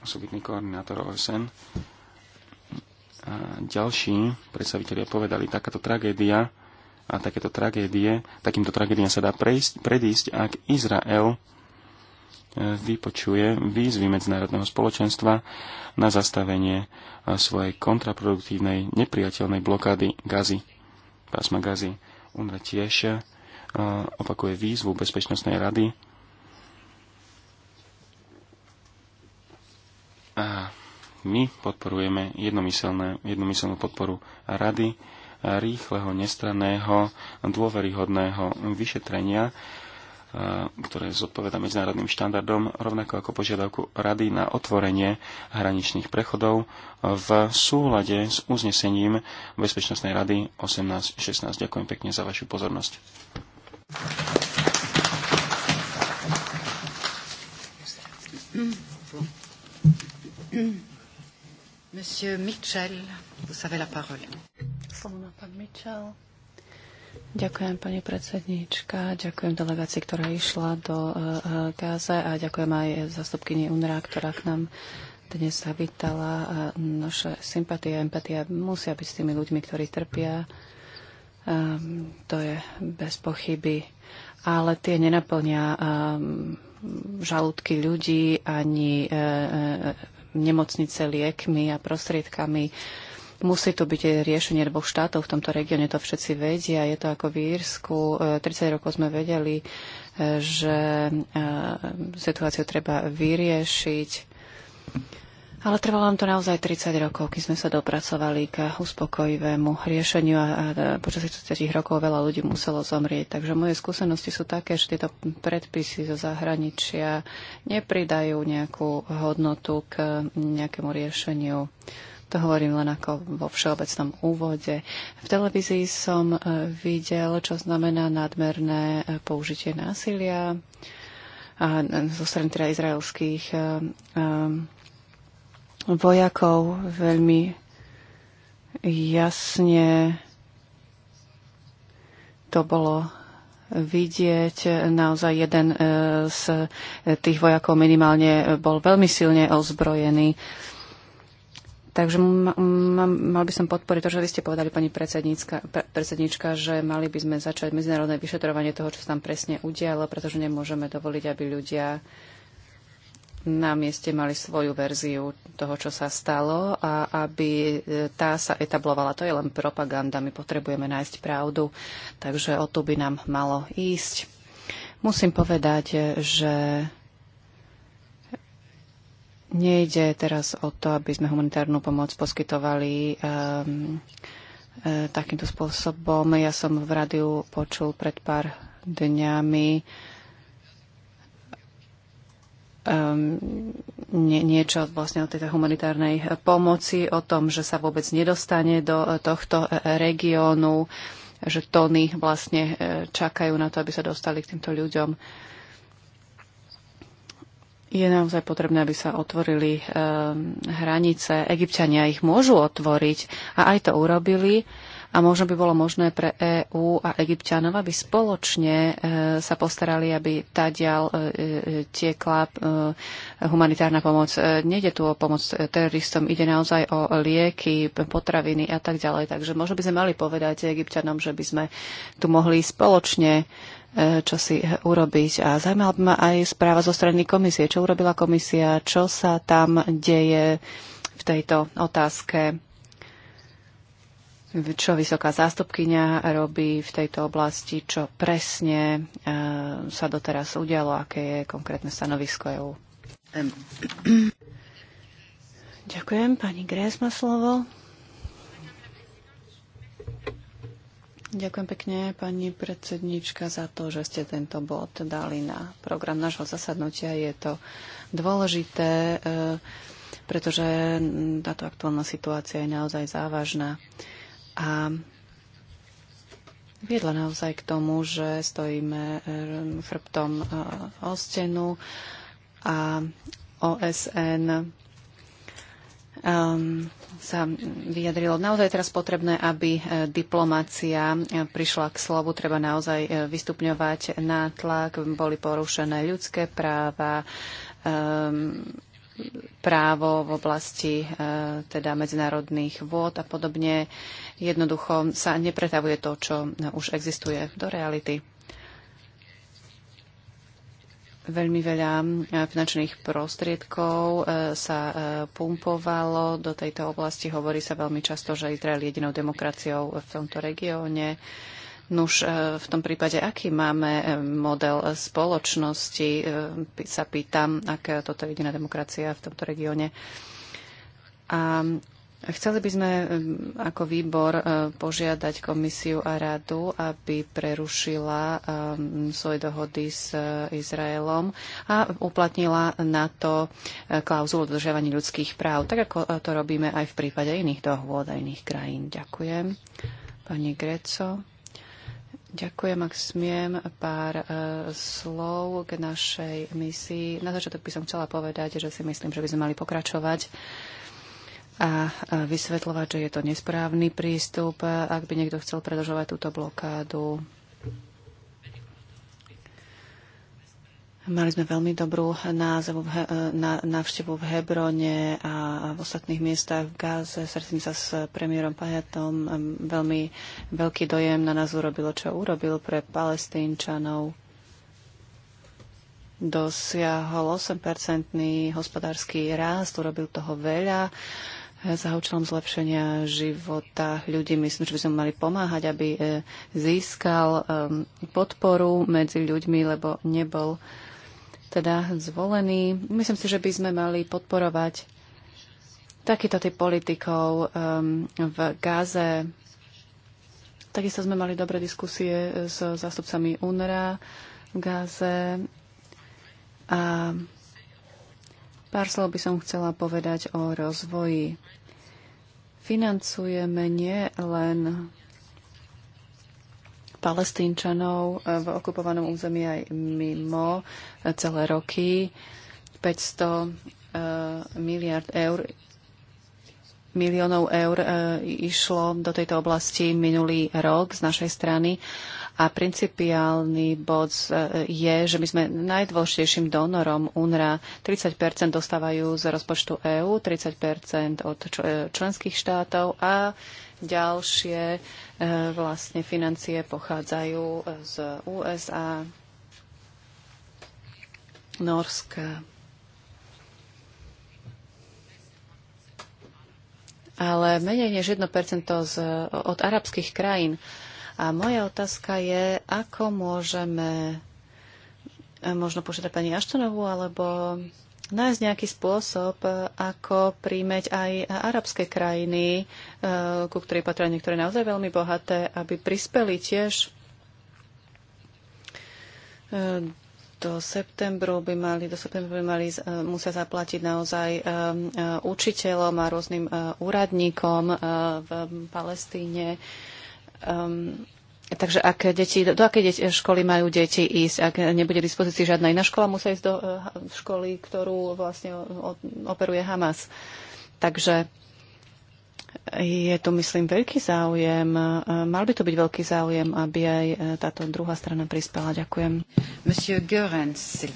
osobitný koordinátor OSN. A ďalší predstavitelia povedali, takáto tragédia a takéto tragédie, takýmto tragédiám sa dá prejsť, predísť, ak Izrael vypočuje výzvy medzinárodného spoločenstva na zastavenie e, svojej kontraproduktívnej, nepriateľnej blokády gazy, pásma gazy. UNRWA tiež e, opakuje výzvu Bezpečnostnej rady a my podporujeme jednomyselnú podporu rady rýchleho, nestranného, dôveryhodného vyšetrenia ktoré zodpoveda medzinárodným štandardom, rovnako ako požiadavku Rady na otvorenie hraničných prechodov v súlade s uznesením Bezpečnostnej rady 1816. Ďakujem pekne za vašu pozornosť. Monsieur Mitchell, vous avez la parole. Mitchell. Ďakujem, pani predsednička, Ďakujem delegácii, ktorá išla do eh, eh, Gáze a ďakujem aj zastupkyni UNRA, ktorá k nám dnes sa vytala. Eh, naše sympatie a empatia musia byť s tými ľuďmi, ktorí trpia. Um, to je bez pochyby. Ale tie nenaplňa um, žalúdky ľudí ani uh, nemocnice liekmi a prostriedkami. Uh, Musí tu byť riešenie dvoch štátov v tomto regióne, to všetci vedia. Je to ako v Írsku. 30 e, rokov sme vedeli, e, že e, situáciu treba vyriešiť. Ale trvalo nám to naozaj 30 rokov, keď sme sa dopracovali k uspokojivému riešeniu a počas 30 rokov veľa ľudí muselo zomrieť. Takže moje skúsenosti sú také, že tieto predpisy zo zahraničia nepridajú nejakú hodnotu k nejakému riešeniu. To hovorím len ako vo všeobecnom úvode. V televízii som e, videl, čo znamená nadmerné e, použitie násilia a e, zo strany teda izraelských vojakov veľmi jasne to bolo vidieť. Naozaj jeden z tých vojakov minimálne bol veľmi silne ozbrojený. Takže mal by som podporiť to, že vy ste povedali, pani predsednička, že mali by sme začať medzinárodné vyšetrovanie toho, čo sa tam presne udialo, pretože nemôžeme dovoliť, aby ľudia na mieste mali svoju verziu toho, čo sa stalo a aby e, tá sa etablovala. To je len propaganda, my potrebujeme nájsť pravdu, takže o to by nám malo ísť. Musím povedať, e, že Nejde teraz o to, aby sme humanitárnu pomoc poskytovali um, e, takýmto spôsobom. Ja som v rádiu počul pred pár dňami um, nie, niečo vlastne o tejto humanitárnej pomoci, o tom, že sa vôbec nedostane do e, tohto e, e, regiónu, že tony vlastne čakajú na to, aby sa dostali k týmto ľuďom je naozaj potrebné, aby sa otvorili e, hranice. Egyptiania ich môžu otvoriť a aj to urobili a možno by bolo možné pre EÚ a Egyptianov, aby spoločne e, sa postarali, aby ďal e, e, tiekla humanitárna pomoc. Nejde tu o pomoc teroristom, ide naozaj o lieky, potraviny a tak ďalej. Takže možno by sme mali povedať Egyptianom, že by sme tu mohli spoločne čo si urobiť. A zaujímala by ma aj správa zo strany komisie. Čo urobila komisia? Čo sa tam deje v tejto otázke? čo vysoká zástupkyňa robí v tejto oblasti, čo presne eh, sa doteraz udialo, aké je konkrétne stanovisko EU? Ďakujem. Pani Grés má slovo. Ďakujem pekne, pani predsednička, za to, že ste tento bod dali na program nášho zasadnutia. Je to dôležité, eh, pretože táto aktuálna situácia je naozaj závažná a viedla naozaj k tomu, že stojíme eh, chrbtom eh, o stenu a OSN um, ehm, sa vyjadrilo. Naozaj teraz potrebné, aby eh, diplomácia prišla k slovu. Treba naozaj vystupňovať nátlak. Boli porušené ľudské práva, um, právo v oblasti e, teda medzinárodných vôd a podobne. Jednoducho sa nepretavuje to, čo už existuje do reality. Veľmi veľa e, finančných prostriedkov e, sa pumpovalo do tejto oblasti. Hovorí sa veľmi často, že Izrael je jedinou demokraciou v tomto regióne. Nuž, e, v tom prípade, aký máme e, model e, spoločnosti, sa pýtam, aká toto je jediná demokracia v tomto regióne. A Chceli by sme ako výbor požiadať komisiu a radu, aby prerušila svoje dohody s Izraelom a uplatnila na to klauzulu dodržiavaní ľudských práv, tak ako to robíme aj v prípade iných dohôd a iných krajín. Ďakujem. Pani Greco. Ďakujem, ak smiem, pár e, slov k našej misii. Na začiatok by som chcela povedať, že si myslím, že by sme mali pokračovať a e, vysvetľovať, že je to nesprávny prístup, ak by niekto chcel predlžovať túto blokádu Mali sme veľmi dobrú názevu v, e, na, návštevu v Hebrone a v ostatných miestach v Gáze. Srdím sa s premiérom Pajatom. Veľmi veľký dojem na nás urobilo, čo urobil pre palestínčanov. Dosiahol 8-percentný hospodársky rást, urobil toho veľa za účelom zlepšenia života ľudí. Myslím, že by sme mali pomáhať, aby e, získal e, podporu medzi ľuďmi, lebo nebol teda zvolení. Myslím si, že by sme mali podporovať takýto typ politikov um, v Gáze. Takisto sme mali dobré diskusie s zástupcami UNRA v Gáze. A pár slov by som chcela povedať o rozvoji. Financujeme nie len palestínčanov e, v okupovanom území aj mimo e, celé roky. 500 e, miliard eur miliónov eur e, išlo do tejto oblasti minulý rok z našej strany a principiálny bod je, že my sme najdôležitejším donorom UNRA. 30 dostávajú z rozpočtu EÚ, 30 od členských štátov a ďalšie e, vlastne financie pochádzajú e, z USA, Norska. Ale menej než 1% z, od arabských krajín. A moja otázka je, ako môžeme e, možno požiadať pani Aštonovú alebo nájsť nejaký spôsob, e, ako príjmeť aj arabské krajiny, e, ku ktorej patria niektoré naozaj veľmi bohaté, aby prispeli tiež e, do septembru by mali, do septembru by mali, musia zaplatiť naozaj učiteľom a rôznym úradníkom v Palestíne. Ehm, Takže ak deti, do, do akej deti, školy majú deti ísť, ak nebude v dispozícii žiadna iná škola, musia ísť do eh, školy, ktorú vlastne operuje Hamas. Takže je tu, myslím, veľký záujem. Eh, mal by to byť veľký záujem, aby aj eh, táto druhá strana prispela. Ďakujem. Monsieur Görens.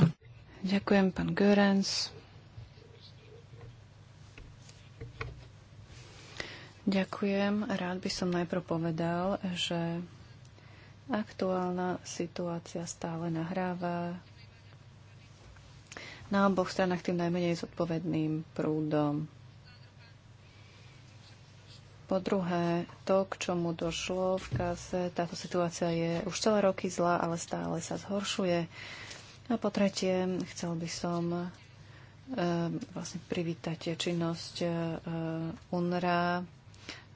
Ďakujem, pán Görens. Ďakujem. Rád by som najprv povedal, že Aktuálna situácia stále nahráva na oboch stranách tým najmenej zodpovedným prúdom. Po druhé, to, k čomu došlo v kase, táto situácia je už celé roky zlá, ale stále sa zhoršuje. A po tretie, chcel by som e, vlastne privítať činnosť e, UNRA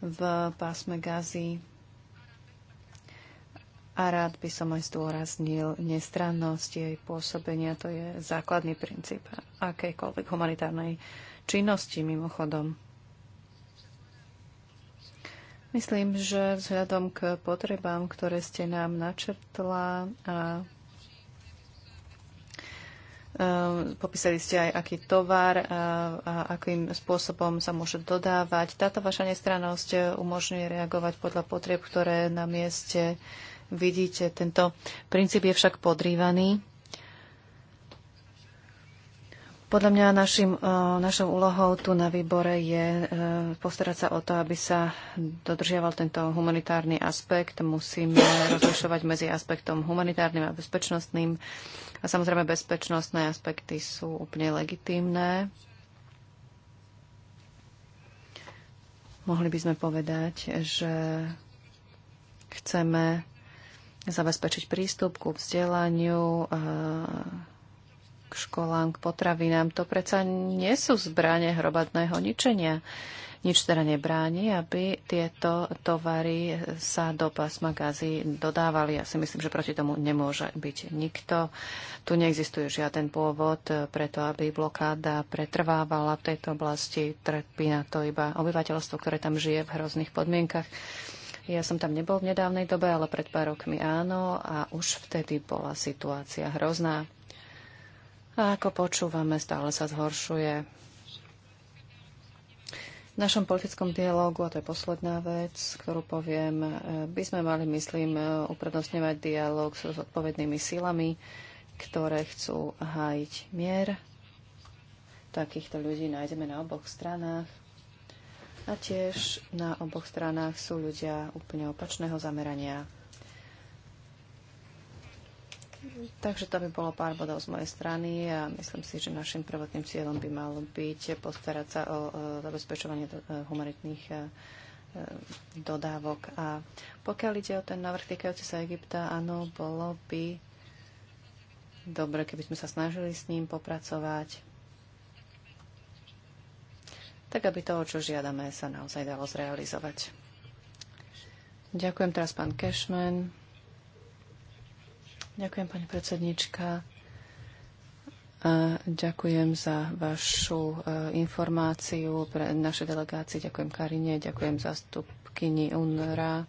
v pásme Gazy a rád by som aj zdôraznil nestrannosť jej pôsobenia. To je základný princíp akejkoľvek humanitárnej činnosti mimochodom. Myslím, že vzhľadom k potrebám, ktoré ste nám načrtla a e, popísali ste aj, aký tovar a, a akým spôsobom sa môže dodávať. Táto vaša nestrannosť umožňuje reagovať podľa potrieb, ktoré na mieste uh, Vidíte, tento princíp je však podrývaný. Podľa mňa našim, e, našou úlohou tu na výbore je e, postarať sa o to, aby sa dodržiaval tento humanitárny aspekt. Musíme rozlišovať medzi aspektom humanitárnym a bezpečnostným. A samozrejme bezpečnostné aspekty sú úplne legitímne. Mohli by sme povedať, že chceme zabezpečiť prístup ku vzdelaniu, eh, k školám, k potravinám. To predsa nie sú zbranie hromadného ničenia. Nič teda nebráni, aby tieto tovary sa do pásma gazy dodávali. Ja si myslím, že proti tomu nemôže byť nikto. Tu neexistuje žiaden pôvod preto, aby blokáda pretrvávala v tejto oblasti. Trpí na to iba obyvateľstvo, ktoré tam žije v hrozných podmienkach. Ja som tam nebol v nedávnej dobe, ale pred pár rokmi áno a už vtedy bola situácia hrozná. A ako počúvame, stále sa zhoršuje. V našom politickom dialógu, a to je posledná vec, ktorú poviem, e, by sme mali, myslím, e, uprednostňovať dialóg s odpovednými silami, ktoré chcú hájiť mier. Takýchto ľudí nájdeme na oboch stranách. A tiež na oboch stranách sú ľudia úplne opačného zamerania. Takže to by bolo pár bodov z mojej strany a myslím si, že našim prvotným cieľom by malo byť postarať sa o zabezpečovanie e, humanitných e, e, dodávok. A pokiaľ ide o ten návrh týkajúci sa Egypta, áno, bolo by dobre, keby sme sa snažili s ním popracovať tak aby toho, čo žiadame, sa naozaj dalo zrealizovať. Ďakujem teraz pán Cashman. Ďakujem pani predsednička. A ďakujem za vašu e, informáciu pre naše delegácie. Ďakujem Karine, ďakujem zastupkyni UNRA.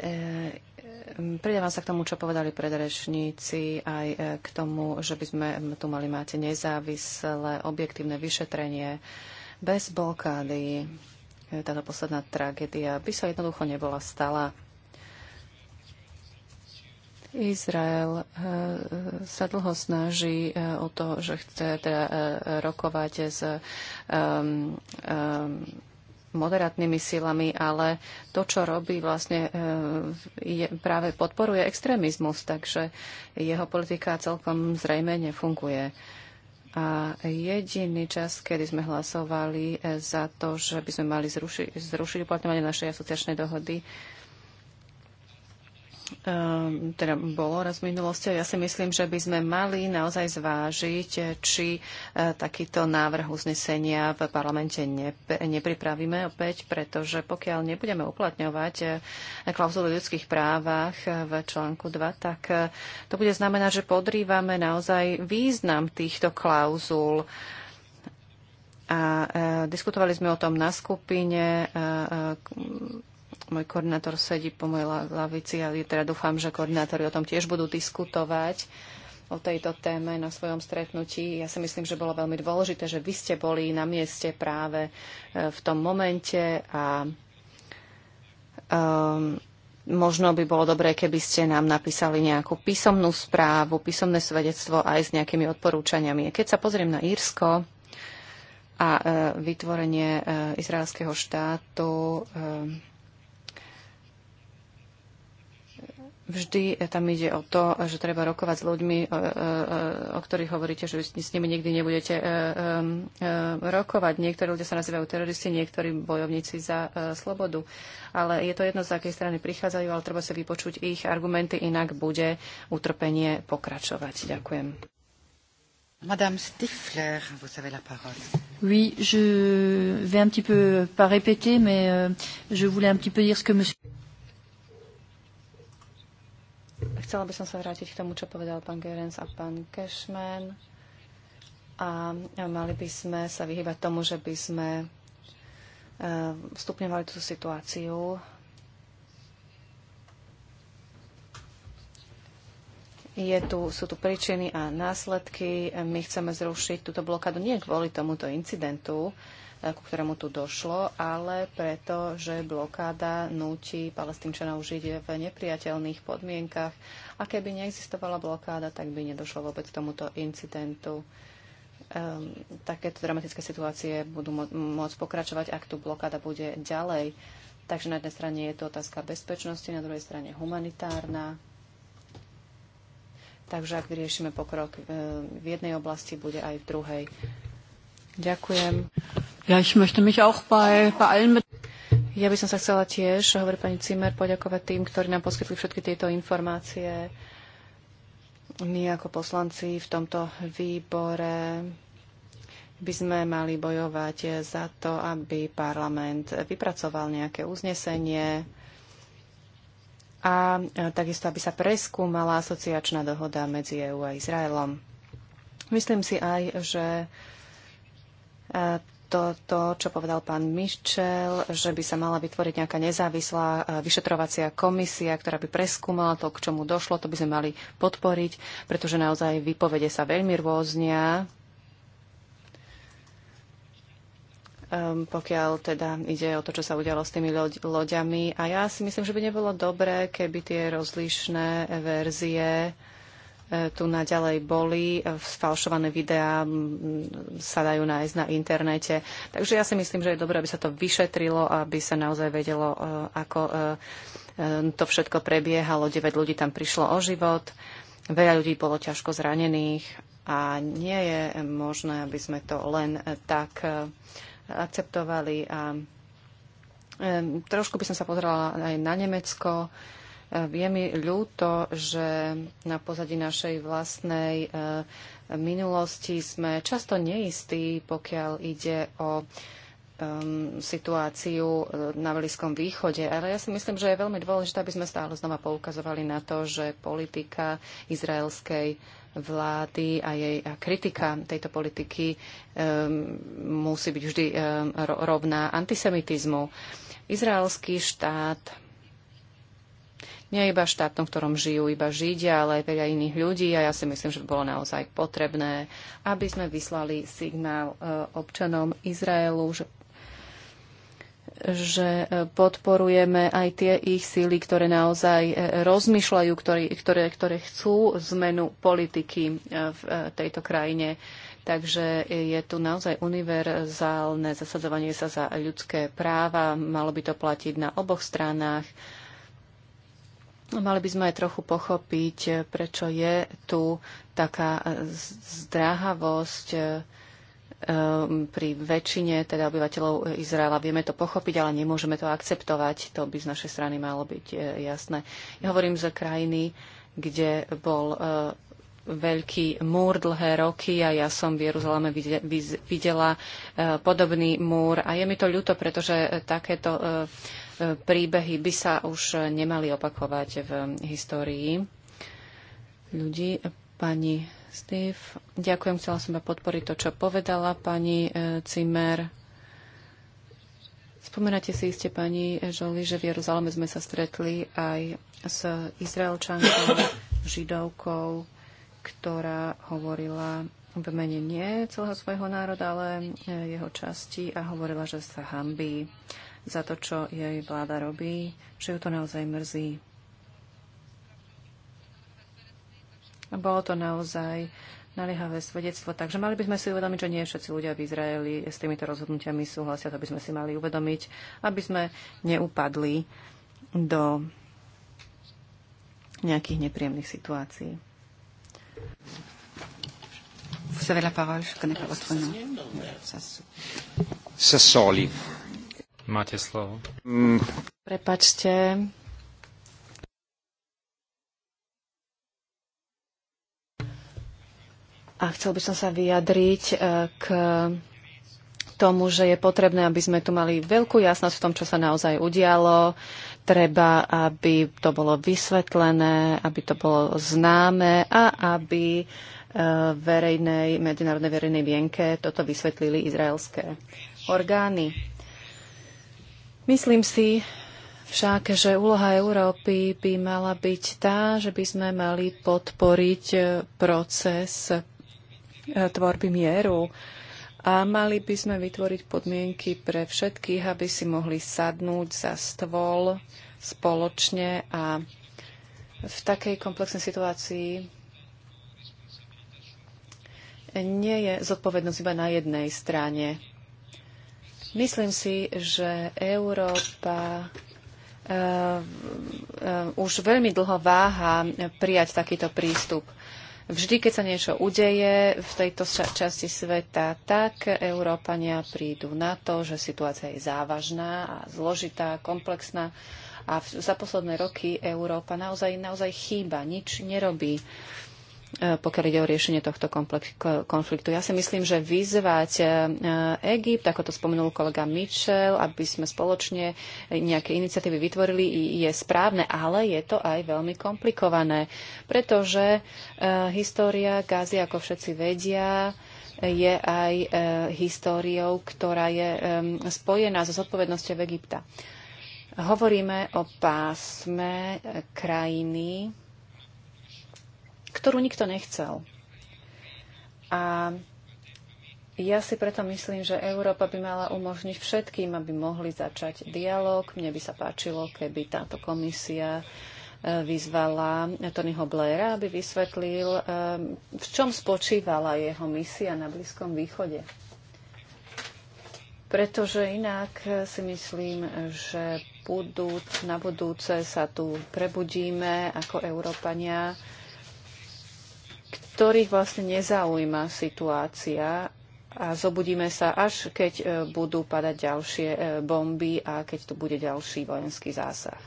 E Pridávam sa k tomu, čo povedali predrečníci, aj e, k tomu, že by sme tu mali mať nezávislé, objektívne vyšetrenie bez blokády. E, táto posledná tragédia by sa jednoducho nebola stala. Izrael e, sa dlho snaží o to, že chce teda rokovať s um, um, moderátnymi silami, ale to, čo robí, vlastne e, je, práve podporuje extrémizmus, takže jeho politika celkom zrejme nefunguje. A jediný čas, kedy sme hlasovali e, za to, že by sme mali zruši, zrušiť uplatňovanie našej asociačnej dohody, Ehm, teda bolo raz v minulosti. Ja si myslím, že by sme mali naozaj zvážiť, či e, takýto návrh uznesenia v parlamente nepripravíme opäť, pretože pokiaľ nebudeme uplatňovať e, klauzuly v ľudských právach e, v článku 2, tak to bude znamenať, že podrývame naozaj význam týchto klauzul a diskutovali sme o tom na skupine. Môj koordinátor sedí po mojej lavici a ja teda dúfam, že koordinátori o tom tiež budú diskutovať o tejto téme na svojom stretnutí. Ja si myslím, že bolo veľmi dôležité, že vy ste boli na mieste práve e, v tom momente a um, možno by bolo dobré, keby ste nám napísali nejakú písomnú správu, písomné svedectvo aj s nejakými odporúčaniami. Keď sa pozriem na Írsko a e, vytvorenie e, izraelského štátu, e, Vždy tam ide o to, že treba rokovať s ľuďmi, e, e, e, o ktorých hovoríte, že s nimi nikdy nebudete rokovať. Niektorí ľudia sa nazývajú teroristi, niektorí bojovníci za slobodu. Ale je to jedno, z akej strany prichádzajú, ale treba sa vypočuť ich argumenty, inak bude utrpenie pokračovať. Ďakujem. Madame Stifler, vous avez la parole. Oui, je vais un petit peu, pas répéter, mais euh, je voulais un petit peu dire ce que monsieur... Chcela by som sa vrátiť k tomu, čo povedal pán Gerens a pán Cashman. A mali by sme sa vyhybať tomu, že by sme e, vstupňovali tú situáciu. Je tu, sú tu príčiny a následky. My chceme zrušiť túto blokádu nie kvôli tomuto incidentu, ku ktorému tu došlo, ale preto, že blokáda núti palestínčanov žiť v nepriateľných podmienkach a keby neexistovala blokáda, tak by nedošlo vôbec k tomuto incidentu. Um, takéto dramatické situácie budú môcť pokračovať, ak tu blokáda bude ďalej. Takže na jednej strane je to otázka bezpečnosti, na druhej strane humanitárna. Takže ak vyriešime pokrok ehm, v jednej oblasti, bude aj v druhej. Ďakujem. Ja, ich möchte mich auch bei, bei allen ja by som sa chcela tiež, hovorí pani Cimer, poďakovať tým, ktorí nám poskytli všetky tieto informácie. My ako poslanci v tomto výbore by sme mali bojovať za to, aby parlament vypracoval nejaké uznesenie a takisto, aby sa preskúmala asociačná dohoda medzi EU a Izraelom. Myslím si aj, že e, to, to, čo povedal pán Miščel, že by sa mala vytvoriť nejaká nezávislá e, vyšetrovacia komisia, ktorá by preskúmala to, k čomu došlo, to by sme mali podporiť, pretože naozaj vypovede sa veľmi rôznia. Um, pokiaľ teda ide o to, čo sa udialo s tými loď- loďami. A ja si myslím, že by nebolo dobré, keby tie rozlišné verzie uh, tu naďalej boli. E, sfalšované videá sa dajú nájsť na internete. Takže ja si myslím, že je dobré, aby sa to vyšetrilo, aby sa naozaj vedelo, e, ako e, to všetko prebiehalo. 9 ľudí tam prišlo o život, veľa ľudí bolo ťažko zranených a nie je možné, aby sme to len tak akceptovali. A trošku by som sa pozerala aj na Nemecko je mi ľúto, že na pozadí našej vlastnej e, minulosti sme často neistí, pokiaľ ide o situáciu e, na Blízkom východe. Ale ja si myslím, že je veľmi dôležité, aby sme stále znova poukazovali na to, že politika izraelskej vlády a jej a kritika tejto politiky um, musí byť vždy um, rovná antisemitizmu. Izraelský štát nie iba štátom, v ktorom žijú iba Židia, ale aj veľa iných ľudí a ja si myslím, že by bolo naozaj potrebné, aby sme vyslali signál e, občanom Izraelu, že že e, podporujeme aj tie ich síly, ktoré naozaj e, rozmýšľajú, ktoré, ktoré, ktoré chcú zmenu politiky v tejto krajine. Takže je tu naozaj univerzálne zasadzovanie sa za ľudské práva. Malo by to platiť na oboch stranách Mali by sme aj trochu pochopiť, eh, prečo je tu taká eh, zdráhavosť eh, ehm, pri väčšine teda obyvateľov Izraela. Vieme to pochopiť, ale nemôžeme to akceptovať. To by z našej strany malo byť jasné. Ja hovorím z krajiny, kde bol veľký múr dlhé roky a ja som v Jeruzaleme videla podobný múr a je mi to ľúto, pretože takéto príbehy by sa už nemali opakovať v histórii ľudí. Pani Steve, ďakujem, chcela som podporiť to, čo povedala pani e, Cimer. Spomenáte si iste, pani Žoli, že v Jeruzaleme sme sa stretli aj s Izraelčankou, židovkou, ktorá hovorila v mene nie celého svojho národa, ale e, jeho časti a hovorila, že sa hambí za to, čo jej vláda robí, že ju to naozaj mrzí. Bolo to naozaj naliehavé svedectvo, takže mali by sme si uvedomiť, že nie všetci ľudia v Izraeli s týmito rozhodnutiami súhlasia, to by sme si mali uvedomiť, aby sme neupadli do nejakých nepríjemných situácií. Vous avez la parole, je connais pas votre nom. Sassoli. Máte slovo. Mm. Prepačte. A chcel by som sa vyjadriť e, k tomu, že je potrebné, aby sme tu mali veľkú jasnosť v tom, čo sa naozaj udialo. Treba, aby to bolo vysvetlené, aby to bolo známe a aby e, verejnej, medzinárodnej verejnej vienke toto vysvetlili izraelské orgány. Myslím si však, že úloha Európy by mala byť tá, že by sme mali podporiť e, proces e, tvorby mieru a mali by sme vytvoriť podmienky pre všetkých, aby si mohli sadnúť za stôl spoločne a v takej komplexnej situácii nie je zodpovednosť iba na jednej strane. Myslím si, že Európa eh, eh, už veľmi dlho váha prijať takýto prístup. Vždy, keď sa niečo udeje v tejto časti sveta, tak Európania prídu na to, že situácia je závažná a zložitá, komplexná. A za posledné roky Európa naozaj, naozaj chýba, nič nerobí. Uh, E, pokiaľ ide o riešenie tohto konfliktu. Ja si myslím, že vyzvať e, Egypt, ako to spomenul kolega Mitchell, aby sme spoločne nejaké iniciatívy vytvorili, je správne, ale je to aj veľmi komplikované, pretože e, história Gázy, ako všetci vedia, je aj históriou, ktorá je spojená so zodpovednosťou Egypta. Hovoríme o pásme krajiny, ktorú nikto nechcel. A ja si preto myslím, že Európa by mala umožniť všetkým, aby mohli začať dialog. Mne by sa páčilo, keby táto komisia e, vyzvala Tonyho Blaira, aby vysvetlil, e, v čom spočívala jeho misia na Blízkom východe. Pretože inak e, si myslím, že budúc, na budúce sa tu prebudíme ako Európania ktorých vlastne nezaujíma situácia a zobudíme sa, až keď e, budú padať ďalšie e, bomby a keď tu bude ďalší vojenský zásah.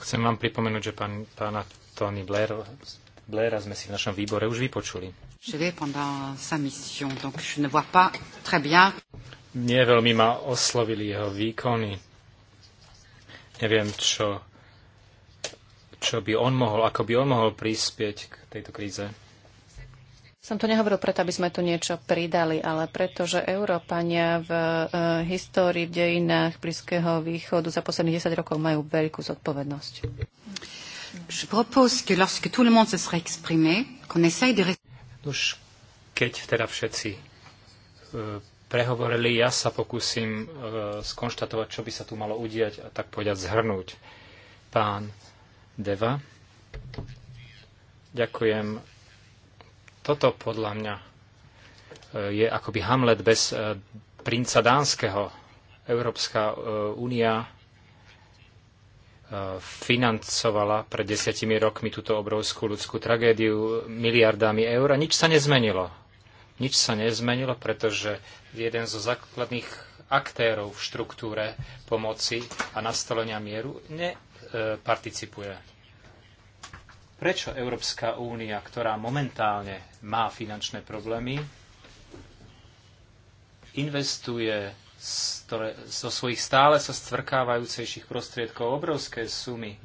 Chcem vám pripomenúť, že pán, pána Tony Blair, Blaira sme si v našom výbore už vypočuli. Nie veľmi ma oslovili jeho výkony. Neviem, čo čo by on mohol, ako by on mohol prispieť k tejto kríze? Som to nehovoril preto, aby sme tu niečo pridali, ale preto, že Európania v e, histórii, v dejinách Blízkeho východu za posledných 10 rokov majú veľkú zodpovednosť. Už keď teda všetci e, prehovorili, ja sa pokúsim e, skonštatovať, čo by sa tu malo udiať a tak povedať zhrnúť. Pán Deva. Ďakujem. Toto podľa mňa eh, je akoby Hamlet bez eh, princa dánskeho. Európska eh, únia financovala pred desiatimi rokmi túto obrovskú ľudskú tragédiu miliardami eur a nič sa nezmenilo. Nič sa nezmenilo, pretože jeden zo základných aktérov v štruktúre pomoci a nastolenia mieru ne, E, participuje. Prečo Európska únia, ktorá momentálne má finančné problémy, investuje zo svojich stále sa stvrkávajúcejších prostriedkov obrovské sumy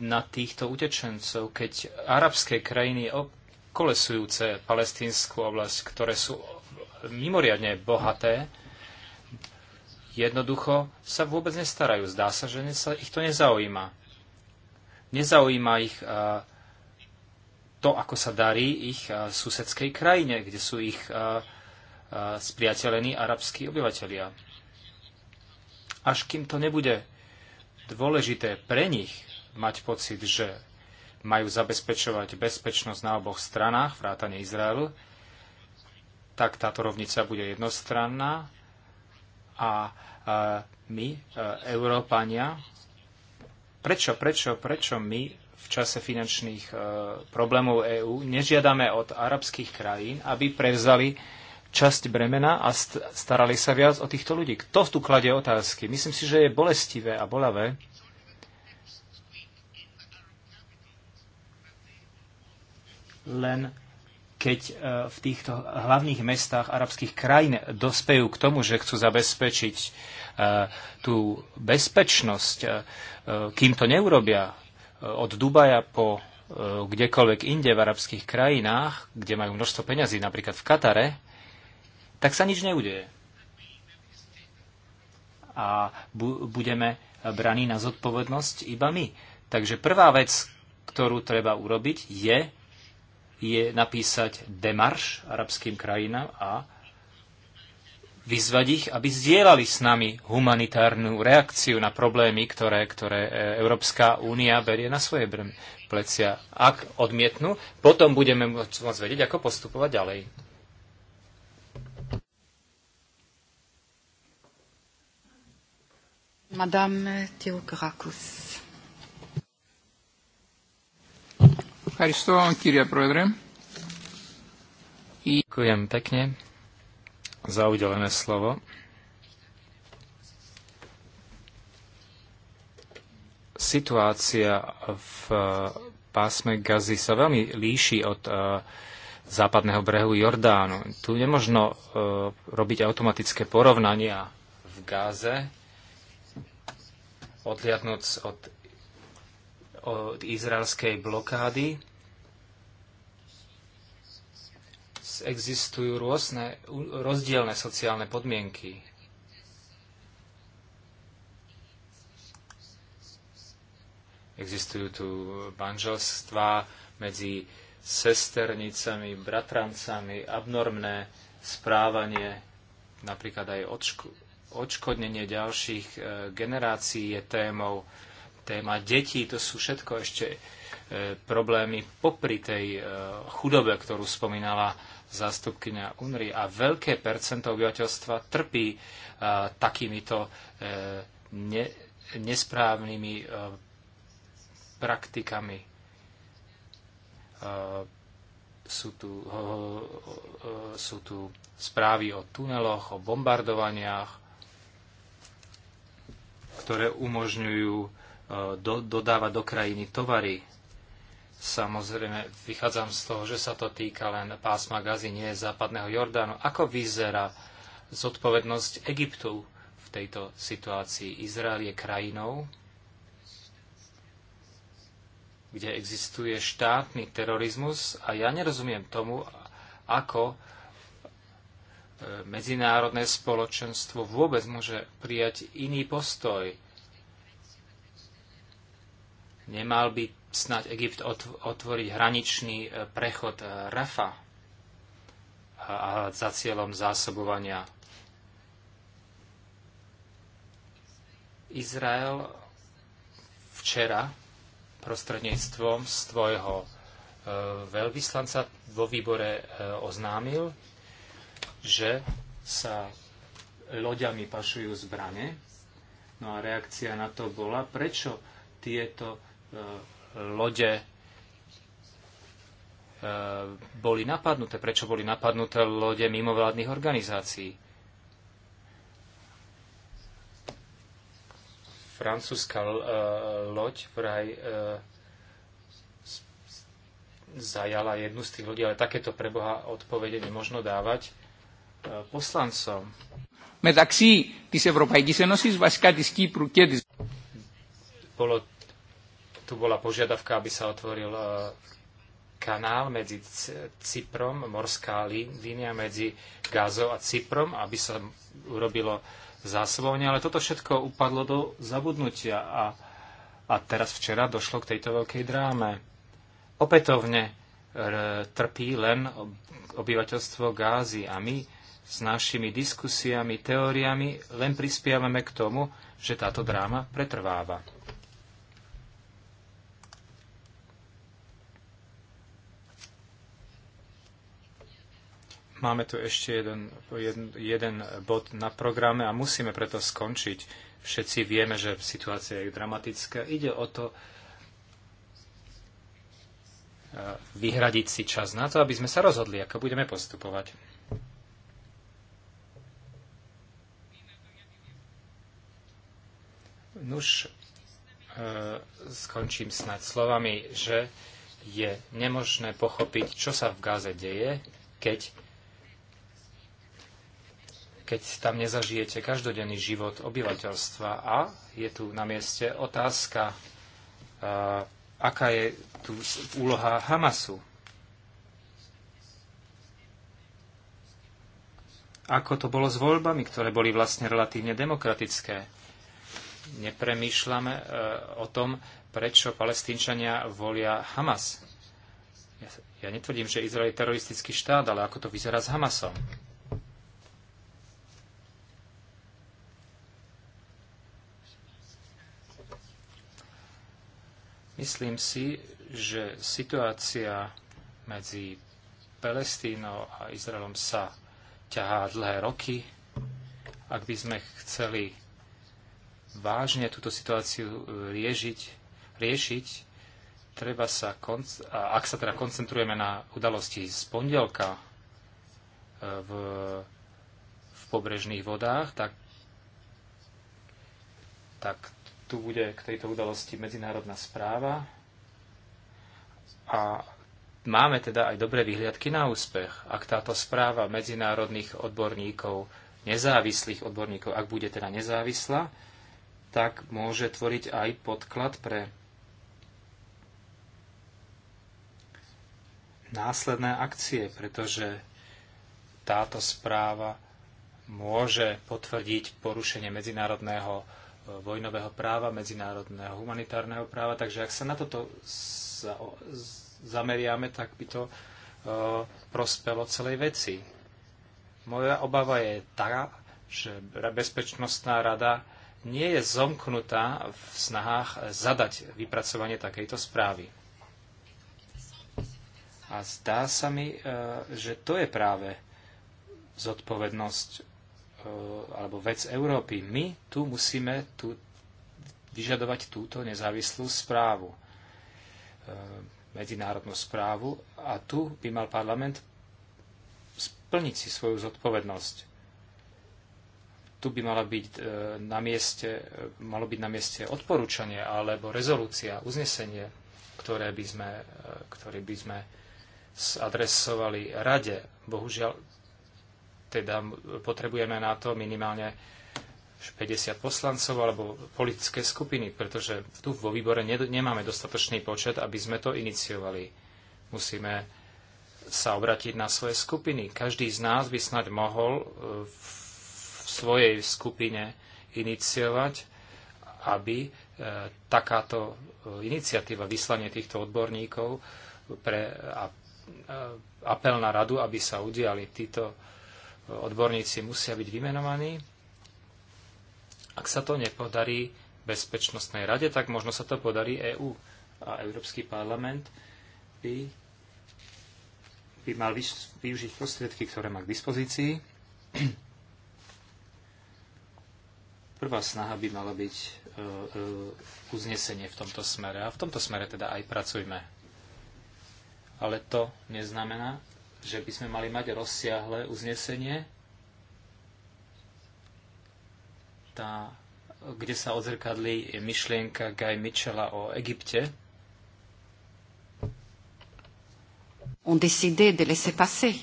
na týchto utečencov, keď arabské krajiny kolesujúce palestínskú oblasť, ktoré sú mimoriadne bohaté, jednoducho sa vôbec nestarajú. Zdá sa, že sa ich to nezaujíma. Nezaujíma ich e, to, ako sa darí ich e, susedskej krajine, kde sú ich e, spriateľení arabskí obyvateľia. Až kým to nebude dôležité pre nich mať pocit, že majú zabezpečovať bezpečnosť na oboch stranách, vrátane Izraelu, tak táto rovnica bude jednostranná a e, my, e, Európania, prečo, prečo, prečo my v čase finančných e, problémov EÚ nežiadame od arabských krajín, aby prevzali časť bremena a starali sa viac o týchto ľudí. Kto tu kladie otázky? Myslím si, že je bolestivé a bolavé. Len keď e, v týchto hlavných mestách arabských krajín dospejú k tomu, že chcú zabezpečiť e, tú bezpečnosť, e, kým to neurobia od Dubaja po kdekoľvek inde v arabských krajinách, kde majú množstvo peňazí, napríklad v Katare, tak sa nič neudeje. A bu- budeme braní na zodpovednosť iba my. Takže prvá vec, ktorú treba urobiť, je je napísať demarš arabským krajinám a vyzvať ich, aby zdieľali s nami humanitárnu reakciu na problémy, ktoré, ktoré e, Európska únia berie na svoje plecia. Ak odmietnú, potom budeme môcť vedieť, ako postupovať ďalej. Madame Teograkus. Ďakujem pekne za udelené slovo. Situácia v eh, pásme Gazy sa veľmi líši od eh, západného brehu Jordánu. Tu nemožno eh, robiť automatické porovnania v Gáze, odliadnúc od od izraelskej blokády. Existujú rôzne rozdielne sociálne podmienky. Existujú tu manželstvá medzi sesternicami, bratrancami, abnormné správanie, napríklad aj odškodnenie ďalších e, generácií je témou téma detí, to sú všetko ešte e, problémy popri tej e, chudobe, ktorú spomínala zástupkynia UNRI a veľké percento obyvateľstva trpí e, takýmito nesprávnymi praktikami. Sú tu, sú tu správy o tuneloch, o bombardovaniach, ktoré umožňujú Eh, do, dodávať do krajiny tovary. Samozrejme, vychádzam z toho, že sa to týka len pásma Gazi, nie západného Jordánu. Ako vyzerá zodpovednosť Egyptu v tejto situácii? Izrael je krajinou, kde existuje štátny terorizmus a ja nerozumiem tomu, ako eh, medzinárodné spoločenstvo vôbec môže prijať iný postoj. Nemal by snať Egypt otvoriť hraničný e, prechod e, Rafa a za cieľom zásobovania. Izrael včera prostredníctvom svojho e, veľvyslanca vo výbore oznámil, že sa loďami pašujú zbrane. No a reakcia na to bola, prečo tieto lode e, boli napadnuté, prečo boli napadnuté lode mimovládnych organizácií. Francúzska e, loď vraj e, zajala jednu z tých ľudí, ale takéto preboha odpovede nemôžno dávať poslancom. Μεταξύ της Ευρωπαϊκής Ένωσης, βασικά της z και kedy? Bolo tu bola požiadavka, aby sa otvoril e, kanál medzi Cyprom, morská línia medzi Gázou a Cyprom, aby sa urobilo zásobovanie, ale toto všetko upadlo do zabudnutia a, a teraz včera došlo k tejto veľkej dráme. Opätovne e, trpí len obyvateľstvo Gázy a my s našimi diskusiami, teóriami len prispievame k tomu, že táto dráma pretrváva. Máme tu ešte jeden, jeden, jeden bod na programe a musíme preto skončiť. Všetci vieme, že situácia je dramatická. Ide o to e, vyhradiť si čas na to, aby sme sa rozhodli, ako budeme postupovať. Nuž, e, skončím snad slovami, že je nemožné pochopiť, čo sa v Gáze deje, keď keď tam nezažijete každodenný život obyvateľstva. A je tu na mieste otázka, aká je tu úloha Hamasu. Ako to bolo s voľbami, ktoré boli vlastne relatívne demokratické. Nepremýšľame e, o tom, prečo palestínčania volia Hamas. Ja netvrdím, že Izrael je teroristický štát, ale ako to vyzerá s Hamasom. Myslím si, že situácia medzi Palestínou a Izraelom sa ťahá dlhé roky. Ak by sme chceli vážne túto situáciu e, riešiť, riešiť treba sa, ak sa teda koncentrujeme na udalosti z pondelka e, v, v pobrežných vodách, tak, tak tu bude k tejto udalosti medzinárodná správa a máme teda aj dobré vyhliadky na úspech. Ak táto správa medzinárodných odborníkov, nezávislých odborníkov, ak bude teda nezávislá, tak môže tvoriť aj podklad pre následné akcie, pretože táto správa môže potvrdiť porušenie medzinárodného vojnového práva, medzinárodného humanitárneho práva. Takže ak sa na toto za, zameriame, tak by to e, prospelo celej veci. Moja obava je tá, že Bezpečnostná rada nie je zomknutá v snahách zadať vypracovanie takejto správy. A zdá sa mi, e, že to je práve zodpovednosť Eh, alebo vec Európy. My tu musíme tu vyžadovať túto nezávislú správu, eh, medzinárodnú správu a tu by mal parlament splniť si svoju zodpovednosť. Tu by mala byť eh, na mieste, malo byť na mieste odporúčanie alebo rezolúcia, uznesenie, ktoré by sme, ktoré by sme adresovali rade. Bohužiaľ, teda potrebujeme na to minimálne 50 poslancov alebo politické skupiny, pretože tu vo výbore nemáme dostatočný počet, aby sme to iniciovali. Musíme sa obratiť na svoje skupiny. Každý z nás by snad mohol e, v svojej skupine iniciovať, aby e, takáto e, iniciatíva, vyslanie týchto odborníkov pre apel na radu, aby sa udiali títo Odborníci musia byť vymenovaní. Ak sa to nepodarí Bezpečnostnej rade, tak možno sa to podarí EÚ. A Európsky parlament by, by mal využiť prostriedky, ktoré má k dispozícii. Prvá snaha by mala byť e, e, uznesenie v tomto smere. A v tomto smere teda aj pracujme ale to neznamená, že by sme mali mať rozsiahle uznesenie, tá, kde sa odzrkadlí myšlienka Guy Mitchella o Egypte. On décidé de laisser passer.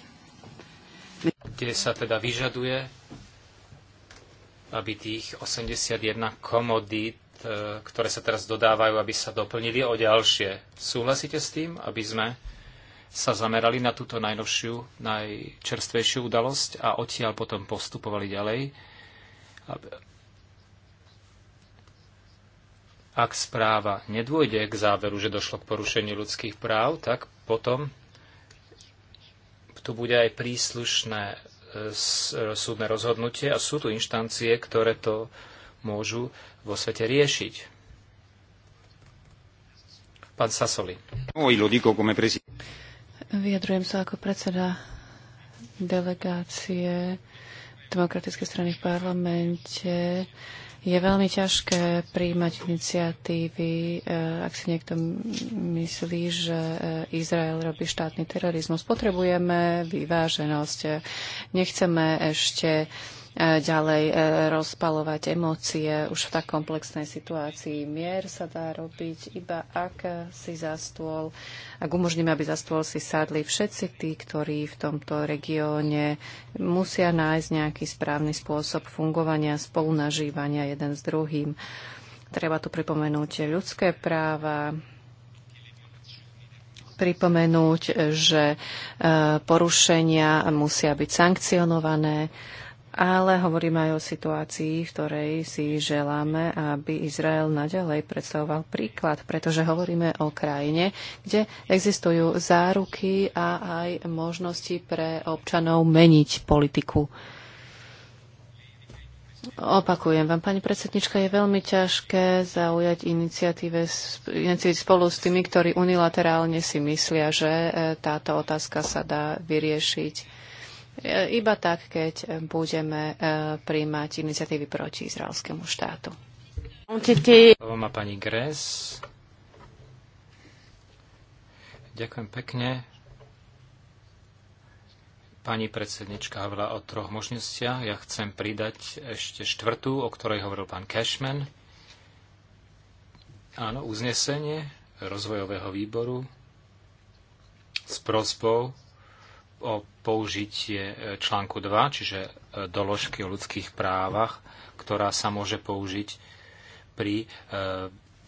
Kde sa teda vyžaduje, aby tých 81 komodít, e, ktoré sa teraz dodávajú, aby sa doplnili o ďalšie. Súhlasíte s tým, aby sme sa zamerali na túto najnovšiu, najčerstvejšiu udalosť a odtiaľ potom postupovali ďalej. Ak správa nedôjde k záveru, že došlo k porušeniu ľudských práv, tak potom tu bude aj príslušné e, e, súdne rozhodnutie a sú tu inštancie, ktoré to môžu vo svete riešiť. Pán Sasoli. No, Vyjadrujem sa ako predseda delegácie Demokratickej strany v parlamente. Je veľmi ťažké príjmať iniciatívy, e, ak si niekto myslí, že e, Izrael robí štátny terorizmus. Potrebujeme vyváženosť. Nechceme ešte E, ďalej e, rozpalovať emócie už v tak komplexnej situácii. Mier sa dá robiť iba ak si za stôl, ak umožníme, aby za stôl si sadli všetci tí, ktorí v tomto regióne musia nájsť nejaký správny spôsob fungovania, spolunažívania jeden s druhým. Treba tu pripomenúť ľudské práva, pripomenúť, že e, porušenia musia byť sankcionované ale hovoríme aj o situácii, v ktorej si želáme, aby Izrael naďalej predstavoval príklad, pretože hovoríme o krajine, kde existujú záruky a aj možnosti pre občanov meniť politiku. Opakujem vám, pani predsednička, je veľmi ťažké zaujať iniciatíve spolu s tými, ktorí unilaterálne si myslia, že e, táto otázka sa dá vyriešiť E, iba tak, keď e, budeme e, príjmať iniciatívy proti izraelskému štátu. Slovo má pani Gres. Ďakujem pekne. Pani predsednička hovorila o troch možnostiach. Ja chcem pridať ešte štvrtú, o ktorej hovoril pán Cashman. Áno, uznesenie rozvojového výboru s prosbou o použitie e, článku 2, čiže e, doložky o ľudských právach, ktorá sa môže použiť pri e,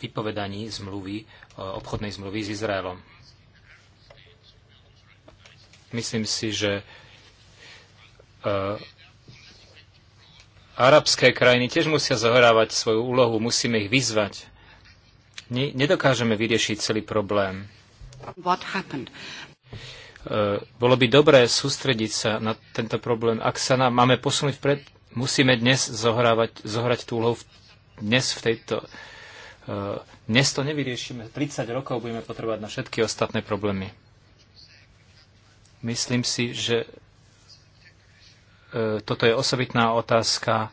vypovedaní zmluvy, obchodnej zmluvy s Izraelom. Myslím si, že arabské krajiny tiež musia zohrávať svoju úlohu, musíme ich vyzvať. Nedokážeme vyriešiť celý problém. What happened? E, bolo by dobré sústrediť sa na tento problém. Ak sa nám máme posunúť vpred, musíme dnes zohrávať, zohrať tú úlohu dnes v tejto e, dnes to nevyriešime. 30 rokov budeme potrebovať na všetky ostatné problémy. Myslím si, že e, toto je osobitná otázka.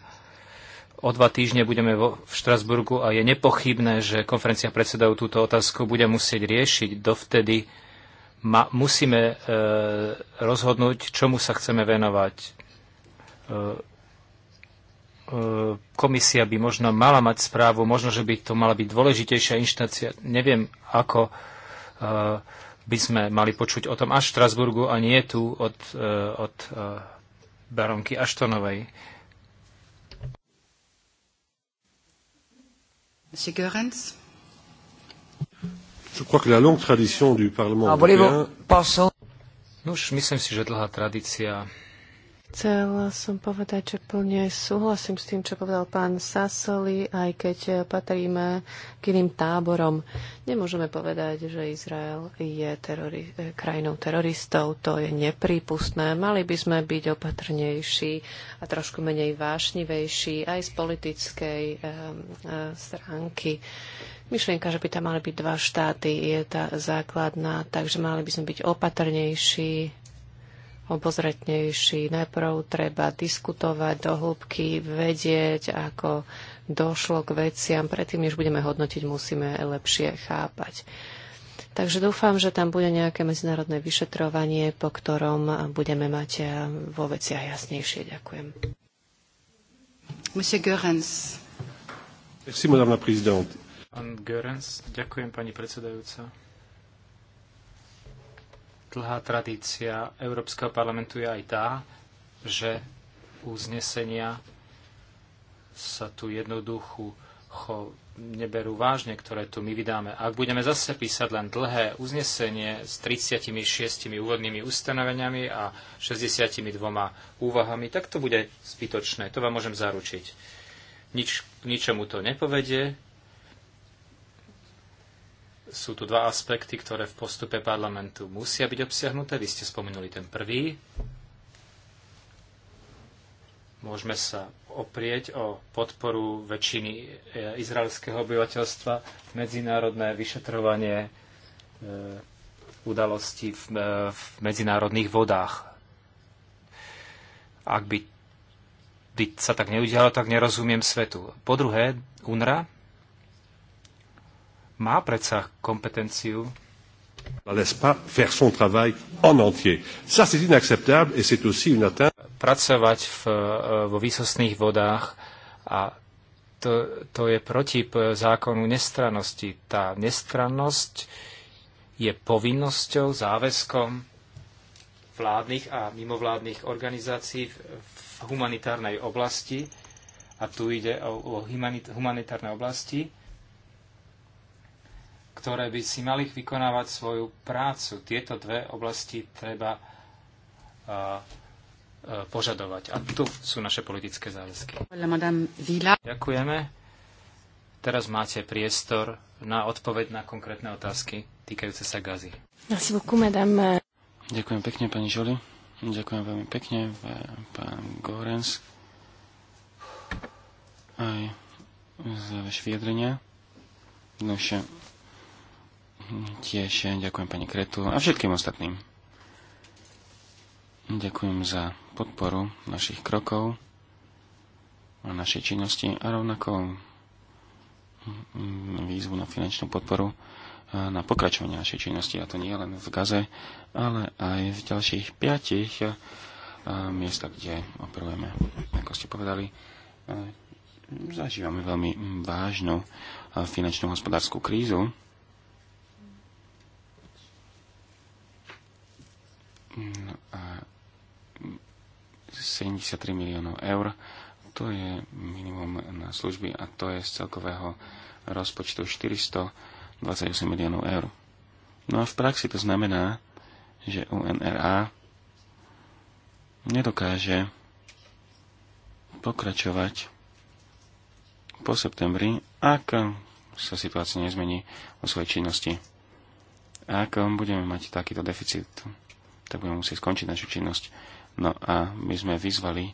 O dva týždne budeme vo, v Štrasburgu a je nepochybné, že konferencia predsedov túto otázku bude musieť riešiť. Dovtedy ma, musíme e, rozhodnúť, čomu sa chceme venovať. E, e, komisia by možno mala mať správu, možno, že by to mala byť dôležitejšia inštancia. Neviem, ako e, by sme mali počuť o tom až v Strasburgu a nie tu od, e, od e, baronky Aštonovej. Monsieur Görens? Je crois que la longue tradition du Parlement ah, européen... Nuž, no, myslím si, že dlhá tradícia Chcel som povedať, že plne súhlasím s tým, čo povedal pán Sasoli, aj keď patríme k iným táborom. Nemôžeme povedať, že Izrael je terori- krajinou teroristov. To je neprípustné. Mali by sme byť opatrnejší a trošku menej vášnivejší aj z politickej e, e, stránky. Myšlienka, že by tam mali byť dva štáty, je tá základná, takže mali by sme byť opatrnejší obozretnejší. Najprv treba diskutovať do hĺbky, vedieť, ako došlo k veciam. Predtým, než budeme hodnotiť, musíme lepšie chápať. Takže dúfam, že tam bude nejaké medzinárodné vyšetrovanie, po ktorom budeme mať eh, vo veciach jasnejšie. Ďakujem. Monsieur Görens. Merci, madame la présidente. Pán Görens, ďakujem, pani predsedajúca. Dlhá tradícia Európskeho parlamentu je aj tá, že uznesenia sa tu jednoduchú neberú vážne, ktoré tu my vydáme. Ak budeme zase písať len dlhé uznesenie s 36 úvodnými ustanoveniami a 62 úvahami, tak to bude zbytočné. To vám môžem zaručiť. Nič, ničomu to nepovedie. Sú tu dva aspekty, ktoré v postupe parlamentu musia byť obsiahnuté. Vy ste spomenuli ten prvý. Môžeme sa oprieť o podporu väčšiny e, izraelského obyvateľstva, medzinárodné vyšetrovanie e, udalostí v, e, v medzinárodných vodách. Ak by, by sa tak neudialo, tak nerozumiem svetu. Po druhé, UNRA má predsa kompetenciu Pracovať v, eh, vo výsostných vodách a to, to je proti eh, zákonu nestrannosti. Tá nestrannosť je povinnosťou, záväzkom vládnych a mimovládnych organizácií v humanitárnej oblasti a tu ide o, o humanitárne oblasti ktoré by si mali vykonávať svoju prácu. Tieto dve oblasti treba požadovať. A tu sú naše politické záväzky. Ďakujeme. Teraz máte priestor na odpoveď na konkrétne otázky týkajúce sa gazy. Ďakujem pekne, pani Žoli. Ďakujem veľmi pekne, pán Gorens. Aj za vaše vyjadrenia. Nože, Tiež ďakujem pani Kretu a všetkým ostatným. Ďakujem za podporu našich krokov a našej činnosti a rovnako výzvu na finančnú podporu na pokračovanie našej činnosti a to nie len v Gaze, ale aj v ďalších piatich miestach, kde operujeme. Ako ste povedali, zažívame veľmi vážnu finančnú hospodárskú krízu. No a 73 miliónov eur, to je minimum na služby a to je z celkového rozpočtu 428 miliónov eur. No a v praxi to znamená, že UNRA nedokáže pokračovať po septembri, ak sa situácia nezmení o svojej činnosti. Ak budeme mať takýto deficit tak budeme musieť skončiť našu činnosť. No a my sme vyzvali e,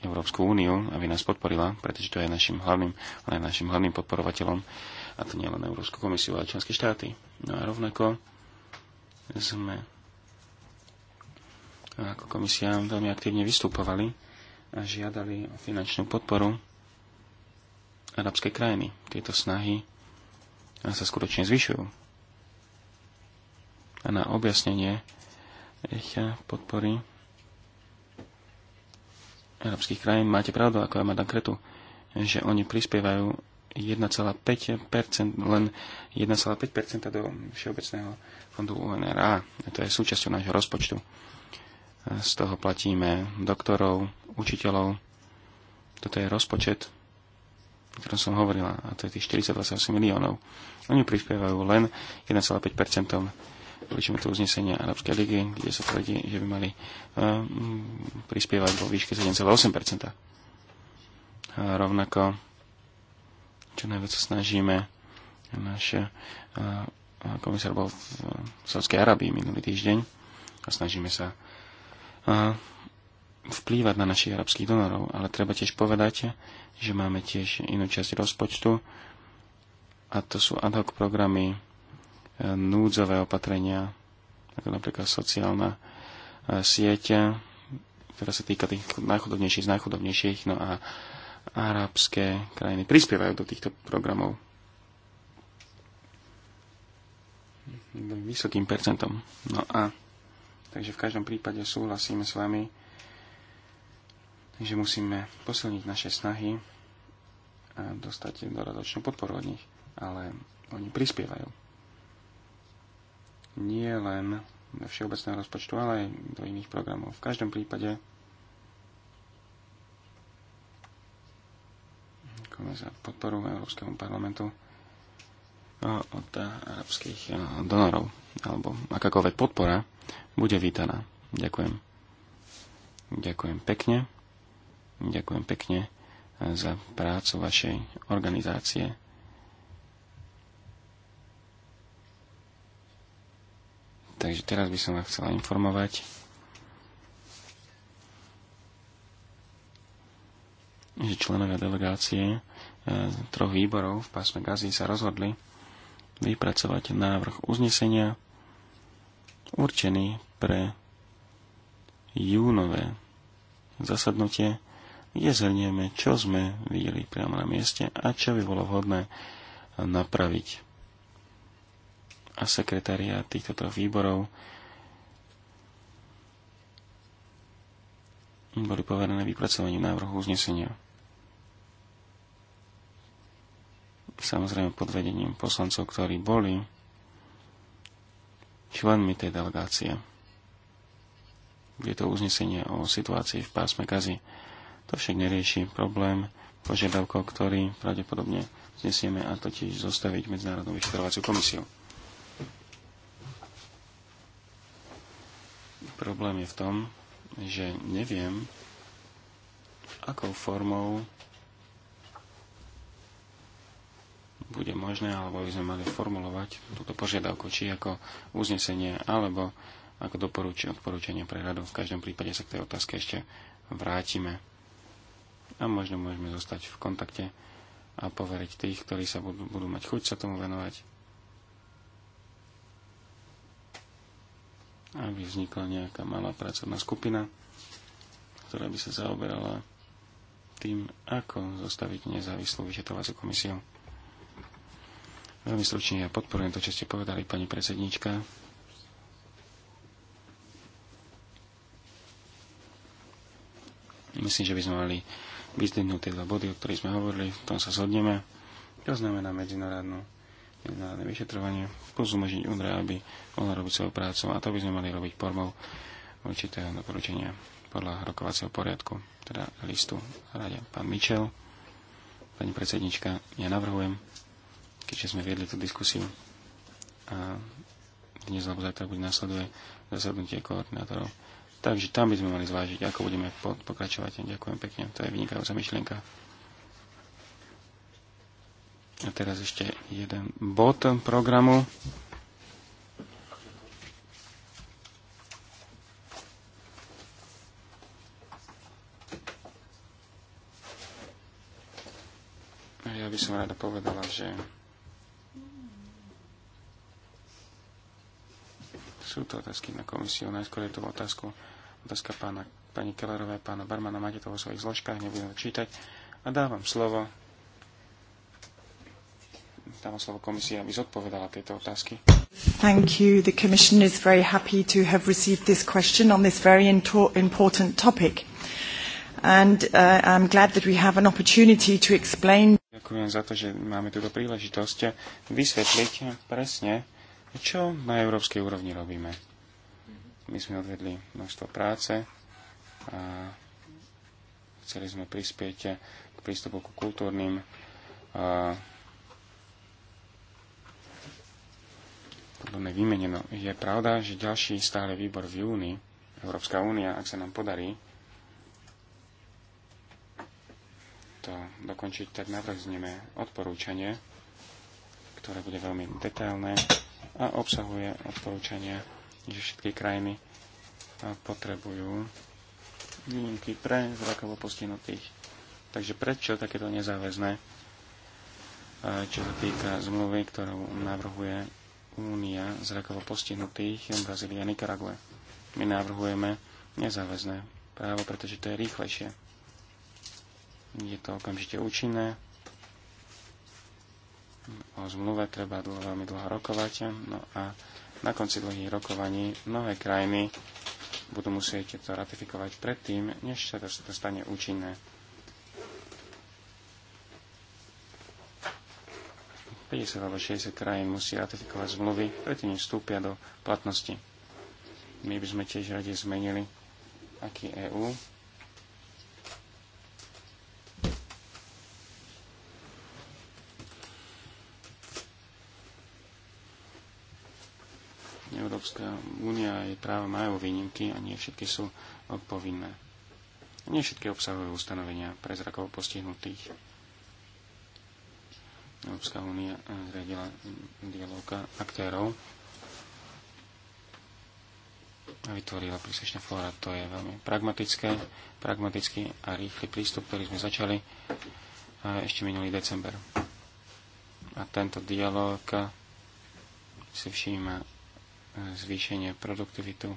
Európsku úniu, aby nás podporila, pretože to je našim hlavným, je našim hlavným podporovateľom, a to nie len Európsku komisiu, ale členské štáty. No a rovnako sme ako komisia veľmi aktívne vystupovali a žiadali o finančnú podporu arabskej krajiny. Tieto snahy sa skutočne zvyšujú na objasnenie ich podpory arabských krajín. Máte pravdu, ako aj Madame Kretu, že oni prispievajú 1,5%, len 1,5% do Všeobecného fondu UNRA. A to je súčasťou nášho rozpočtu. Z toho platíme doktorov, učiteľov. Toto je rozpočet, o ktorom som hovorila, a to je tých 428 miliónov. Oni prispievajú len 1,5% Voličíme to uznesenia Arabskej ligy, kde sa tvrdí, že by mali prispievať vo výške 7,8%. A rovnako, čo najviac sa snažíme, náš eh, komisár bol v eh, Sávskej Arabii minulý týždeň a snažíme sa eh, vplývať na našich arabských donorov, ale treba tiež povedať, že máme tiež inú časť rozpočtu a to sú ad hoc programy núdzové opatrenia, ako napríklad sociálna e, sieť, ktorá sa týka tých najchudobnejších z najchudobnejších, no a arabské krajiny prispievajú do týchto programov vysokým percentom. No a takže v každom prípade súhlasíme s vami, že musíme posilniť naše snahy a dostať doradočnú podporu od nich, ale oni prispievajú nie len do všeobecného rozpočtu, ale aj do iných programov. V každom prípade za podporu Európskemu parlamentu od arabských donorov alebo akákoľvek podpora bude vítaná. Ďakujem. Ďakujem pekne. Ďakujem pekne za prácu vašej organizácie. Takže teraz by som vás chcela informovať, že členovia delegácie e, troch výborov v pásme Gazi sa rozhodli vypracovať návrh uznesenia určený pre júnové zasadnutie, kde zhrnieme, čo sme videli priamo na mieste a čo by bolo vhodné napraviť a sekretária týchto troch výborov boli poverené vypracovaním návrhu uznesenia. Samozrejme pod vedením poslancov, ktorí boli členmi tej delegácie. Je to uznesenie o situácii v pásme Gazi To však nerieši problém požiadavkov, ktorý pravdepodobne znesieme a totiž zostaviť Medzinárodnú vyšetrovaciu komisiu. Problém je v tom, že neviem, akou formou bude možné, alebo by sme mali formulovať túto požiadavku, či ako uznesenie, alebo ako doporučí odporúčanie pre radu. V každom prípade sa k tej otázke ešte vrátime. A možno môžeme zostať v kontakte a poveriť tých, ktorí sa budú, budú mať chuť sa tomu venovať. aby vznikla nejaká malá pracovná skupina, ktorá by sa zaoberala tým, ako zostaviť nezávislú vyšetrovaciu komisiu. Veľmi stručne ja podporujem to, čo ste povedali, pani predsednička. Myslím, že by sme mali vyzdvihnúť tie dva body, o ktorých sme hovorili, v tom sa zhodneme. To znamená medzinárodnú na vyšetrovanie, pozúmežiť UNRA, aby mohla robiť svoju prácu a to by sme mali robiť formou určitého doporučenia podľa rokovacieho poriadku, teda listu rade. Pán Mičel, pani predsednička, ja navrhujem, keďže sme viedli tú diskusiu a dnes alebo zajtra bude nasleduje zasadnutie koordinátorov. Takže tam by sme mali zvážiť, ako budeme pokračovať. Ďakujem pekne, to je vynikajúca myšlienka. A teraz ešte jeden bod programu. Ja by som rada povedala, že sú to otázky na komisiu. Najskôr je tu otázku, otázka pána, pani Kellerové, pána Barmana. Máte to vo svojich zložkách, nebudem čítať. A dávam slovo dáva slovo komisii, aby zodpovedala tieto otázky. Thank you. The Commission is very happy to have received this question on this very important topic. And uh, I'm glad that we have an opportunity to explain. Ďakujem za to, že máme túto príležitosť vysvetliť presne, čo na európskej úrovni robíme. My sme odvedli množstvo práce a chceli sme prispieť k prístupu ku kultúrnym uh, podobné vymeneno. Je pravda, že ďalší stále výbor v júni, Európska únia, ak sa nám podarí to dokončiť, tak navrhneme odporúčanie, ktoré bude veľmi detailné a obsahuje odporúčania, že všetky krajiny potrebujú výnimky pre zrakovo postihnutých. Takže prečo takéto nezáväzné, eh, čo sa týka zmluvy, ktorú navrhuje únia zrakovo postihnutých Brazílii a Nikaraguje. My navrhujeme nezáväzné právo, pretože to je rýchlejšie. Je to okamžite účinné. O zmluve treba dlho, veľmi dlho rokovať. No a na konci dlhých rokovaní mnohé krajiny budú musieť to ratifikovať predtým, než sa to stane účinné. 50 alebo 60 krajín musí ratifikovať zmluvy, predtým než vstúpia do platnosti. My by sme tiež radi zmenili, aký EÚ. E Európska únia je práva majú výnimky a nie všetky sú povinné. Nie všetky obsahujú ustanovenia pre zrakovo postihnutých Európska únia zriadila eh, dialog aktérov a vytvorila príslušné fóra. To je veľmi pragmatické, pragmatický a rýchly prístup, ktorý sme začali ešte minulý december. A tento dialog si všíma eh, zvýšenie produktivitu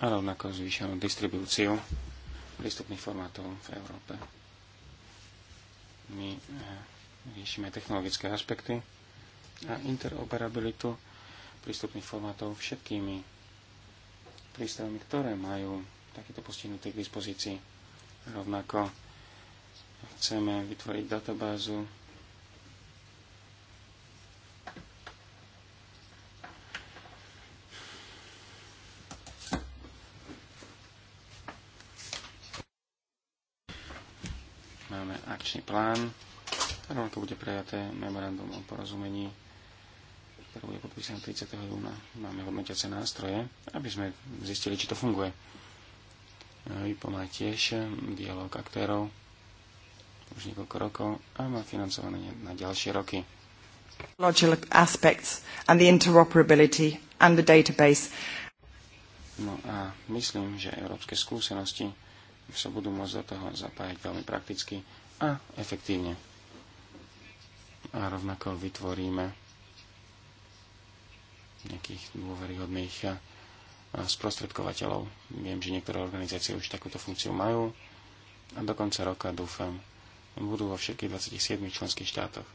a rovnako zvýšenú distribúciu prístupných formátov v Európe. My eh, riešime technologické aspekty a interoperabilitu prístupných formátov všetkými prístrojmi, ktoré majú takéto postihnutý k dispozícii. Rovnako chceme vytvoriť databázu Máme akčný plán to bude prejaté memorandum o porozumení, ktoré bude podpísané 30. júna. Máme hodnotiace nástroje, aby sme zistili, či to funguje. Vypomáha tiež dialog aktérov už niekoľko rokov a má financovanie na ďalšie roky. Logical aspects and the interoperability and the database. No a myslím, že európske skúsenosti sa budú môcť do toho zapájať veľmi prakticky a efektívne a rovnako vytvoríme nejakých dôveryhodných eh, sprostredkovateľov. Viem, že niektoré organizácie už takúto funkciu majú a do konca roka dúfam budú vo všetkých 27 členských štátoch.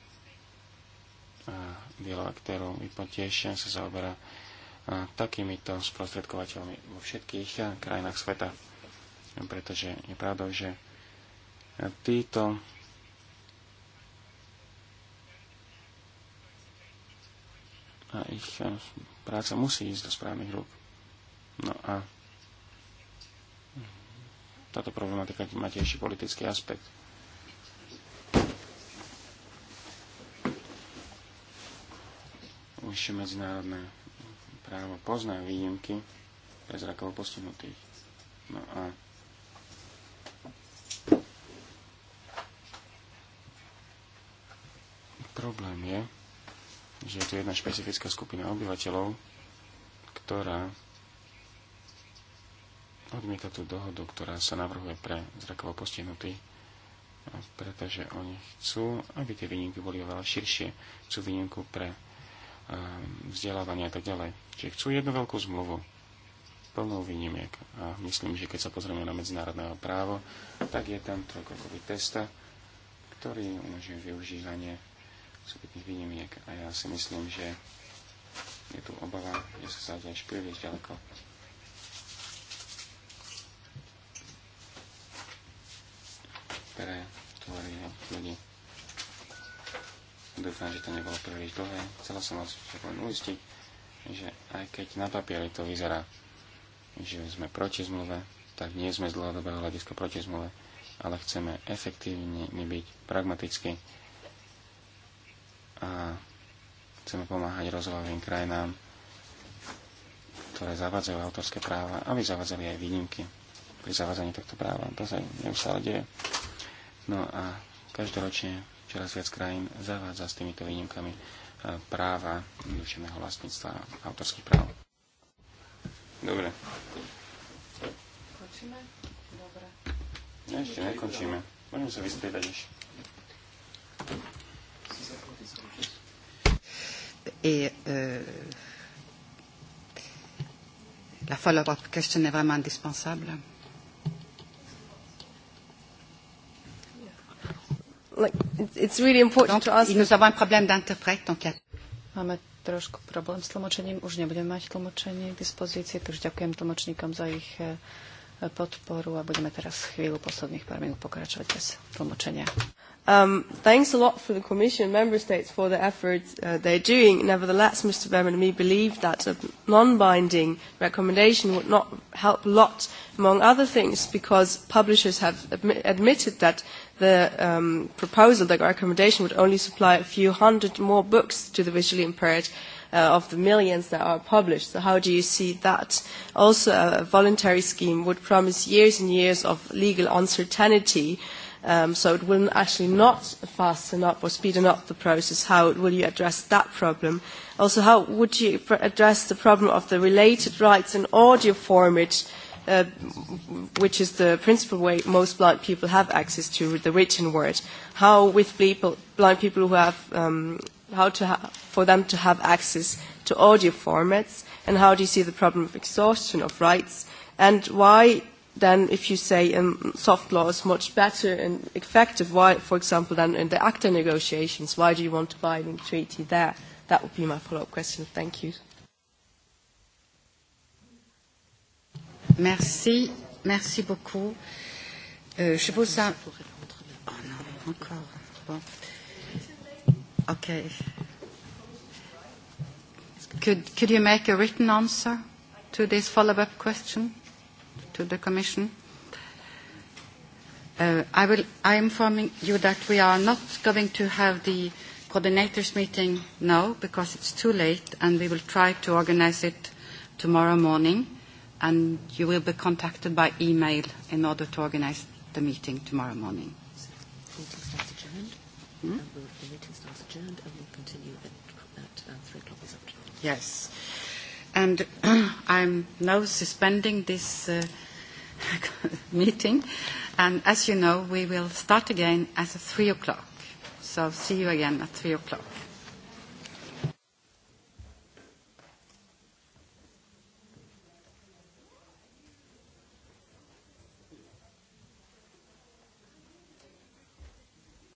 A dielo aktérov i tiež sa zaoberá eh, takýmito sprostredkovateľmi vo všetkých eh, krajinách sveta. Pretože je pravdou, že títo a ich eh, práca musí ísť do správnych rúk. No a táto problematika má tiež politický aspekt. Už medzinárodné právo pozná výnimky pre zrakovo postihnutých. No a problém je, že je tu jedna špecifická skupina obyvateľov, ktorá odmieta tú dohodu, ktorá sa navrhuje pre zrakovo postihnutí, pretože oni chcú, aby tie výnimky boli oveľa širšie. Chcú výnimku pre ehm, vzdelávanie a tak ďalej. Čiže chcú jednu veľkú zmluvu plnou výnimiek. A myslím, že keď sa pozrieme na medzinárodné právo, tak je tam trokokový testa, ktorý umožňuje využívanie spätných výnimiek a ja si myslím, že je tu obava, že sa zájde až príliš ďaleko. Pre tvorí ľudí. Dúfam, že to nebolo príliš dlhé. Chcela som vás však len uistiť, že aj keď na papieri to vyzerá, že sme proti zmluve, tak nie sme z dlhodobého hľadiska proti zmluve, ale chceme efektívne byť, pragmaticky a chceme pomáhať rozvojovým krajinám, ktoré zavadzajú autorské práva, aby zavadzali aj výnimky pri zavadzaní tohto práva. To sa neustále deje. No a každoročne čoraz viac krajín zavádza s týmito výnimkami e, práva duševného vlastníctva autorských práv. Dobre. Končíme? Dobre. No, ešte nekončíme. Môžeme sa vystriedať ešte. Et euh, la follow-up question est vraiment indispensable. Like, it's really important donc, to ask... Nous avons un problème d'interprète, donc il y a... Máme trošku problém s tlmočením, už nebudeme mať tlmočenie k dispozícii, takže ďakujem tlmočníkom za ich eh, podporu a budeme teraz chvíľu posledných pár minút pokračovať bez tlmočenia. Um, thanks a lot for the Commission, Member States, for the efforts uh, they're doing. Nevertheless, Mr. Berman and me believe that a non-binding recommendation would not help a lot, among other things, because publishers have admi admitted that the um, proposal, the recommendation, would only supply a few hundred more books to the visually impaired uh, of the millions that are published. So how do you see that? Also, a voluntary scheme would promise years and years of legal uncertainty uh, Um, so it will actually not fasten up or speeden up the process. How will you address that problem? Also, how would you address the problem of the related rights in audio format, uh, which is the principal way most blind people have access to the written word? How with people, blind people who have, um, how to ha for them to have access to audio formats, and how do you see the problem of exhaustion of rights? And why then if you say um, soft law is much better and effective, why, for example, than in the ACTA negotiations, why do you want to buy the treaty there? That would be my follow-up question. Thank you. Merci, merci beaucoup. Euh, je pose un... Oh non, encore. Bon. OK. Could, could you make a written answer to this follow-up question? to the Commission. Uh, I, will, I am informing you that we are not going to have the coordinators meeting now because it's too late and we will try to organize it tomorrow morning and you will be contacted by email in order to organize the meeting tomorrow morning. Hmm? Yes. And I'm now suspending this uh, meeting. And as you know, we will start again at 3 o'clock. So see you again at 3 o'clock.